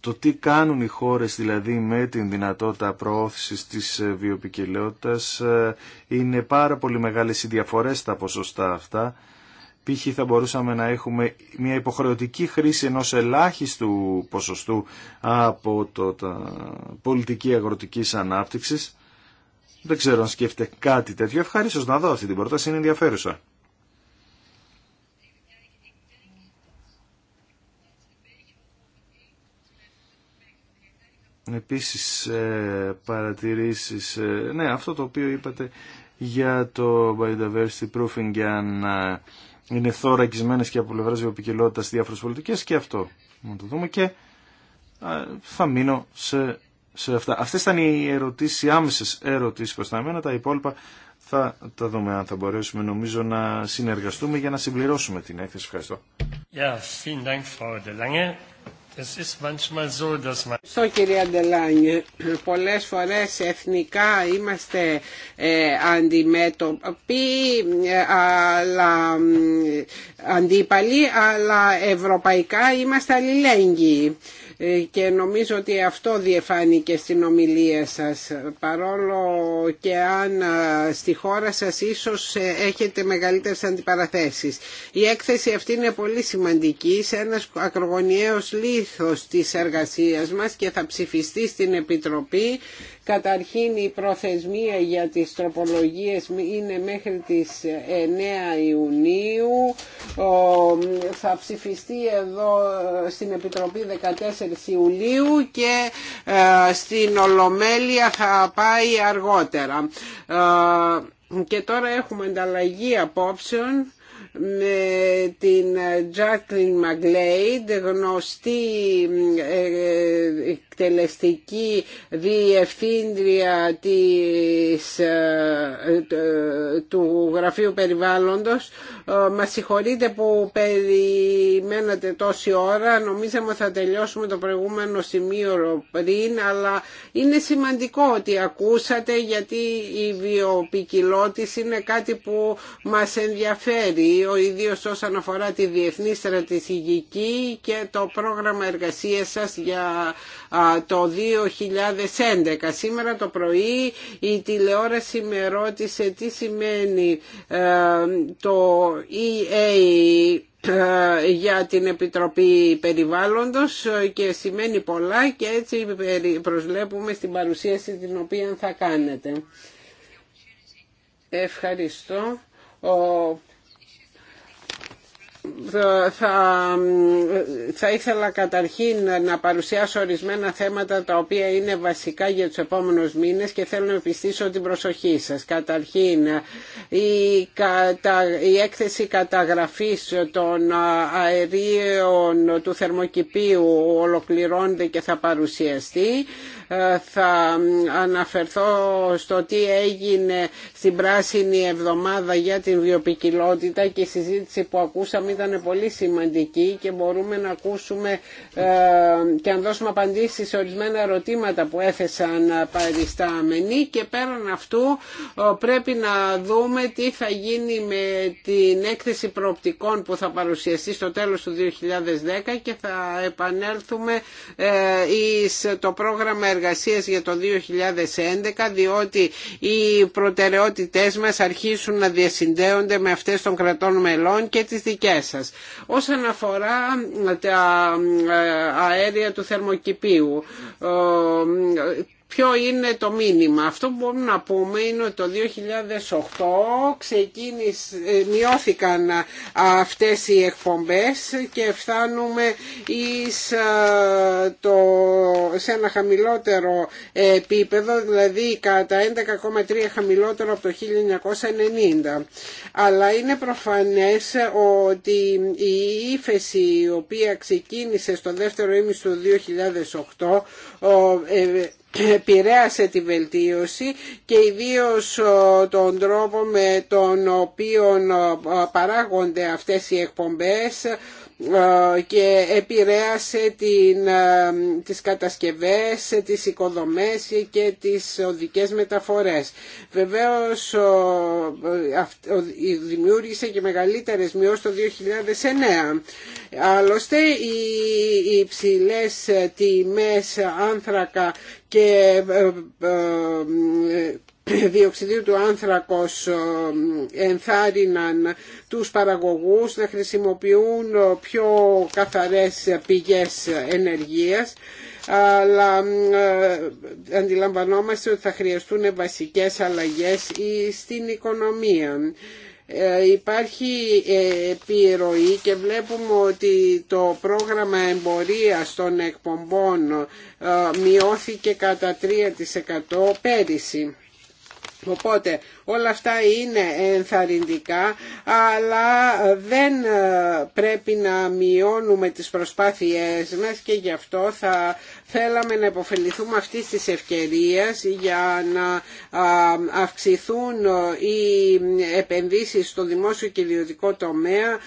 το τι κάνουν οι χώρες δηλαδή με την δυνατότητα προώθησης της ε, βιοπικιλότητας ε, είναι πάρα πολύ μεγάλες οι διαφορές στα ποσοστά αυτά. Π.χ. θα μπορούσαμε να έχουμε μια υποχρεωτική χρήση ενός ελάχιστου ποσοστού από το τα, πολιτική αγροτικής ανάπτυξης. Δεν ξέρω αν σκέφτεται κάτι τέτοιο. Ευχαρίστω να δω αυτή την πρόταση, είναι ενδιαφέρουσα. Επίσης ε, παρατηρήσεις, ε, ναι αυτό το οποίο είπατε για το biodiversity proofing για να είναι θωρακισμένες και από πλευρά βιοπικιλότητας διάφορες πολιτικές και αυτό να το δούμε και θα μείνω σε, σε αυτά. Αυτές ήταν οι ερωτήσεις, οι άμεσες ερωτήσεις προς τα εμένα, τα υπόλοιπα θα τα δούμε αν θα μπορέσουμε νομίζω να συνεργαστούμε για να συμπληρώσουμε την έκθεση. Ευχαριστώ. Στο κυρία Ντελάνι. Πολλές φορές εθνικά είμαστε ε, αντιμέτωποι ε, αντίπαλοι, αλλά ευρωπαϊκά είμαστε αλληλέγγυοι και νομίζω ότι αυτό διεφάνηκε στην ομιλία σας παρόλο και αν στη χώρα σας ίσως ε, έχετε μεγαλύτερες αντιπαραθέσεις. Η έκθεση αυτή είναι πολύ σημαντική σε ένας ακρογωνιαίος λίθος της εργασίας μας και θα ψηφιστεί στην Επιτροπή Καταρχήν η προθεσμία για τις τροπολογίες είναι μέχρι τις 9 Ιουνίου. Θα ψηφιστεί εδώ ε, στην Επιτροπή 14 Ιουλίου και ε, στην Ολομέλεια θα πάει αργότερα. Ε, και τώρα έχουμε ανταλλαγή απόψεων με την Jacqueline Μαγκλέιντ, γνωστή εκτελεστική διευθύντρια της, ε, του Γραφείου Περιβάλλοντος. Ε, μας συγχωρείτε που περιμένατε τόση ώρα. Νομίζαμε θα τελειώσουμε το προηγούμενο σημείο πριν, αλλά είναι σημαντικό ότι ακούσατε γιατί η βιοπικιλότηση είναι κάτι που μας ενδιαφέρει, ο ίδιος όσον αφορά τη διεθνή στρατηγική και το πρόγραμμα εργασίας σας για το 2011. Σήμερα το πρωί η τηλεόραση με ρώτησε τι σημαίνει ε, το EA ε, για την Επιτροπή Περιβάλλοντος και σημαίνει πολλά και έτσι προσλέπουμε στην παρουσίαση την οποία θα κάνετε. Ευχαριστώ θα, θα ήθελα καταρχήν να παρουσιάσω ορισμένα θέματα τα οποία είναι βασικά για τους επόμενους μήνες και θέλω να επιστήσω την προσοχή σας. Καταρχήν η, η έκθεση καταγραφής των αερίων του θερμοκηπίου ολοκληρώνεται και θα παρουσιαστεί ε, θα αναφερθώ στο τι έγινε στην πράσινη εβδομάδα για την βιοπικιλότητα και η συζήτηση που ακούσαμε ήταν πολύ σημαντική και μπορούμε να ακούσουμε ε, και να δώσουμε απαντήσεις σε ορισμένα ερωτήματα που έθεσαν ε, παριστάμενοι και πέραν αυτού ε, πρέπει να δούμε τι θα γίνει με την έκθεση προοπτικών που θα παρουσιαστεί στο τέλος του 2010 και θα επανέλθουμε στο το πρόγραμμα εργασίας για το 2011 διότι οι προτεραιότητές μας αρχίσουν να διασυνδέονται με αυτές των κρατών μελών και τις δικές σας. Όσον αφορά τα ε, αέρια του θερμοκηπίου, ε, Ποιο είναι το μήνυμα. Αυτό που μπορούμε να πούμε είναι ότι το 2008 ξεκίνησε, ε, μειώθηκαν ε, αυτές οι εκπομπές και φτάνουμε εις, ε, το, σε ένα χαμηλότερο επίπεδο, δηλαδή κατά 11,3 χαμηλότερο από το 1990. Αλλά είναι προφανές ότι η ύφεση η οποία ξεκίνησε στο δεύτερο ήμιση του 2008 ε, επηρέασε τη βελτίωση και ιδίως τον τρόπο με τον οποίο παράγονται αυτές οι εκπομπές και επηρέασε την, τις κατασκευές, τις οικοδομές και τις οδικές μεταφορές. Βεβαίως δημιούργησε και μεγαλύτερες μειώσεις το 2009. Άλλωστε οι υψηλέ τιμές άνθρακα και ε, ε, διοξιδίου του άνθρακος ε, ενθάρρυναν τους παραγωγούς να χρησιμοποιούν πιο καθαρές πηγές ενεργείας αλλά ε, αντιλαμβανόμαστε ότι θα χρειαστούν βασικές αλλαγές στην οικονομία. Ε, υπάρχει επιρροή και βλέπουμε ότι το πρόγραμμα εμπορίας των εκπομπών μειώθηκε κατά 3% πέρυσι. Οπότε όλα αυτά είναι ενθαρρυντικά αλλά δεν ε, πρέπει να μειώνουμε τις προσπάθειές μας και γι' αυτό θα θέλαμε να υποφεληθούμε αυτή της ευκαιρία για να αυξηθούν οι επενδύσεις στο δημόσιο και ιδιωτικό τομέα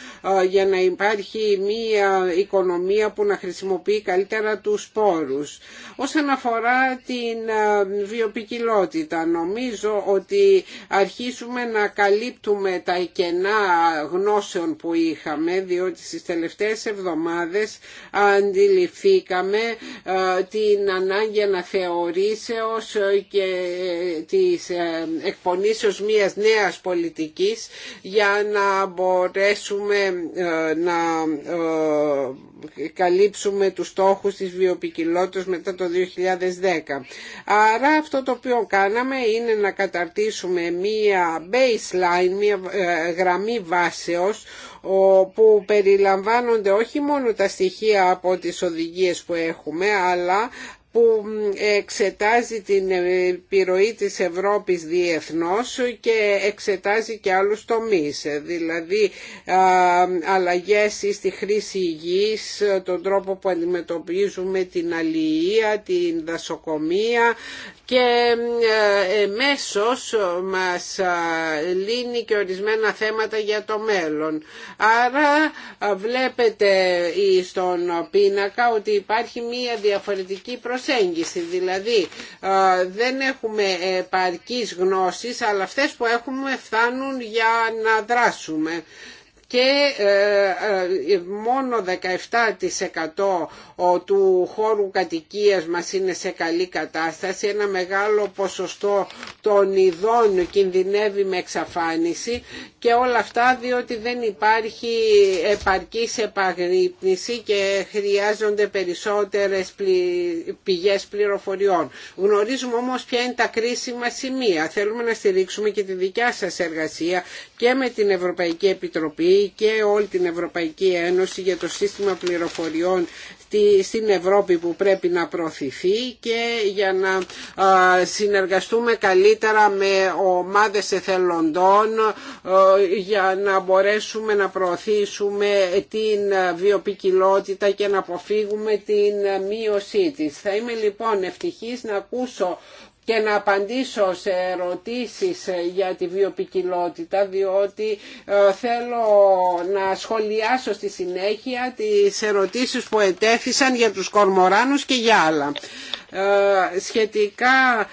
για να υπάρχει μια οικονομία που να χρησιμοποιεί καλύτερα τους πόρους. Όσον αφορά την βιοπικιλότητα, νομίζω ότι αρχίσουμε να καλύπτουμε τα κενά γνώσεων που είχαμε, διότι στις τελευταίες εβδομάδες αντιληφθήκαμε την ανάγκη αναθεωρήσεως και της ε, εκπονήσεως μιας νέας πολιτικής για να μπορέσουμε ε, να ε, καλύψουμε τους στόχους της βιοπικιλότητας μετά το 2010. Άρα αυτό το οποίο κάναμε είναι να καταρτήσουμε μία baseline, μία γραμμή βάσεως που περιλαμβάνονται όχι μόνο τα στοιχεία από τις οδηγίες που έχουμε αλλά που εξετάζει την επιρροή της Ευρώπης διεθνώς και εξετάζει και άλλους τομείς, δηλαδή αλλαγές στη χρήση υγιής, τον τρόπο που αντιμετωπίζουμε την αλληλεία, την δασοκομεία και μέσως μας λύνει και ορισμένα θέματα για το μέλλον. Άρα βλέπετε στον πίνακα ότι υπάρχει μία διαφορετική προσέγγιση προσέγγιση. Δηλαδή δεν έχουμε επαρκείς γνώσης αλλά αυτές που έχουμε φτάνουν για να δράσουμε και ε, ε, μόνο 17% του χώρου κατοικίας μας είναι σε καλή κατάσταση. Ένα μεγάλο ποσοστό των ειδών κινδυνεύει με εξαφάνιση και όλα αυτά διότι δεν υπάρχει επαρκής επαγρύπνηση και χρειάζονται περισσότερες πηγές πληροφοριών. Γνωρίζουμε όμως ποια είναι τα κρίσιμα σημεία. Θέλουμε να στηρίξουμε και τη δικιά σας εργασία και με την Ευρωπαϊκή Επιτροπή και όλη την Ευρωπαϊκή Ένωση για το σύστημα πληροφοριών στην Ευρώπη που πρέπει να προωθηθεί και για να συνεργαστούμε καλύτερα με ομάδες εθελοντών για να μπορέσουμε να προωθήσουμε την βιοπικιλότητα και να αποφύγουμε την μείωσή της. Θα είμαι λοιπόν ευτυχής να ακούσω και να απαντήσω σε ερωτήσεις για τη βιοπικιλότητα διότι ε, θέλω να σχολιάσω στη συνέχεια τις ερωτήσεις που ετέθησαν για τους κορμοράνους και για άλλα. Ε, σχετικά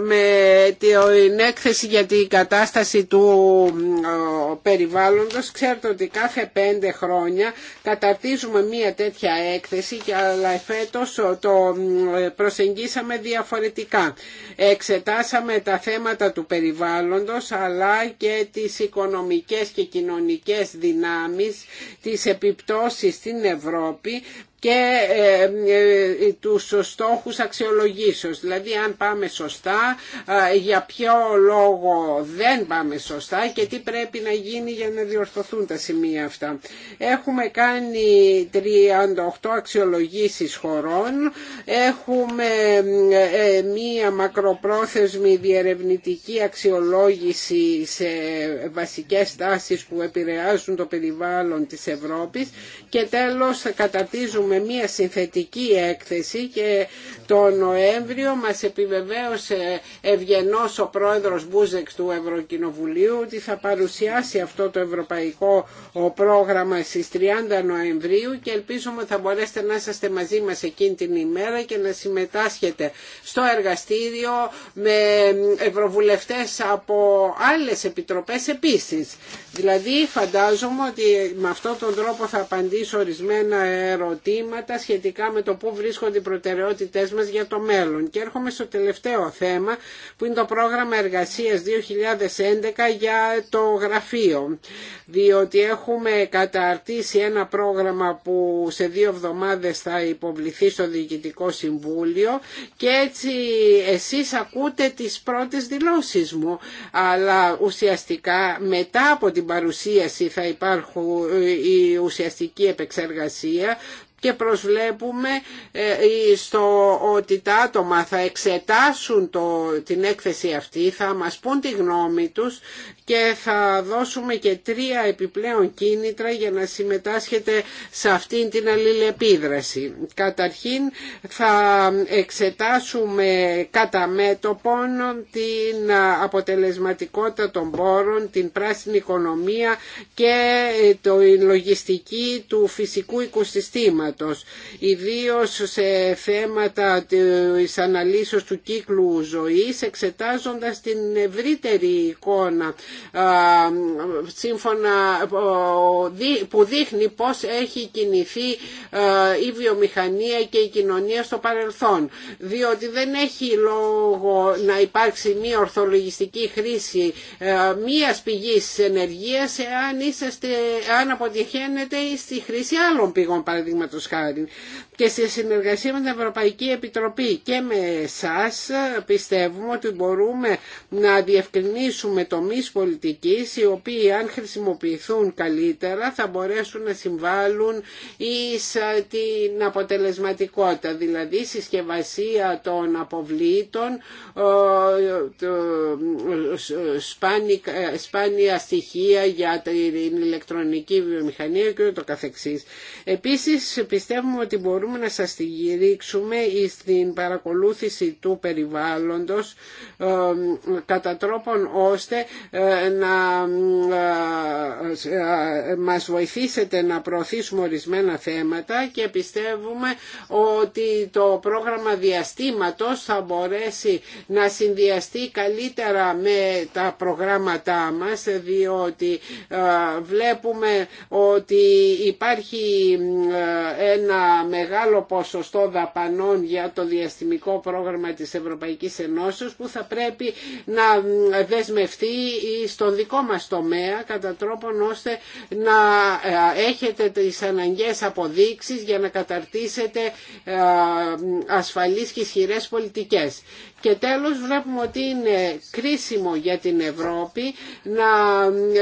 με την έκθεση για την κατάσταση του περιβάλλοντος ξέρετε ότι κάθε πέντε χρόνια καταρτίζουμε μία τέτοια έκθεση και αλλά φέτος το προσεγγίσαμε διαφορετικά εξετάσαμε τα θέματα του περιβάλλοντος αλλά και τις οικονομικές και κοινωνικές δυνάμεις τις επιπτώσεις στην Ευρώπη και ε, ε, ε, τους στόχους αξιολογήσεως. Δηλαδή αν πάμε σωστά, για ποιο λόγο δεν πάμε σωστά και τι πρέπει να γίνει για να διορθωθούν τα σημεία αυτά. Έχουμε κάνει 38 αξιολογήσεις χωρών, έχουμε μία μακροπρόθεσμη διερευνητική αξιολόγηση σε βασικές τάσεις που επηρεάζουν το περιβάλλον της Ευρώπης και τέλος καταρτίζουμε κάνουμε μία συνθετική έκθεση και το Νοέμβριο μας επιβεβαίωσε ευγενός ο πρόεδρος Μπούζεκ του Ευρωκοινοβουλίου ότι θα παρουσιάσει αυτό το ευρωπαϊκό πρόγραμμα στις 30 Νοεμβρίου και ελπίζουμε ότι θα μπορέσετε να είσαστε μαζί μας εκείνη την ημέρα και να συμμετάσχετε στο εργαστήριο με ευρωβουλευτές από άλλες επιτροπές επίσης. Δηλαδή φαντάζομαι ότι με αυτόν τον τρόπο θα απαντήσω ορισμένα ερωτήματα σχετικά με το πού βρίσκονται οι προτεραιότητές μας για το μέλλον. Και έρχομαι στο τελευταίο θέμα που είναι το πρόγραμμα εργασίας 2011 για το γραφείο. Διότι έχουμε καταρτήσει ένα πρόγραμμα που σε δύο εβδομάδες θα υποβληθεί στο Διοικητικό Συμβούλιο και έτσι εσείς ακούτε τις πρώτες δηλώσεις μου. Αλλά ουσιαστικά μετά από την παρουσίαση θα υπάρχουν ε, η ουσιαστική επεξεργασία και προσβλέπουμε ε, στο ότι τα άτομα θα εξετάσουν το, την έκθεση αυτή, θα μας πούν τη γνώμη τους και θα δώσουμε και τρία επιπλέον κίνητρα για να συμμετάσχετε σε αυτήν την αλληλεπίδραση. Καταρχήν θα εξετάσουμε κατά μέτωπον την αποτελεσματικότητα των πόρων, την πράσινη οικονομία και ε, το λογιστική του φυσικού οικοσυστήματος, ιδίως σε θέματα της αναλύσεως του κύκλου ζωής, εξετάζοντας την ευρύτερη εικόνα ε, σύμφωνα, που δείχνει πώς έχει κινηθεί ε, η βιομηχανία και η κοινωνία στο παρελθόν. Διότι δεν έχει λόγο να υπάρξει μία ορθολογιστική χρήση ε, μίας πηγής ενεργείας εάν, είσαστε, εάν αποτυχαίνετε στη χρήση άλλων πηγών παραδείγματος χάρη και σε συνεργασία με την Ευρωπαϊκή Επιτροπή και με εσάς πιστεύουμε ότι μπορούμε να διευκρινίσουμε τομείς πολιτικής οι οποίοι αν χρησιμοποιηθούν καλύτερα θα μπορέσουν να συμβάλλουν εις την αποτελεσματικότητα δηλαδή συσκευασία των αποβλήτων ε, σπάνια στοιχεία για την ηλεκτρονική βιομηχανία και το καθεξής. Επίσης πιστεύουμε ότι μπορούμε μπορούμε να σας τη γυρίξουμε στην παρακολούθηση του περιβάλλοντος ε, κατά τρόπον ώστε ε, να ε, μας βοηθήσετε να προωθήσουμε ορισμένα θέματα και πιστεύουμε ότι το πρόγραμμα διαστήματος θα μπορέσει να συνδυαστεί καλύτερα με τα προγράμματά μας διότι βλέπουμε ότι υπάρχει ένα μεγάλο μεγάλο ποσοστό δαπανών για το διαστημικό πρόγραμμα της Ευρωπαϊκής Ενώσεως που θα πρέπει να δεσμευτεί στον δικό μας τομέα κατά τρόπον ώστε να ε, έχετε τις αναγκαίες αποδείξεις για να καταρτήσετε ε, ασφαλείς και ισχυρές πολιτικές. Και τέλος βλέπουμε ότι είναι κρίσιμο για την Ευρώπη να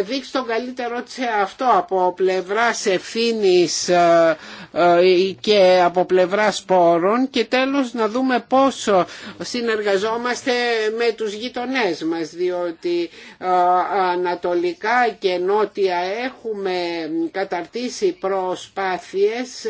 δείξει τον καλύτερο σε αυτό από πλευράς ευθύνη ε, ε, και από πλευράς πόρων και τέλος να δούμε πόσο συνεργαζόμαστε με τους γειτονές μας διότι ε, ανατολικά και νότια έχουμε καταρτήσει προσπάθειες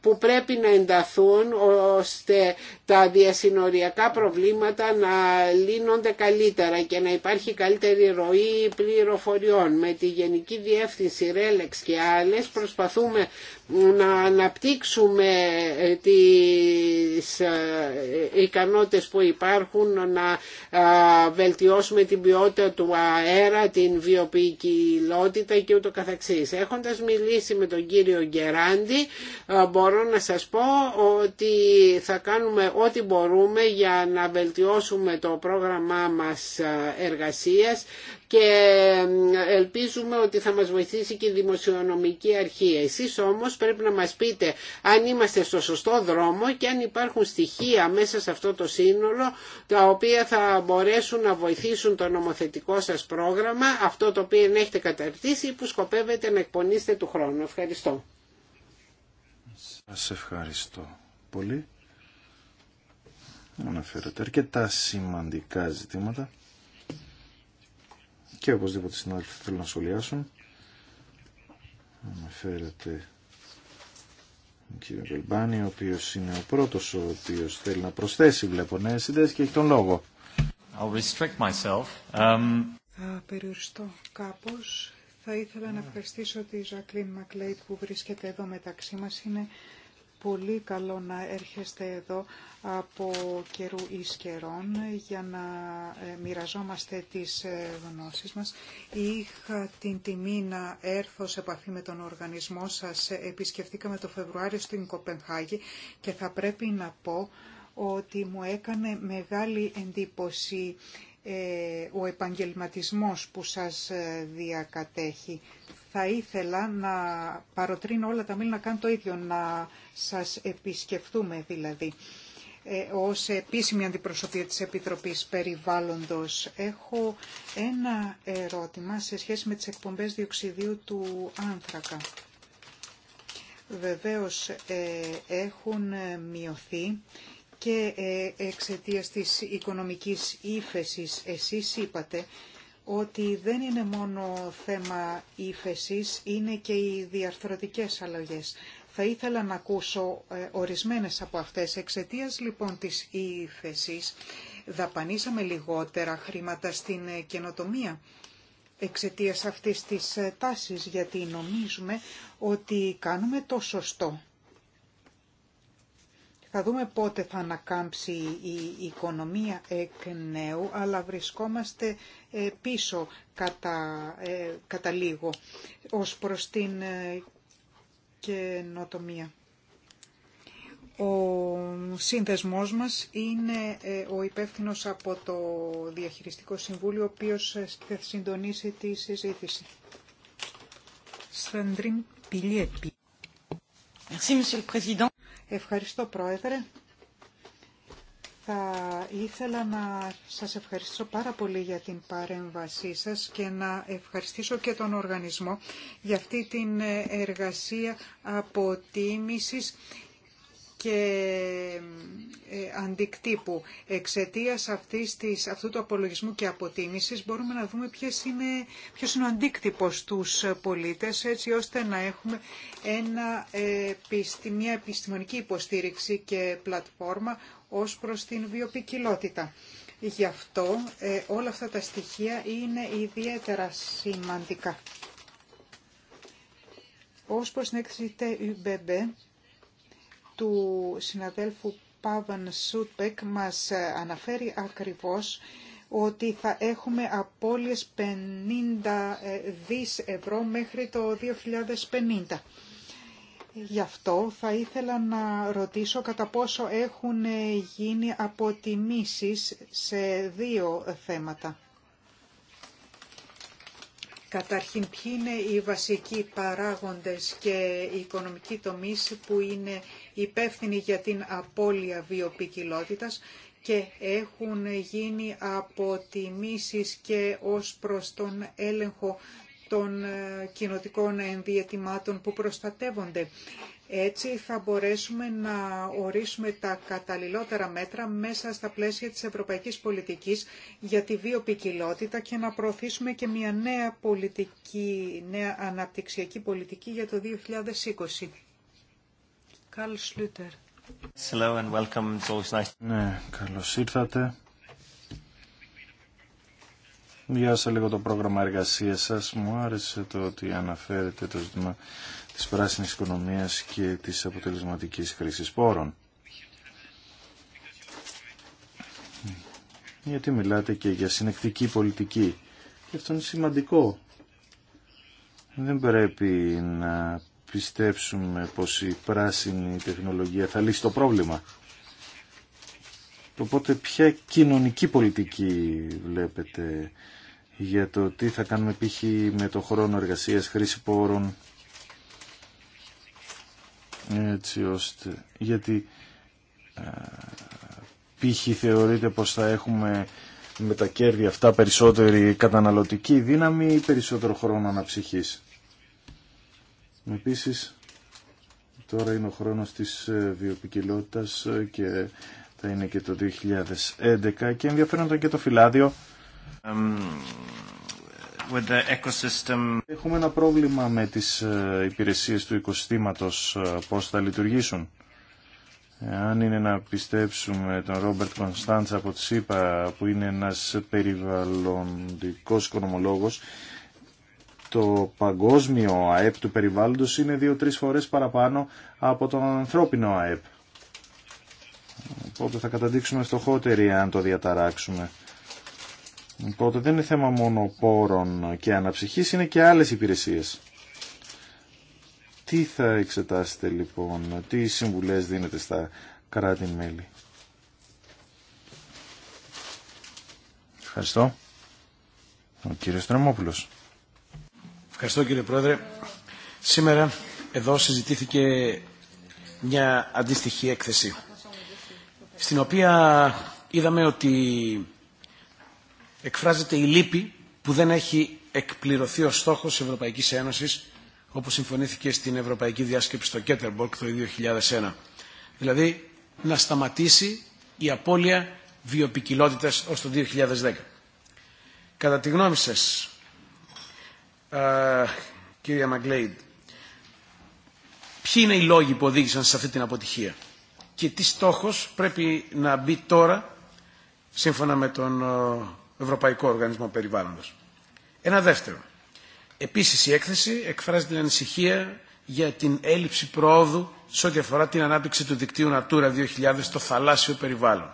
που πρέπει να ενταθούν ώστε τα διασυνοριακά προβλήματα να λύνονται καλύτερα και να υπάρχει καλύτερη ροή πληροφοριών. Με τη Γενική Διεύθυνση Ρέλεξ και άλλες προσπαθούμε να αναπτύξουμε ε, τις ε, ικανότητες που υπάρχουν, να ε, βελτιώσουμε την ποιότητα του αέρα, την βιοποικιλότητα και ούτω καθεξής. Έχοντας μιλήσει με τον κύριο Γκεράντι, μπορώ να σας πω ότι θα κάνουμε ό,τι μπορούμε για να βελτιώσουμε το πρόγραμμά μας εργασίας και ελπίζουμε ότι θα μας βοηθήσει και η δημοσιονομική αρχή. Εσείς όμως πρέπει να μας πείτε αν είμαστε στο σωστό δρόμο και αν υπάρχουν στοιχεία μέσα σε αυτό το σύνολο τα οποία θα μπορέσουν να βοηθήσουν το νομοθετικό σας πρόγραμμα, αυτό το οποίο έχετε καταρτήσει ή που σκοπεύετε να εκπονήσετε του χρόνου. Ευχαριστώ. Σας ευχαριστώ πολύ. Αναφέρετε αρκετά σημαντικά ζητήματα και οπωσδήποτε συνάδελφοι θέλουν να σχολιάσουν. Αναφέρεται ο κ. Βελμπάνη, ο οποίος είναι ο πρώτο ο οποίο θέλει να προσθέσει, βλέπω, νέε ναι, ιδέε και έχει τον λόγο. Um, Θα περιοριστώ κάπως. Θα ήθελα να ευχαριστήσω τη Ζακλίν Μακλέιτ που βρίσκεται εδώ μεταξύ μα Είναι πολύ καλό να έρχεστε εδώ από καιρού εις για να ε, μοιραζόμαστε τις ε, γνώσεις μας. Είχα την τιμή να έρθω σε επαφή με τον οργανισμό σας. Ε, επισκεφτήκαμε το Φεβρουάριο στην Κοπενχάγη και θα πρέπει να πω ότι μου έκανε μεγάλη εντύπωση ο επαγγελματισμός που σας διακατέχει θα ήθελα να παροτρύνω όλα τα μέλη να κάνουν το ίδιο, να σας επισκεφτούμε δηλαδή. Ε, ως επίσημη αντιπροσωπεία της Επιτροπής Περιβάλλοντος έχω ένα ερώτημα σε σχέση με τις εκπομπές διοξιδίου του άνθρακα. Βεβαίως ε, έχουν μειωθεί και ε, εξαιτίας της οικονομικής ύφεσης εσείς είπατε ότι δεν είναι μόνο θέμα ύφεση, είναι και οι διαρθρωτικές αλλαγές. Θα ήθελα να ακούσω ε, ορισμένες από αυτές. Εξαιτίας λοιπόν της ύφεση δαπανίσαμε λιγότερα χρήματα στην ε, καινοτομία εξαιτίας αυτής της ε, τάσης, γιατί νομίζουμε ότι κάνουμε το σωστό. Θα δούμε πότε θα ανακάμψει η οικονομία εκ νέου, αλλά βρισκόμαστε ε, πίσω κατά, ε, κατά λίγο ως προς την ε, καινοτομία. Ο σύνδεσμός μας είναι ο υπεύθυνος από το Διαχειριστικό Συμβούλιο, ο οποίος θα συντονίσει τη συζήτηση. Merci, Ευχαριστώ Πρόεδρε. Θα ήθελα να σας ευχαριστήσω πάρα πολύ για την παρέμβασή σας και να ευχαριστήσω και τον οργανισμό για αυτή την εργασία αποτίμησης και ε, αντικτύπου. εξαιτία αυτού του απολογισμού και αποτίμησης μπορούμε να δούμε ποιος είναι, ποιος είναι ο αντίκτυπος τους πολίτες έτσι ώστε να έχουμε ένα, ε, μια επιστημονική υποστήριξη και πλατφόρμα ως προς την βιοπικιλότητα. Γι' αυτό ε, όλα αυτά τα στοιχεία είναι ιδιαίτερα σημαντικά. Ως προς την έκθεση του συναδέλφου Πάβαν Σούτπεκ μας αναφέρει ακριβώς ότι θα έχουμε απώλειες 50 ε, δις ευρώ μέχρι το 2050. Γι' αυτό θα ήθελα να ρωτήσω κατά πόσο έχουν γίνει αποτιμήσεις σε δύο θέματα. Καταρχήν, ποιοι είναι οι βασικοί παράγοντες και οι οικονομικοί τομείς που είναι υπεύθυνοι για την απώλεια βιοπικιλότητας και έχουν γίνει αποτιμήσεις και ως προς τον έλεγχο των ε, κοινοτικών ενδιατημάτων που προστατεύονται έτσι θα μπορέσουμε να ορίσουμε τα καταλληλότερα μέτρα μέσα στα πλαίσια της ευρωπαϊκής πολιτικής για τη βιοπικιλότητα και να προωθήσουμε και μια νέα, πολιτική, νέα αναπτυξιακή πολιτική για το 2020. Καλ Σλούτερ. and welcome. nice. Ναι, καλώς ήρθατε. Διάσα λίγο το πρόγραμμα εργασίας σας. Μου άρεσε το ότι αναφέρετε το ζήτημα της πράσινης οικονομίας και της αποτελεσματικής χρήσης πόρων. Γιατί μιλάτε και για συνεκτική πολιτική. Και αυτό είναι σημαντικό. Δεν πρέπει να πιστέψουμε πως η πράσινη τεχνολογία θα λύσει το πρόβλημα. Οπότε ποια κοινωνική πολιτική βλέπετε για το τι θα κάνουμε π.χ. με το χρόνο εργασίας, χρήση πόρων έτσι ώστε γιατί ε, π.χ. θεωρείται πως θα έχουμε με τα κέρδη αυτά περισσότερη καταναλωτική δύναμη ή περισσότερο χρόνο αναψυχής. Επίσης, τώρα είναι ο χρόνος της ε, βιοπικιλότητας ε, και θα είναι και το 2011 και ενδιαφέροντα και το φυλάδιο. Έχουμε ένα πρόβλημα με τις ε, υπηρεσίες του οικοσύστηματος, ε, πώς θα λειτουργήσουν. Αν είναι να πιστέψουμε τον Ρόμπερτ Κωνσταντς από τη ΣΥΠΑ, που είναι ένας περιβαλλοντικός οικονομολόγος, το παγκόσμιο ΑΕΠ του περιβάλλοντος είναι δύο-τρεις φορές παραπάνω από τον ανθρώπινο ΑΕΠ. Οπότε θα καταδείξουμε φτωχότεροι αν το διαταράξουμε. Οπότε δεν είναι θέμα μόνο πόρων και αναψυχής, είναι και άλλες υπηρεσίες. Τι θα εξετάσετε λοιπόν, τι συμβουλές δίνετε στα κράτη-μέλη. Ευχαριστώ. Ο κύριος Τρεμόπουλος. Ευχαριστώ κύριε Πρόεδρε. Σήμερα εδώ συζητήθηκε μια αντίστοιχη έκθεση στην οποία είδαμε ότι εκφράζεται η λύπη που δεν έχει εκπληρωθεί ο στόχος της Ευρωπαϊκής Ένωσης όπως συμφωνήθηκε στην Ευρωπαϊκή Διάσκεψη στο Κέτερμπορκ το 2001. Δηλαδή να σταματήσει η απώλεια βιοπικιλότητας ως το 2010. Κατά τη γνώμη σας, κύριε κυρία Μαγκλέιντ, ποιοι είναι οι λόγοι που οδήγησαν σε αυτή την αποτυχία και τι στόχος πρέπει να μπει τώρα, σύμφωνα με τον Ευρωπαϊκό Οργανισμό Περιβάλλοντος. Ένα δεύτερο. επίση η έκθεση εκφράζει την ανησυχία για την έλλειψη προόδου σε ό,τι αφορά την ανάπτυξη του δικτύου Natura 2000 στο θαλάσσιο περιβάλλον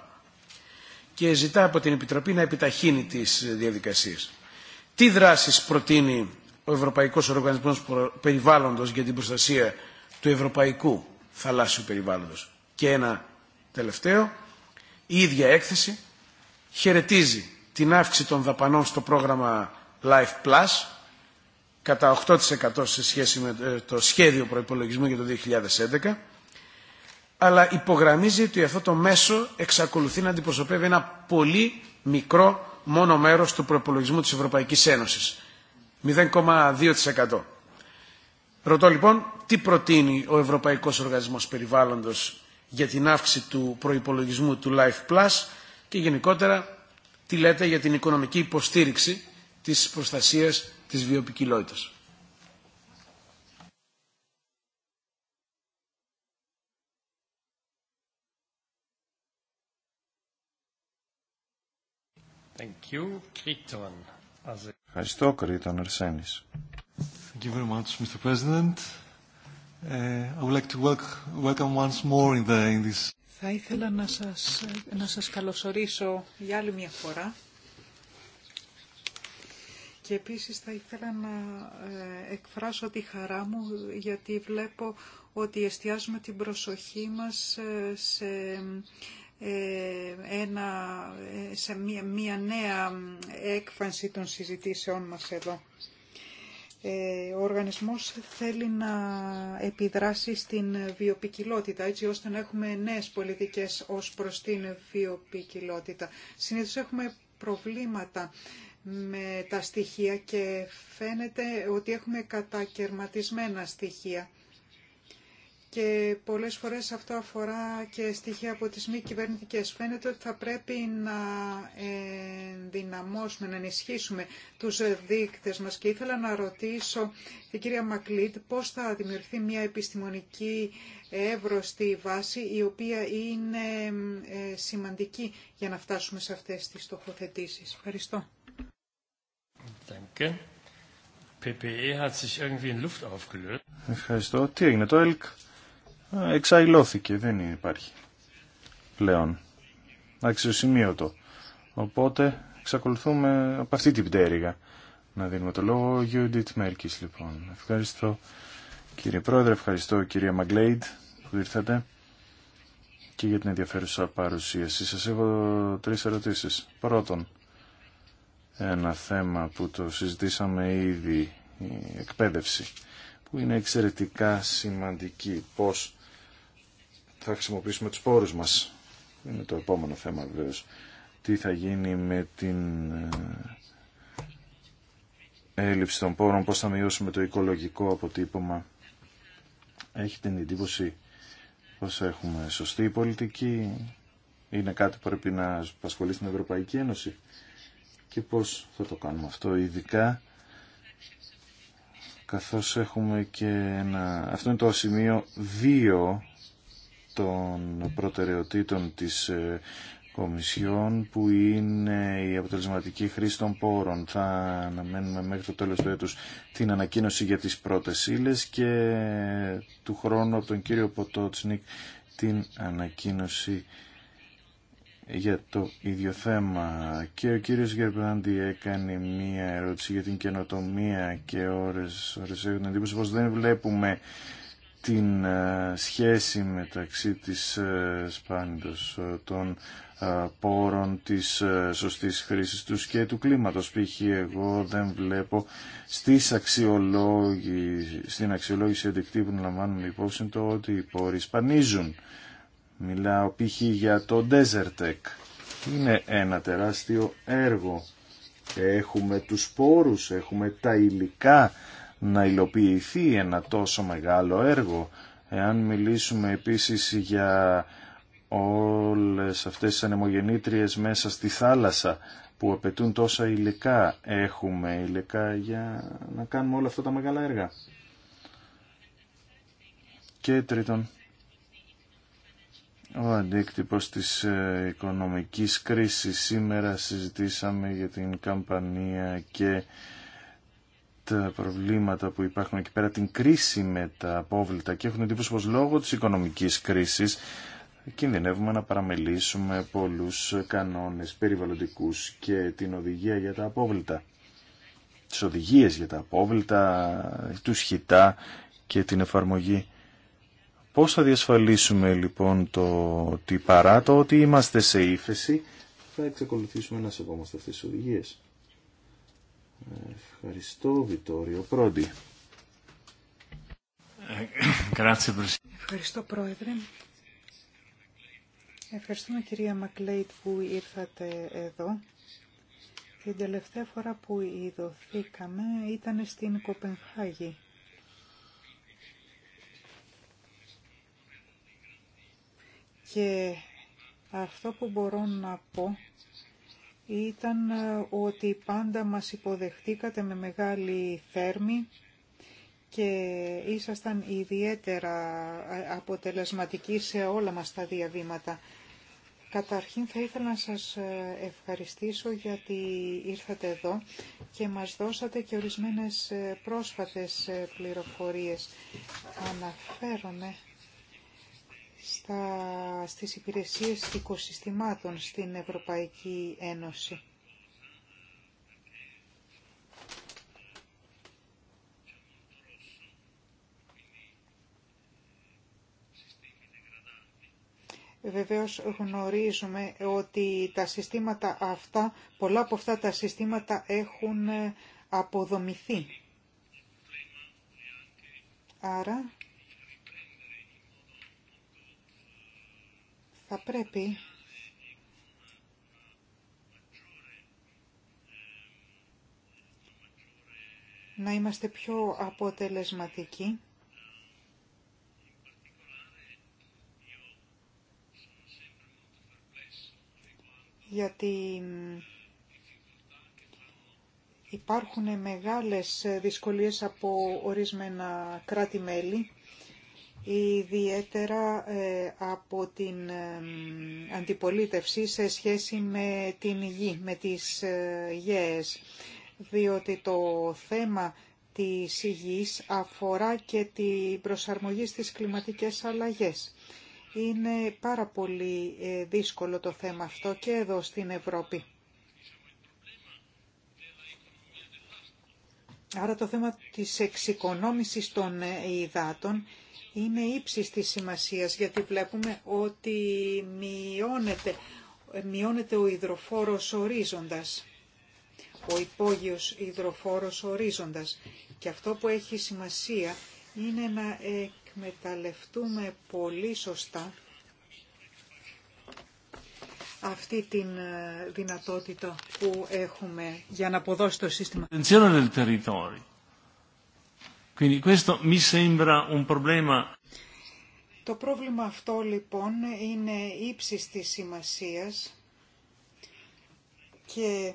και ζητά από την Επιτροπή να επιταχύνει τις διαδικασίες. Τι δράσεις προτείνει ο Ευρωπαϊκός Οργανισμός Περιβάλλοντος για την προστασία του Ευρωπαϊκού Θαλάσσιου Περιβάλλοντος. Και ένα τελευταίο, η ίδια έκθεση χαιρετίζει την αύξηση των δαπανών στο πρόγραμμα Life Plus κατά 8% σε σχέση με ε, το σχέδιο προϋπολογισμού για το 2011 αλλά υπογραμμίζει ότι αυτό το μέσο εξακολουθεί να αντιπροσωπεύει ένα πολύ μικρό μόνο μέρος του προϋπολογισμού της Ευρωπαϊκής Ένωσης. 0,2%. Ρωτώ λοιπόν τι προτείνει ο Ευρωπαϊκός Οργανισμός Περιβάλλοντος για την αύξηση του προϋπολογισμού του Life Plus και γενικότερα τι λέτε για την οικονομική υποστήριξη της προστασίας της βιοποικιλότητας. Thank you. Ευχαριστώ, Κρήτον Αρσένης. Thank you very much, Mr. President. Uh, I would like to welcome once more in, the, in this θα ήθελα να σας, να σας καλωσορίσω για άλλη μια φορά και επίσης θα ήθελα να ε, εκφράσω τη χαρά μου γιατί βλέπω ότι εστιάζουμε την προσοχή μας ε, σε ε, ένα, σε μια, μια νέα έκφανση των συζητήσεών μας εδώ. Ε, ο οργανισμός θέλει να επιδράσει στην βιοπικιλότητα, έτσι ώστε να έχουμε νέες πολιτικές ως προς την βιοπικιλότητα. Συνήθως έχουμε προβλήματα με τα στοιχεία και φαίνεται ότι έχουμε κατακαιρματισμένα στοιχεία και πολλές φορές αυτό αφορά και στοιχεία από τις μη κυβερνητικέ. Φαίνεται ότι θα πρέπει να ενδυναμώσουμε, να ενισχύσουμε τους δείκτες μας και ήθελα να ρωτήσω την κυρία Μακλίτ πώς θα δημιουργηθεί μια επιστημονική εύρωστη βάση η οποία είναι ε, σημαντική για να φτάσουμε σε αυτές τις στοχοθετήσεις. Ευχαριστώ. Ευχαριστώ. Τι έγινε το ΕΛΚ εξαϊλώθηκε, δεν υπάρχει πλέον αξιοσημείωτο. Οπότε εξακολουθούμε από αυτή την πτέρυγα να δίνουμε το λόγο. Γιούντιτ Μέρκης λοιπόν. Ευχαριστώ κύριε Πρόεδρε, ευχαριστώ κυρία Μαγκλέιντ που ήρθατε και για την ενδιαφέρουσα παρουσίαση. Σας έχω τρεις ερωτήσεις. Πρώτον, ένα θέμα που το συζητήσαμε ήδη, η εκπαίδευση, που είναι εξαιρετικά σημαντική. Πώς θα χρησιμοποιήσουμε τους πόρους μας. Είναι το επόμενο θέμα βεβαίως. Τι θα γίνει με την ε, έλλειψη των πόρων, πώς θα μειώσουμε το οικολογικό αποτύπωμα. Έχει την εντύπωση πως έχουμε σωστή πολιτική, είναι κάτι που πρέπει να απασχολεί στην Ευρωπαϊκή Ένωση και πώς θα το κάνουμε αυτό ειδικά καθώς έχουμε και ένα... Αυτό είναι το σημείο 2 των προτεραιοτήτων της ε, Κομισιόν που είναι η αποτελεσματική χρήση των πόρων. Θα αναμένουμε μέχρι το τέλος του έτους την ανακοίνωση για τις πρώτες ύλες και του χρόνου από τον κύριο Ποτότσνικ την ανακοίνωση για το ίδιο θέμα. Και ο κύριος Γερμπάντη έκανε μία ερώτηση για την καινοτομία και ώρες, ώρες έχουν εντύπωση πως δεν βλέπουμε την ε, σχέση μεταξύ της ε, ε των ε, πόρων της σωστής χρήσης τους και του κλίματος. Π.χ. εγώ δεν βλέπω στις αξιολόγη, στην αξιολόγηση που λαμβάνουμε υπόψη το ότι οι πόροι σπανίζουν. Μιλάω π.χ. για το Desert Tech. Είναι ένα τεράστιο έργο. Έχουμε τους πόρους, έχουμε τα υλικά, να υλοποιηθεί ένα τόσο μεγάλο έργο. Εάν μιλήσουμε επίσης για όλες αυτές τις ανεμογεννήτριες μέσα στη θάλασσα που απαιτούν τόσα υλικά, έχουμε υλικά για να κάνουμε όλα αυτά τα μεγάλα έργα. Και τρίτον, ο αντίκτυπος της ε, οικονομικής κρίσης. Σήμερα συζητήσαμε για την καμπανία και τα προβλήματα που υπάρχουν εκεί πέρα, την κρίση με τα απόβλητα και έχουν εντύπωση πως λόγω της οικονομικής κρίσης κινδυνεύουμε να παραμελήσουμε πολλούς κανόνες περιβαλλοντικούς και την οδηγία για τα απόβλητα. Τις οδηγίες για τα απόβλητα, του χιτά και την εφαρμογή. Πώς θα διασφαλίσουμε λοιπόν το ότι παρά το ότι είμαστε σε ύφεση θα εξακολουθήσουμε να σεβόμαστε αυτές τις οδηγίες. Ευχαριστώ, Βιτόριο Πρόντι. Ευχαριστώ, Πρόεδρε. Ευχαριστούμε, κυρία Μακλέιτ, που ήρθατε εδώ. Την τελευταία φορά που ειδωθήκαμε ήταν στην Κοπενχάγη. Και αυτό που μπορώ να πω ήταν ε, ότι πάντα μας υποδεχτήκατε με μεγάλη θέρμη και ήσασταν ιδιαίτερα ε, αποτελεσματικοί σε όλα μας τα διαβήματα. Καταρχήν θα ήθελα να σας ε, ευχαριστήσω γιατί ήρθατε εδώ και μας δώσατε και ορισμένες πρόσφατες πληροφορίες. Αναφέρομαι στα, στις υπηρεσίες οικοσυστημάτων στην Ευρωπαϊκή Ένωση. Βεβαίως γνωρίζουμε ότι τα συστήματα αυτά, πολλά από αυτά τα συστήματα έχουν αποδομηθεί. Άρα θα πρέπει να είμαστε πιο αποτελεσματικοί γιατί υπάρχουν μεγάλες δυσκολίες από ορισμένα κράτη-μέλη ιδιαίτερα ε, από την ε, αντιπολίτευση σε σχέση με την γη, με τις ε, γέες, διότι το θέμα της υγιής αφορά και την προσαρμογή στις κλιματικές αλλαγές. Είναι πάρα πολύ δύσκολο το θέμα αυτό και εδώ στην Ευρώπη. Άρα το θέμα της εξοικονόμησης των υδάτων είναι ύψης της σημασίας γιατί βλέπουμε ότι μειώνεται, μειώνεται ο υδροφόρος ορίζοντας, ο υπόγειος υδροφόρος ορίζοντας. Και αυτό που έχει σημασία είναι να εκμεταλλευτούμε πολύ σωστά αυτή την ε, δυνατότητα που έχουμε για να αποδώσει το σύστημα. Το πρόβλημα αυτό λοιπόν είναι ύψης της σημασίας και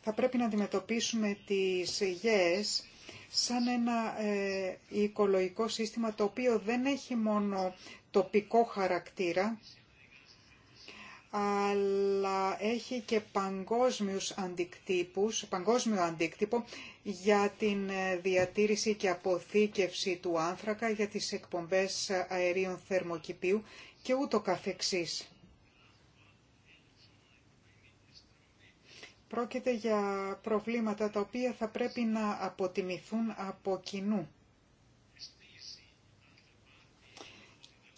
θα πρέπει να αντιμετωπίσουμε τις γέες σαν ένα ε, οικολογικό σύστημα το οποίο δεν έχει μόνο τοπικό χαρακτήρα αλλά έχει και παγκόσμιους αντικτύπους, παγκόσμιο αντίκτυπο για την ε, διατήρηση και αποθήκευση του άνθρακα, για τις εκπομπές αερίων θερμοκηπίου και ούτω καθεξής. Πρόκειται για προβλήματα τα οποία θα πρέπει να αποτιμηθούν από κοινού.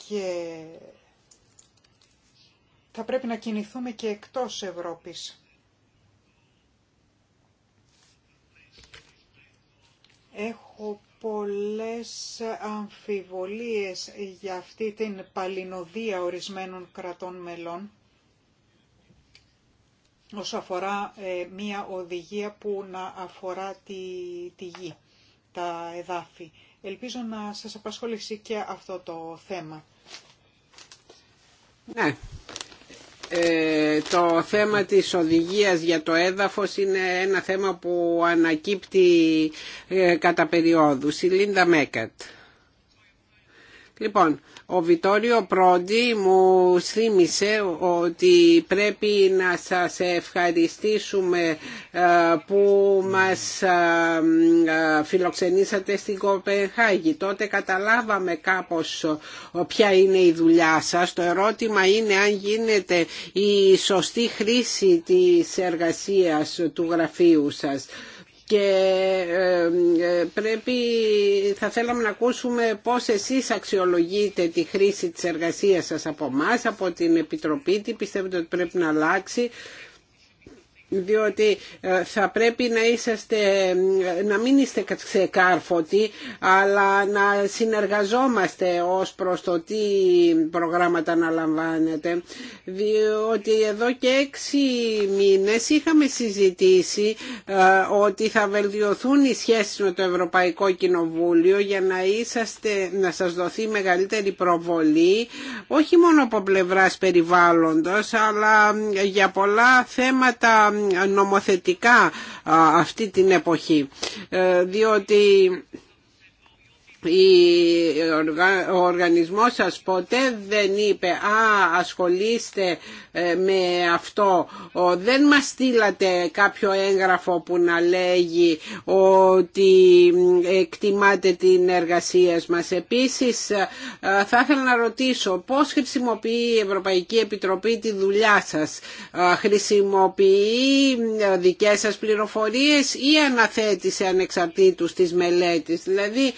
Και θα πρέπει να κινηθούμε και εκτός Ευρώπης. Έχω πολλές αμφιβολίες για αυτή την παλινοδία ορισμένων κρατών μελών όσο αφορά ε, μία οδηγία που να αφορά τη, γη, τα εδάφη. Ελπίζω να σας απασχολήσει και αυτό το θέμα. Ναι, ε, το θέμα της οδηγίας για το έδαφος είναι ένα θέμα που ανακύπτει ε, κατά περιόδου. Η Λίντα Μέκατ. Λοιπόν, ο Βιτόριο Πρόντι μου θύμισε ότι πρέπει να σας ευχαριστήσουμε ε, που μας ε, ε, φιλοξενήσατε στην Κοπενχάγη. Τότε καταλάβαμε κάπως ποια είναι η δουλειά σας. Το ερώτημα είναι αν γίνεται η σωστή χρήση της εργασίας του γραφείου σας και ε, ε, πρέπει, θα θέλαμε να ακούσουμε πώς εσείς αξιολογείτε τη χρήση της εργασίας σας από εμά, από την Επιτροπή, τι πιστεύετε ότι πρέπει να αλλάξει διότι ε, θα πρέπει να, είσαστε, ε, να μην είστε ξεκάρφωτοι αλλά να συνεργαζόμαστε ως προς το τι προγράμματα αναλαμβάνετε διότι εδώ και έξι μήνες είχαμε συζητήσει ε, ότι θα βελτιωθούν οι σχέσεις με το Ευρωπαϊκό Κοινοβούλιο για να, είσαστε, να σας δοθεί μεγαλύτερη προβολή όχι μόνο από πλευράς περιβάλλοντος αλλά για πολλά θέματα νομοθετικά αυτή την εποχή ε, διότι ο οργανισμός σας ποτέ δεν είπε «Α, ασχολείστε ε, με αυτό». Δεν μας στείλατε κάποιο έγγραφο που να λέγει ότι ε, εκτιμάτε την εργασία μας. Επίσης, ε, θα ήθελα να ρωτήσω πώς χρησιμοποιεί η Ευρωπαϊκή Επιτροπή τη δουλειά σας. Χρησιμοποιεί δικές σας πληροφορίες ή αναθέτει σε ανεξαρτήτους της μελέτης. Δηλαδή,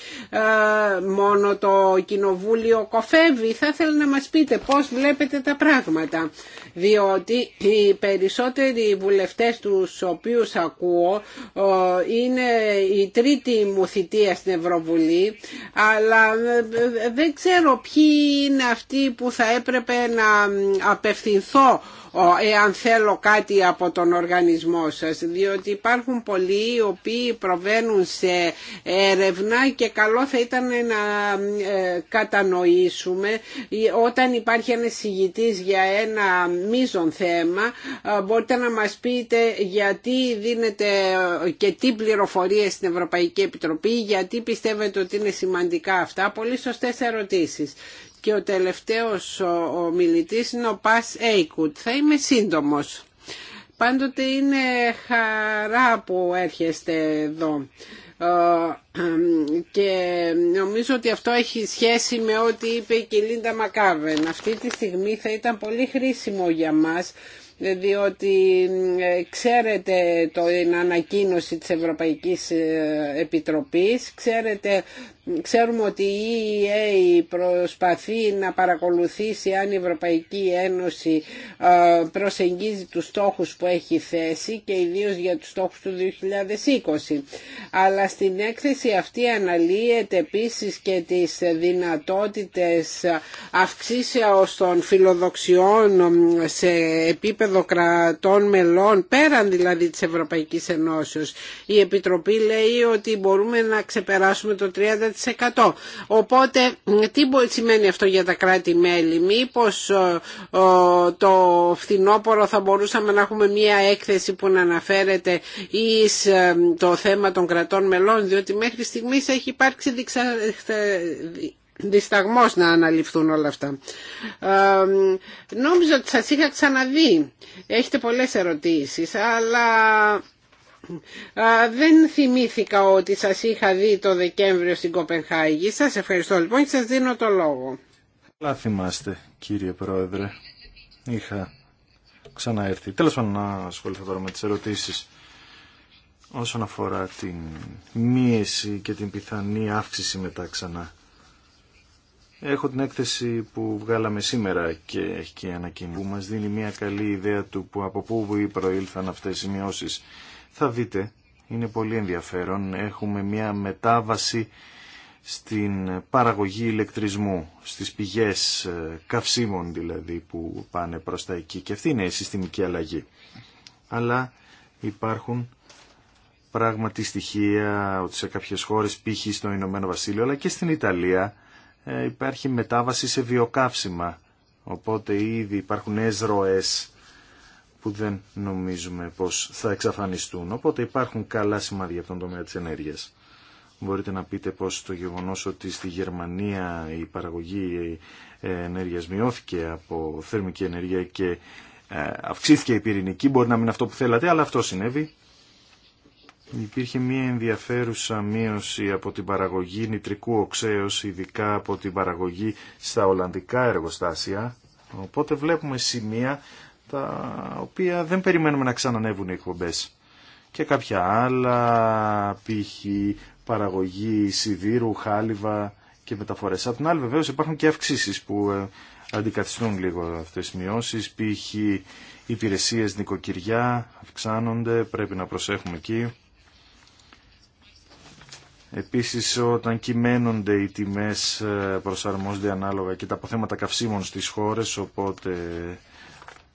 μόνο το κοινοβούλιο κοφεύει. Θα ήθελα να μας πείτε πώς βλέπετε τα πράγματα διότι οι περισσότεροι βουλευτές τους οποίους ακούω είναι η τρίτη μου θητεία στην Ευρωβουλή αλλά ε, ε, δεν ξέρω ποιοι είναι αυτοί που θα έπρεπε να απευθυνθώ εάν θέλω κάτι από τον οργανισμό σας διότι υπάρχουν πολλοί οι οποίοι προβαίνουν σε έρευνα και καλό θα ήταν να ε, κατανοήσουμε όταν υπάρχει ένα συγητής για ένα μείζον θέμα. Μπορείτε να μας πείτε γιατί δίνετε ε, και τι πληροφορίες στην Ευρωπαϊκή Επιτροπή, γιατί πιστεύετε ότι είναι σημαντικά αυτά. Πολύ σωστές ερωτήσεις και ο τελευταίος ο, μιλητής είναι ο Πας Έικουτ. Θα είμαι σύντομος. Πάντοτε είναι χαρά που έρχεστε εδώ και νομίζω ότι αυτό έχει σχέση με ό,τι είπε η Κιλίντα Μακάβεν. Αυτή τη στιγμή θα ήταν πολύ χρήσιμο για μας διότι ε, ξέρετε την ανακοίνωση της Ευρωπαϊκής ε, Επιτροπής, ξέρετε Ξέρουμε ότι η ΕΕ προσπαθεί να παρακολουθήσει αν η Ευρωπαϊκή Ένωση ε, προσεγγίζει τους στόχους που έχει θέσει και ιδίως για τους στόχους του 2020. Αλλά στην έκθεση αυτή αναλύεται επίσης και τις δυνατότητες αυξήσεως των φιλοδοξιών σε επίπεδο κρατών μελών, πέραν δηλαδή της Ευρωπαϊκής Ενώσεως. Η Επιτροπή λέει ότι μπορούμε να ξεπεράσουμε το 30% Οπότε τι σημαίνει αυτό για τα κράτη-μέλη. Μήπως ε, ε, το φθινόπωρο θα μπορούσαμε να έχουμε μία έκθεση που να αναφέρεται εις ε, το θέμα των κρατών μελών διότι μέχρι στιγμής έχει υπάρξει διξα... δισταγμός να αναλυφθούν όλα αυτά. Ε, νόμιζα ότι σας είχα ξαναδεί. Έχετε πολλές ερωτήσεις αλλά δεν θυμήθηκα ότι σας είχα δει το Δεκέμβριο στην Κοπενχάγη. Σας ευχαριστώ λοιπόν και σας δίνω το λόγο. Καλά θυμάστε κύριε Πρόεδρε. Είχα ξαναέρθει. Τέλος πάντων να ασχοληθώ τώρα με τις ερωτήσεις. Όσον αφορά την μίεση και την πιθανή αύξηση μετά ξανά. Έχω την έκθεση που βγάλαμε σήμερα και έχει και ανακοίνωση που μας δίνει μια καλή ιδέα του που από πού προήλθαν αυτές οι μειώσεις θα δείτε, είναι πολύ ενδιαφέρον, έχουμε μια μετάβαση στην παραγωγή ηλεκτρισμού, στις πηγές ε, καυσίμων δηλαδή που πάνε προς τα εκεί και αυτή είναι η συστημική αλλαγή. Αλλά υπάρχουν πράγματι στοιχεία ότι σε κάποιες χώρες, π.χ. στο Ηνωμένο Βασίλειο αλλά και στην Ιταλία ε, υπάρχει μετάβαση σε βιοκαύσιμα. Οπότε ήδη υπάρχουν νέες ροές που δεν νομίζουμε πως θα εξαφανιστούν. Οπότε υπάρχουν καλά σημάδια από τον τομέα της ενέργειας. Μπορείτε να πείτε πως το γεγονός ότι στη Γερμανία η παραγωγή ενέργειας μειώθηκε από θερμική ενέργεια και ε, αυξήθηκε η πυρηνική, μπορεί να μην είναι αυτό που θέλατε, αλλά αυτό συνέβη. Υπήρχε μια ενδιαφέρουσα μείωση από την παραγωγή νητρικού οξέως, ειδικά από την παραγωγή στα Ολλανδικά εργοστάσια. Οπότε βλέπουμε σημεία τα οποία δεν περιμένουμε να ξανανεύουν οι εκπομπές. Και κάποια άλλα, π.χ. παραγωγή σιδήρου, χάλιβα και μεταφορές. Από την άλλη βεβαίως υπάρχουν και αυξήσεις που ε, αντικαθιστούν λίγο αυτές τις μειώσεις, π.χ. υπηρεσίες νοικοκυριά αυξάνονται, πρέπει να προσέχουμε εκεί. Επίσης όταν κυμαίνονται οι τιμές ε, προσαρμόζονται ανάλογα και τα αποθέματα καυσίμων στις χώρες, οπότε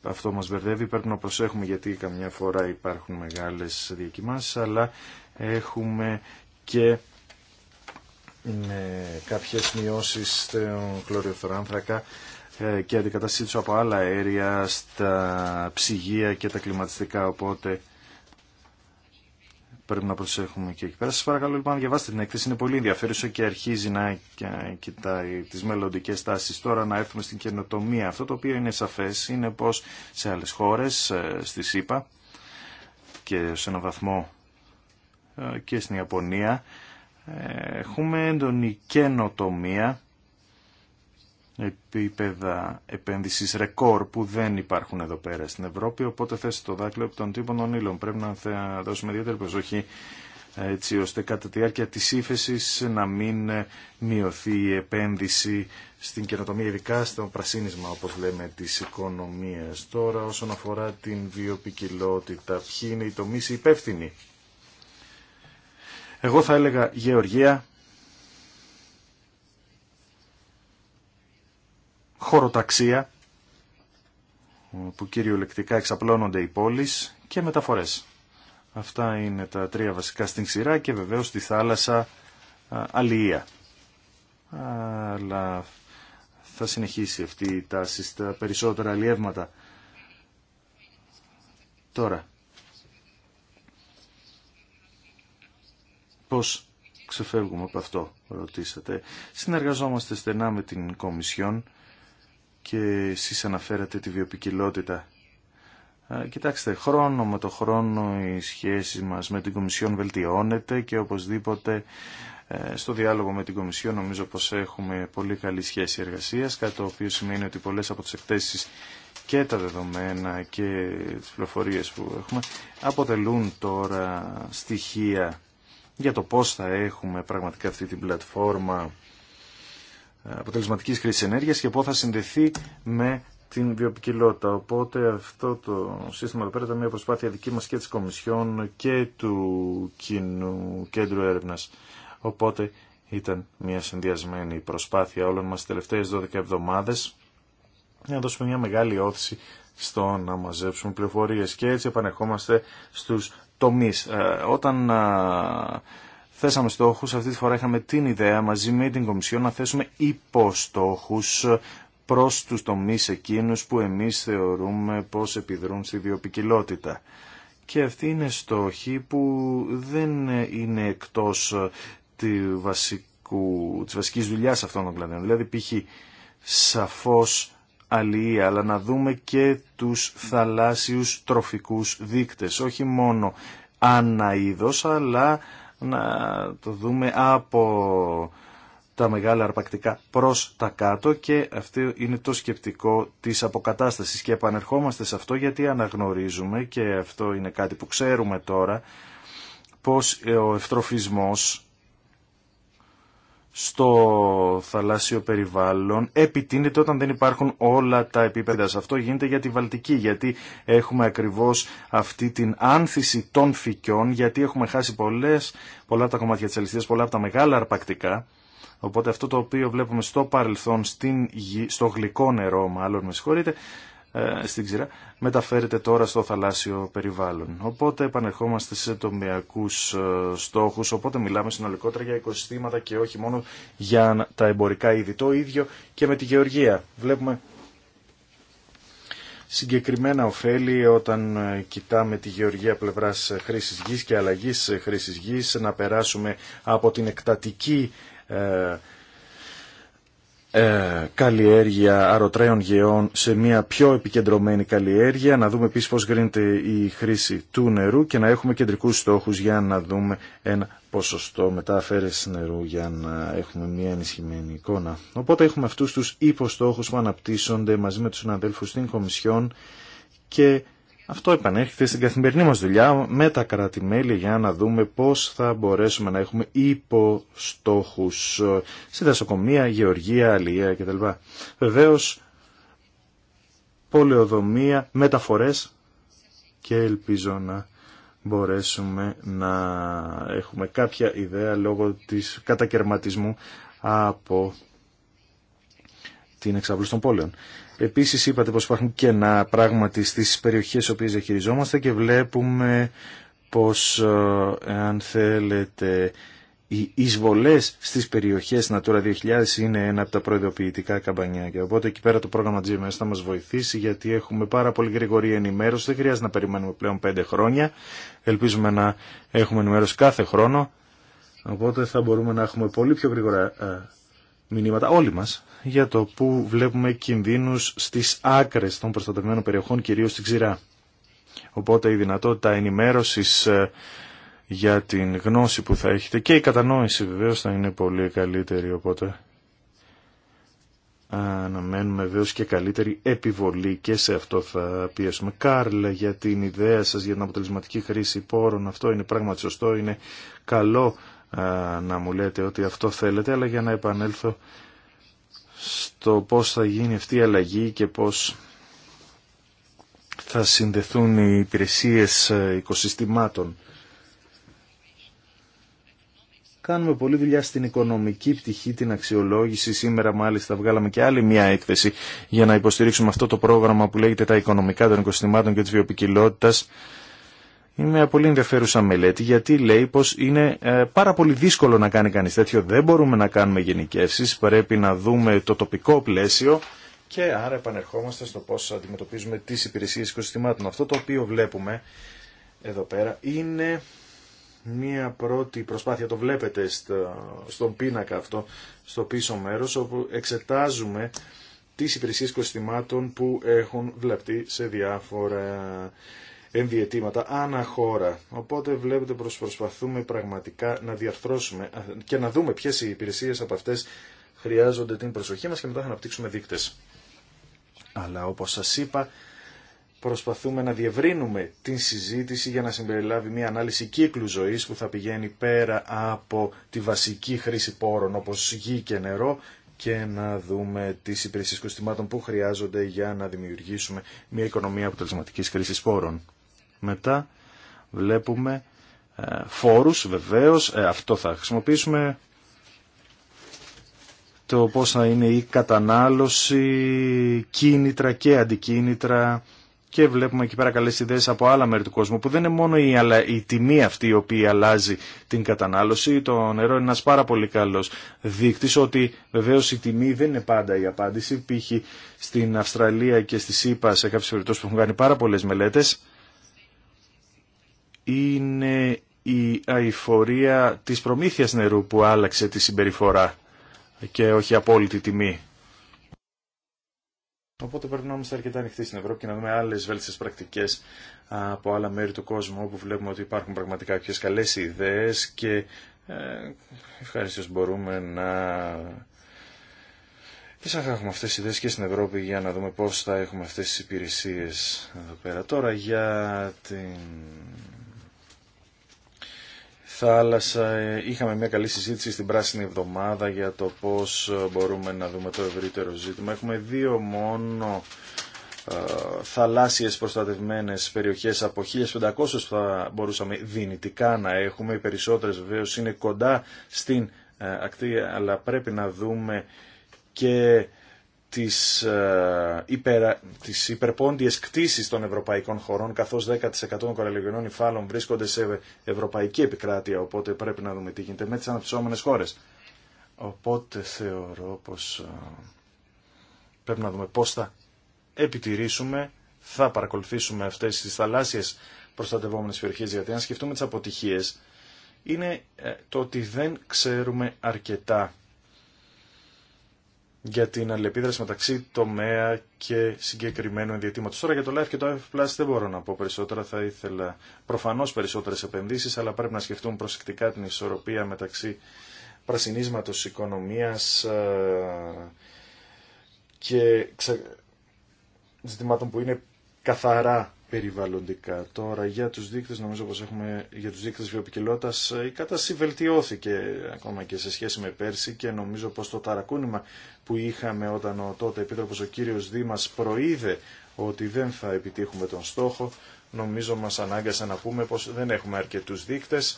αυτό μας μπερδεύει, πρέπει να προσέχουμε γιατί καμιά φορά υπάρχουν μεγάλες διακοιμάσεις, αλλά έχουμε και με κάποιες μειώσεις στον κλωριοθωράνθρακα ε, και αντικαταστήτη από άλλα αέρια στα ψυγεία και τα κλιματιστικά, οπότε πρέπει να προσέχουμε και εκεί πέρα. Σα παρακαλώ λοιπόν να διαβάσετε την έκθεση, είναι πολύ ενδιαφέρουσα και αρχίζει να κοιτάει τις μελλοντικέ τάσει. Τώρα να έρθουμε στην καινοτομία. Αυτό το οποίο είναι σαφές είναι πως σε άλλε χώρε ε, στη ΣΥΠΑ και σε έναν βαθμό ε, και στην Ιαπωνία, ε, έχουμε έντονη καινοτομία επίπεδα επένδυση ρεκόρ που δεν υπάρχουν εδώ πέρα στην Ευρώπη, οπότε θέσει το δάκλειο από τον τύπο των Πρέπει να δώσουμε ιδιαίτερη προσοχή ε, έτσι ώστε κατά τη διάρκεια της ύφεση να μην ε, μειωθεί η επένδυση στην καινοτομία, ειδικά στο πρασίνισμα, όπως λέμε, της οικονομίας. Τώρα, όσον αφορά την βιοπικιλότητα, ποιοι είναι οι τομείς υπεύθυνοι. Εγώ θα έλεγα γεωργία, χωροταξία που κυριολεκτικά εξαπλώνονται οι πόλεις και μεταφορές. Αυτά είναι τα τρία βασικά στην ξηρά και βεβαίως στη θάλασσα αλληλεία. Αλλά θα συνεχίσει αυτή η τάση στα περισσότερα αλλιεύματα. Τώρα, πώς ξεφεύγουμε από αυτό, ρωτήσατε. Συνεργαζόμαστε στενά με την Κομισιόν και εσείς αναφέρατε τη βιοπικιλότητα. Κοιτάξτε, χρόνο με το χρόνο η σχέση μας με την Κομισιόν βελτιώνεται και οπωσδήποτε ε, στο διάλογο με την Κομισιόν νομίζω πως έχουμε πολύ καλή σχέση εργασίας, κάτι το οποίο σημαίνει ότι πολλές από τις εκθέσεις και τα δεδομένα και τις πληροφορίες που έχουμε αποτελούν τώρα στοιχεία για το πώς θα έχουμε πραγματικά αυτή την πλατφόρμα ε, αποτελεσματική χρήσης ενέργειας και πώς θα συνδεθεί με την βιοπικιλότητα. Οπότε αυτό το σύστημα εδώ πέρα ήταν μια προσπάθεια δική μας και της Κομισιόν και του Κοινού Κέντρου Έρευνα. Οπότε ήταν μια συνδυασμένη προσπάθεια όλων μας τις τελευταίες 12 εβδομάδες για να δώσουμε μια μεγάλη όθηση στο να μαζέψουμε πληροφορίες και έτσι επανερχόμαστε στους τομείς. Ε, όταν ε, θέσαμε στόχους, αυτή τη φορά είχαμε την ιδέα μαζί με την Κομισιόν να θέσουμε υποστόχους προς τους τομείς εκείνους που εμείς θεωρούμε πως επιδρούν στη βιοπικιλότητα. Και αυτή είναι στόχοι που δεν είναι εκτός τη βασικού, της βασικής δουλειάς αυτών των κλαδίων. Δηλαδή π.χ. σαφώς αλληλεία, αλλά να δούμε και τους θαλάσσιους τροφικούς δείκτες, όχι μόνο αναείδος, αλλά να το δούμε από τα μεγάλα αρπακτικά προς τα κάτω και αυτό είναι το σκεπτικό της αποκατάστασης και επανερχόμαστε σε αυτό γιατί αναγνωρίζουμε και αυτό είναι κάτι που ξέρουμε τώρα πως ο ευτροφισμός στο θαλάσσιο περιβάλλον επιτείνεται όταν δεν υπάρχουν όλα τα επίπεδα. αυτό γίνεται για τη Βαλτική, γιατί έχουμε ακριβώς αυτή την άνθηση των φυκιών, γιατί έχουμε χάσει πολλές, πολλά από τα κομμάτια της αλυσίας, πολλά από τα μεγάλα αρπακτικά. Οπότε αυτό το οποίο βλέπουμε στο παρελθόν, στην στο γλυκό νερό μάλλον, με συγχωρείτε, ε, στην ξηρά μεταφέρεται τώρα στο θαλάσσιο περιβάλλον. Οπότε επανερχόμαστε σε τομιακούς ε, στόχους, οπότε μιλάμε συνολικότερα για οικοσυστήματα και όχι μόνο για τα εμπορικά είδη. Το ίδιο και με τη γεωργία. Βλέπουμε συγκεκριμένα ωφέλη όταν ε, κοιτάμε τη γεωργία πλευράς χρήσης γης και αλλαγής χρήσης γης, να περάσουμε από την εκτατική ε, καλλιέργεια αρωτρέων γεών σε μια πιο επικεντρωμένη καλλιέργεια, να δούμε επίσης πώς γίνεται η χρήση του νερού και να έχουμε κεντρικούς στόχους για να δούμε ένα ποσοστό μετάφερες νερού για να έχουμε μια ενισχυμένη εικόνα. Οπότε έχουμε αυτούς τους υποστόχους που αναπτύσσονται μαζί με τους συναδέλφους στην Κομισιόν και αυτό επανέρχεται στην καθημερινή μας δουλειά με τα για να δούμε πώς θα μπορέσουμε να έχουμε υποστόχους στη δασοκομεία, γεωργία, αλληλεία κτλ. Βεβαίως, πολεοδομία, μεταφορές και ελπίζω να μπορέσουμε να έχουμε κάποια ιδέα λόγω της κατακαιρματισμού από την εξάπλωση των πόλεων. Επίσης είπατε πως υπάρχουν κενά πράγματι στις περιοχές οποίες διαχειριζόμαστε και βλέπουμε πως αν ε, θέλετε οι εισβολές στις περιοχές Natura 2000 είναι ένα από τα προειδοποιητικά καμπανιάκια. Οπότε εκεί πέρα το πρόγραμμα GMS θα μας βοηθήσει γιατί έχουμε πάρα πολύ γρήγορη ενημέρωση. Δεν χρειάζεται να περιμένουμε πλέον πέντε χρόνια. Ελπίζουμε να έχουμε ενημέρωση κάθε χρόνο. Οπότε θα μπορούμε να έχουμε πολύ πιο γρήγορα ε, μηνύματα όλοι μας για το που βλέπουμε κινδύνους στις άκρες των προστατευμένων περιοχών, κυρίως στην ξηρά. Οπότε η δυνατότητα ενημέρωσης ε, για την γνώση που θα έχετε και η κατανόηση βεβαίως θα είναι πολύ καλύτερη οπότε αναμένουμε βεβαίω και καλύτερη επιβολή και σε αυτό θα πιέσουμε. Κάρλ για την ιδέα σας για την αποτελεσματική χρήση πόρων αυτό είναι πράγματι σωστό, είναι καλό ε, να μου λέτε ότι αυτό θέλετε αλλά για να επανέλθω στο πώς θα γίνει αυτή η αλλαγή και πώς θα συνδεθούν οι υπηρεσίες ε, οικοσυστημάτων. Κάνουμε πολλή δουλειά στην οικονομική πτυχή, την αξιολόγηση. Σήμερα μάλιστα βγάλαμε και άλλη μια έκθεση για να υποστηρίξουμε αυτό το πρόγραμμα που λέγεται τα οικονομικά των οικοσυστημάτων και της βιοπικιλότητας είναι μια πολύ ενδιαφέρουσα μελέτη γιατί λέει πως είναι ε, πάρα πολύ δύσκολο να κάνει κανείς τέτοιο. Δεν μπορούμε να κάνουμε γενικεύσεις, πρέπει να δούμε το τοπικό πλαίσιο και άρα επανερχόμαστε στο πώς αντιμετωπίζουμε τις υπηρεσίες κοστιμάτων. Αυτό το οποίο βλέπουμε εδώ πέρα είναι μία πρώτη προσπάθεια, το βλέπετε στον πίνακα αυτό, στο πίσω μέρος, όπου εξετάζουμε τις υπηρεσίες κοστιμάτων που έχουν βλεπτεί σε διάφορα ενδιαιτήματα ανά χώρα. Οπότε βλέπετε πως προσπαθούμε πραγματικά να διαρθρώσουμε και να δούμε ποιες οι υπηρεσίες από αυτές χρειάζονται την προσοχή μας και μετά θα αναπτύξουμε δείκτες. Αλλά όπως σας είπα προσπαθούμε να διευρύνουμε την συζήτηση για να συμπεριλάβει μια ανάλυση κύκλου ζωής που θα πηγαίνει πέρα από τη βασική χρήση πόρων όπως γη και νερό και να δούμε τις υπηρεσίες κοστιμάτων που χρειάζονται για να δημιουργήσουμε μια οικονομία αποτελεσματικής χρήσης πόρων. Μετά βλέπουμε ε, φόρους βεβαίως, ε, αυτό θα χρησιμοποιήσουμε το πώς θα είναι η κατανάλωση, κίνητρα και αντικίνητρα και βλέπουμε εκεί πέρα καλές ιδέες από άλλα μέρη του κόσμου που δεν είναι μόνο η, η τιμή αυτή η οποία αλλάζει την κατανάλωση. Το νερό είναι ένας πάρα πολύ καλός δείκτης ότι βεβαίως η τιμή δεν είναι πάντα η απάντηση. Π.χ. στην Αυστραλία και στη ΣΥΠΑ σε κάποιες περιπτώσεις που έχουν κάνει πάρα πολλές μελέτες είναι η αηφορία της προμήθειας νερού που άλλαξε τη συμπεριφορά και όχι απόλυτη τιμή. Οπότε πρέπει να είμαστε αρκετά ανοιχτοί στην Ευρώπη και να δούμε άλλες βέλτιστες πρακτικές από άλλα μέρη του κόσμου όπου βλέπουμε ότι υπάρχουν πραγματικά κάποιες καλές ιδέες και ε, ευχαριστώ μπορούμε να έχουμε αυτές τις ιδέες και στην Ευρώπη για να δούμε πώς θα έχουμε αυτές τις υπηρεσίες εδώ πέρα. Τώρα για την θάλασσα. Είχαμε μια καλή συζήτηση στην Πράσινη Εβδομάδα για το πώς μπορούμε να δούμε το ευρύτερο ζήτημα. Έχουμε δύο μόνο θαλάσσιες προστατευμένες περιοχές από 1500 θα μπορούσαμε δυνητικά να έχουμε. Οι περισσότερες βεβαίω είναι κοντά στην ε, ακτή, αλλά πρέπει να δούμε και της, ε, υπερ τις υπερπόντιες κτήσεις των ευρωπαϊκών χωρών, καθώς 10% των κοραλιογενών υφάλων βρίσκονται σε ευρωπαϊκή επικράτεια, οπότε πρέπει να δούμε τι γίνεται με τις αναπτυσσόμενες χώρες. Οπότε θεωρώ πως ε, πρέπει να δούμε πώς θα επιτηρήσουμε, θα παρακολουθήσουμε αυτές τις θαλάσσιες προστατευόμενες περιοχές, γιατί αν σκεφτούμε τις αποτυχίες, είναι ε, το ότι δεν ξέρουμε αρκετά για την αλληλεπίδραση μεταξύ τομέα και συγκεκριμένου ενδιατήματος. Τώρα για το Life και το IF Plus δεν μπορώ να πω περισσότερα, θα ήθελα προφανώς περισσότερες επενδύσεις, αλλά πρέπει να σκεφτούμε προσεκτικά την ισορροπία μεταξύ πρασινίσματος οικονομίας ε, και ζητημάτων που είναι καθαρά περιβαλλοντικά. Τώρα για τους δείκτες, νομίζω πως έχουμε για τους δείκτες βιοπικιλότητας η κατάσταση βελτιώθηκε ακόμα και σε σχέση με πέρσι και νομίζω πως το ταρακούνημα που είχαμε όταν ο τότε επίτροπος ο κύριος Δήμας προείδε ότι δεν θα επιτύχουμε τον στόχο, νομίζω μας ανάγκασε να πούμε πως δεν έχουμε αρκετούς δείκτες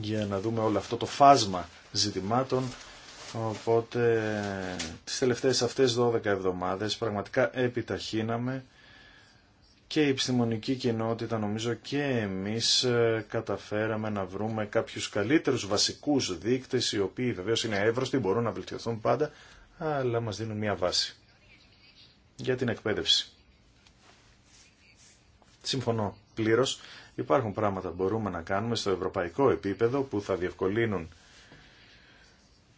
για να δούμε όλο αυτό το φάσμα ζητημάτων. Οπότε τις τελευταίες αυτές 12 εβδομάδες πραγματικά επιταχύναμε και η επιστημονική κοινότητα νομίζω και εμείς ε, καταφέραμε να βρούμε κάποιους καλύτερους βασικούς δείκτες οι οποίοι βεβαίως είναι εύρωστοι, μπορούν να βελτιωθούν πάντα αλλά μας δίνουν μια βάση για την εκπαίδευση. Συμφωνώ πλήρως. Υπάρχουν πράγματα που μπορούμε να κάνουμε στο ευρωπαϊκό επίπεδο που θα διευκολύνουν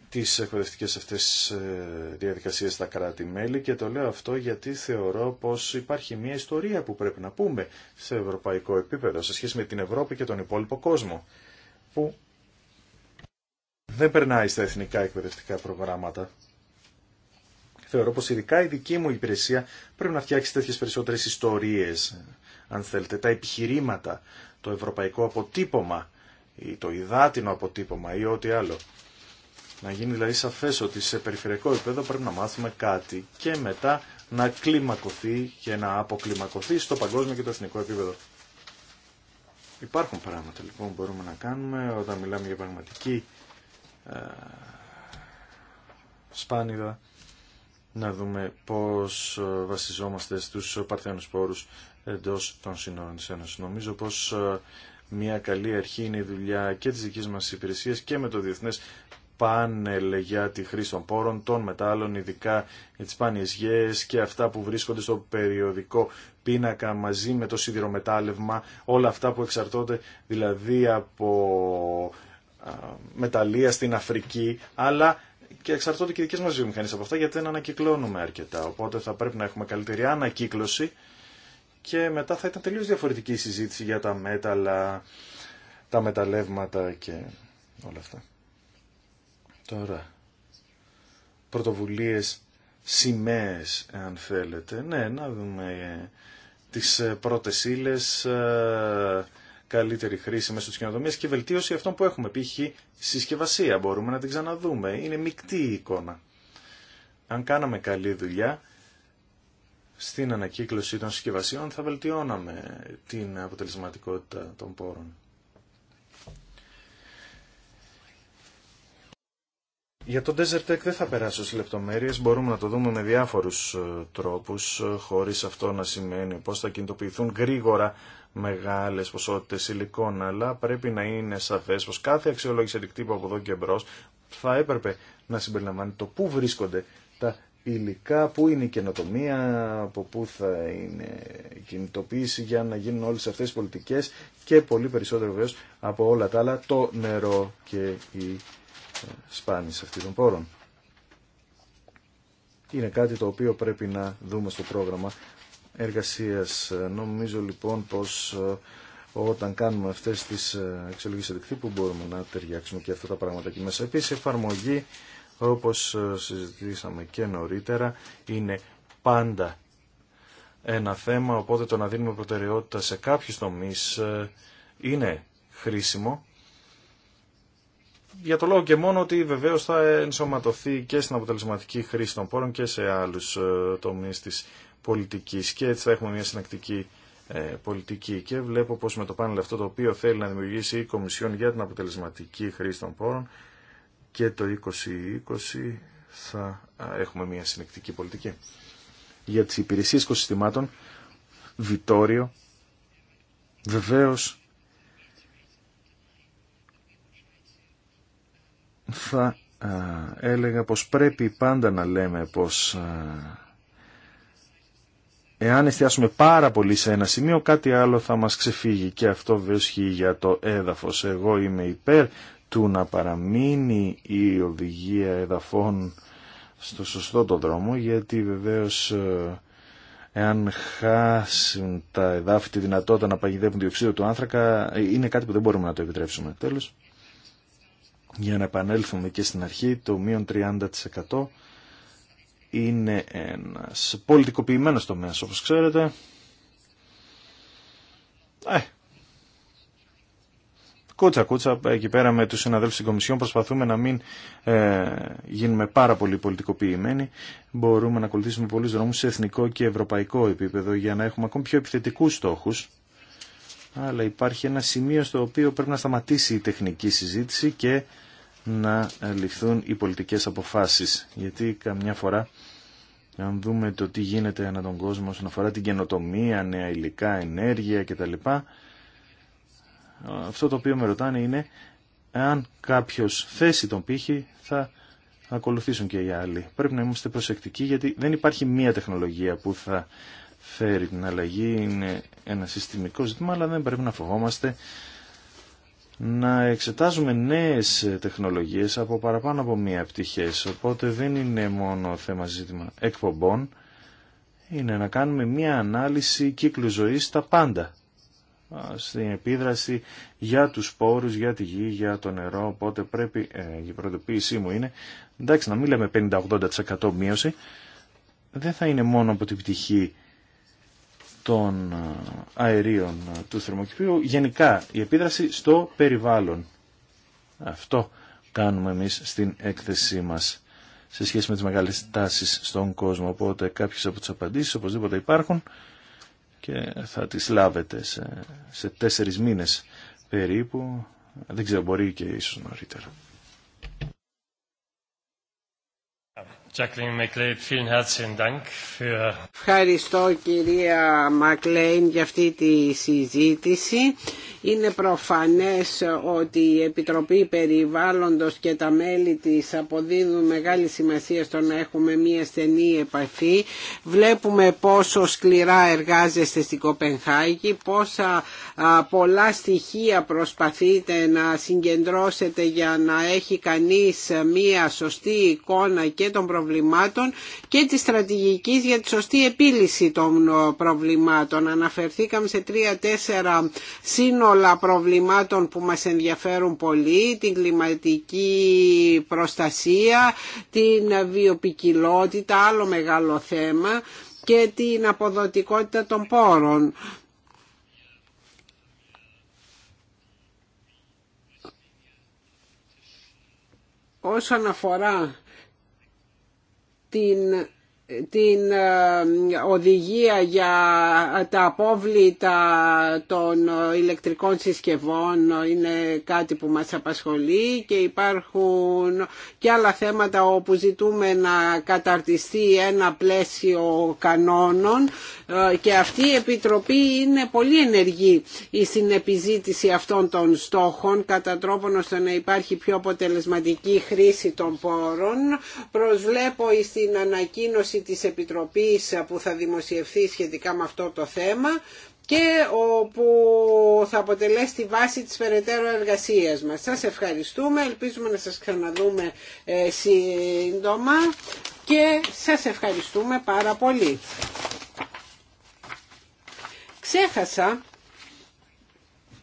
τις εκπαιδευτικές αυτές ε, διαδικασίες στα κράτη-μέλη και το λέω αυτό γιατί θεωρώ πως υπάρχει μια ιστορία που πρέπει να πούμε σε ευρωπαϊκό επίπεδο σε σχέση με την Ευρώπη και τον υπόλοιπο κόσμο που δεν περνάει στα εθνικά εκπαιδευτικά προγράμματα. Θεωρώ πως ειδικά η δική μου υπηρεσία πρέπει να φτιάξει τέτοιες περισσότερες ιστορίες, αν θέλετε, τα επιχειρήματα, το ευρωπαϊκό αποτύπωμα ή το υδάτινο αποτύπωμα ή ό,τι άλλο. Να γίνει δηλαδή σαφές ότι σε περιφερειακό επίπεδο πρέπει να μάθουμε κάτι και μετά να κλιμακωθεί και να αποκλιμακωθεί στο παγκόσμιο και το εθνικό επίπεδο. Υπάρχουν πράγματα λοιπόν που μπορούμε να κάνουμε όταν μιλάμε για πραγματική ε, σπάνιδα να δούμε πώς ε, βασιζόμαστε στους παρθένους πόρους εντός των συνόρων της Ένωσης. Νομίζω πως ε, μια καλή αρχή είναι η δουλειά και της δικής μας υπηρεσίας και με το Διεθνές πάνελ για τη χρήση των πόρων, των μετάλλων, ειδικά για τις σπάνιες γέες και αυτά που βρίσκονται στο περιοδικό πίνακα μαζί με το σιδηρομετάλλευμα, όλα αυτά που εξαρτώνται δηλαδή από μεταλλεία στην Αφρική, αλλά και εξαρτώνται και οι δικές μας βιομηχανίες από αυτά γιατί δεν ανακυκλώνουμε αρκετά. Οπότε θα πρέπει να έχουμε καλύτερη ανακύκλωση και μετά θα ήταν τελείως διαφορετική η συζήτηση για τα μέταλλα, τα μεταλλεύματα και όλα αυτά. Τώρα, πρωτοβουλίες σημαίες, αν θέλετε. Ναι, να δούμε ε, τις ε, πρώτες ύλες, ε, καλύτερη χρήση μέσω της κοινοδομίας και βελτίωση αυτών που έχουμε. Π.χ. συσκευασία μπορούμε να την ξαναδούμε. Είναι μεικτή η εικόνα. Αν κάναμε καλή δουλειά στην ανακύκλωση των συσκευασιών θα βελτιώναμε την αποτελεσματικότητα των πόρων. Για τον Desert Tech δεν θα περάσω στις λεπτομέρειες, μπορούμε να το δούμε με διάφορους ε, τρόπους, ε, χωρίς αυτό να σημαίνει πώς θα κινητοποιηθούν γρήγορα μεγάλες ποσότητες υλικών, αλλά πρέπει να είναι σαφές πως κάθε αξιολόγηση αντικτύπου από εδώ και μπρος θα έπρεπε να συμπεριλαμβάνει το πού βρίσκονται τα υλικά, πού είναι η καινοτομία, από πού θα είναι η κινητοποίηση για να γίνουν όλες αυτές οι πολιτικές και πολύ περισσότερο βεβαίως από όλα τα άλλα το νερό και η σπάνης αυτή των πόρων. Είναι κάτι το οποίο πρέπει να δούμε στο πρόγραμμα εργασίας. Νομίζω λοιπόν πως ε, όταν κάνουμε αυτές τις ε, εξελογές που μπορούμε να ταιριάξουμε και αυτά τα πράγματα εκεί μέσα. Επίσης εφαρμογή όπως ε, συζητήσαμε και νωρίτερα είναι πάντα ένα θέμα οπότε το να δίνουμε προτεραιότητα σε κάποιους τομείς είναι χρήσιμο για το λόγο και μόνο ότι βεβαίως θα ενσωματωθεί και στην αποτελεσματική χρήση των πόρων και σε άλλους ε, τομείς της πολιτικής και έτσι θα έχουμε μια συνακτική ε, πολιτική και βλέπω πως με το πάνελ αυτό το οποίο θέλει να δημιουργήσει η Κομισιόν για την αποτελεσματική χρήση των πόρων και το 2020 θα έχουμε μια συνεκτική πολιτική. Για τις υπηρεσίες οικοσυστημάτων, Βιτόριο, βεβαίως θα α, έλεγα πως πρέπει πάντα να λέμε πως εάν εστιάσουμε πάρα πολύ σε ένα σημείο κάτι άλλο θα μας ξεφύγει και αυτό βέβαια για το έδαφος. Εγώ είμαι υπέρ του να παραμείνει η οδηγία εδαφών στο σωστό το δρόμο γιατί βεβαίως εάν χάσουν τα εδάφη τη δυνατότητα να παγιδεύουν διοξείδιο του άνθρακα ε, είναι κάτι που δεν μπορούμε να το επιτρέψουμε. Τέλος για να επανέλθουμε και στην αρχή, το μείον 30% είναι ένας πολιτικοποιημένος τομέας όπως ξέρετε. Ε, κούτσα κούτσα εκεί πέρα με τους συναδέλφους στην Κομισιόν προσπαθούμε να μην ε, γίνουμε πάρα πολύ πολιτικοποιημένοι. Μπορούμε να ακολουθήσουμε πολλούς δρόμους σε εθνικό και ευρωπαϊκό επίπεδο για να έχουμε ακόμη πιο επιθετικούς στόχους. Αλλά υπάρχει ένα σημείο στο οποίο πρέπει να σταματήσει η τεχνική συζήτηση και να ληφθούν οι πολιτικές αποφάσεις. Γιατί καμιά φορά, αν δούμε το τι γίνεται ανά τον κόσμο όσον αφορά την καινοτομία, νέα υλικά, ενέργεια κτλ. Αυτό το οποίο με ρωτάνε είναι αν κάποιος θέσει τον πύχη θα ακολουθήσουν και οι άλλοι. Πρέπει να είμαστε προσεκτικοί γιατί δεν υπάρχει μία τεχνολογία που θα φέρει την αλλαγή. Είναι ένα συστημικό ζήτημα αλλά δεν πρέπει να φοβόμαστε να εξετάζουμε νέες τεχνολογίες από παραπάνω από μία πτυχές. Οπότε δεν είναι μόνο θέμα ζήτημα εκπομπών, είναι να κάνουμε μία ανάλυση κύκλου ζωής στα πάντα. Στην επίδραση για τους σπόρους, για τη γη, για το νερό, οπότε πρέπει, ε, η πρωτοποίησή μου είναι, εντάξει να μην λέμε 50-80% μείωση, δεν θα είναι μόνο από την πτυχή των ε, αερίων ε, του θερμοκηπίου, γενικά η επίδραση στο περιβάλλον. Αυτό κάνουμε εμείς στην έκθεσή μας σε σχέση με τις μεγάλες τάσεις στον κόσμο. Οπότε κάποιες από τις απαντήσεις οπωσδήποτε υπάρχουν και θα τις λάβετε σε, σε τέσσερις μήνες περίπου. Δεν ξέρω, μπορεί και ίσως νωρίτερα. Ευχαριστώ κυρία Μακλέιν για αυτή τη συζήτηση. Είναι προφανές ότι η Επιτροπή Περιβάλλοντος και τα μέλη της αποδίδουν μεγάλη σημασία στο να έχουμε μια στενή επαφή. Βλέπουμε πόσο σκληρά εργάζεστε στην Κοπενχάγη, πόσα πολλά στοιχεία προσπαθείτε να συγκεντρώσετε για να έχει κανείς μια σωστή εικόνα και τον προβλημάτων προβλημάτων και της στρατηγικής για τη σωστή επίλυση των ε, προβλημάτων. Αναφερθήκαμε σε τρία-τέσσερα σύνολα προβλημάτων που μας ενδιαφέρουν πολύ, την κλιματική προστασία, την βιοπικιλότητα, άλλο μεγάλο θέμα και την αποδοτικότητα των πόρων. Όσον αφορά την την ε, οδηγία για τα απόβλητα των ηλεκτρικών συσκευών είναι κάτι που μας απασχολεί και υπάρχουν και άλλα θέματα όπου ζητούμε να καταρτιστεί ένα πλαίσιο κανόνων ε, και αυτή η Επιτροπή είναι πολύ ενεργή στην επιζήτηση αυτών των στόχων κατά τρόπον ώστε να υπάρχει πιο αποτελεσματική χρήση των πόρων. Προσβλέπω στην ανακοίνωση της Επιτροπής που θα δημοσιευθεί σχετικά με αυτό το θέμα και όπου θα αποτελέσει τη βάση της περαιτέρω εργασίας μας. Σας ευχαριστούμε, ελπίζουμε να σας ξαναδούμε ε, σύντομα και σας ευχαριστούμε πάρα πολύ. Ξέχασα,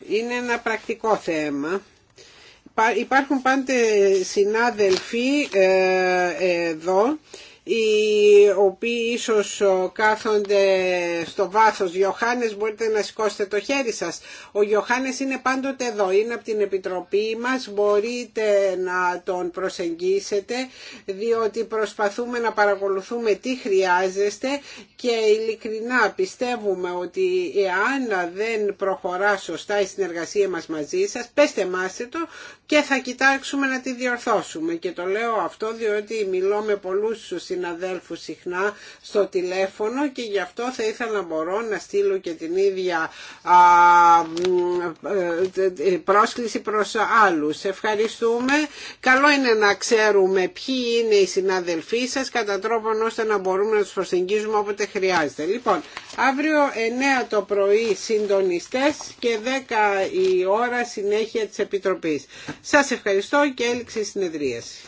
είναι ένα πρακτικό θέμα, υπάρχουν πάντε συνάδελφοι ε, εδώ οι οποίοι ίσως κάθονται στο βάθος. Γιωχάνες μπορείτε να σηκώσετε το χέρι σας. Ο Γιωχάνες είναι πάντοτε εδώ, είναι από την Επιτροπή μας, μπορείτε να τον προσεγγίσετε διότι προσπαθούμε να παρακολουθούμε τι χρειάζεστε και ειλικρινά πιστεύουμε ότι εάν δεν προχωρά σωστά η συνεργασία μας μαζί σας, πέστε μάστε το και θα κοιτάξουμε να τη διορθώσουμε. Και το λέω αυτό διότι μιλώ με πολλούς συναδέλφους συχνά στο τηλέφωνο και γι' αυτό θα ήθελα να μπορώ να στείλω και την ίδια ε, πρόσκληση προς άλλους. Ευχαριστούμε. Καλό είναι να ξέρουμε ποιοι είναι οι συναδελφοί σας κατά τρόπον ώστε να μπορούμε να τους προσεγγίζουμε όποτε χρειάζεται. Λοιπόν, αύριο 9 το πρωί συντονιστές και 10 η ώρα συνέχεια της Επιτροπής. Σας ευχαριστώ και έληξε η συνεδρίαση.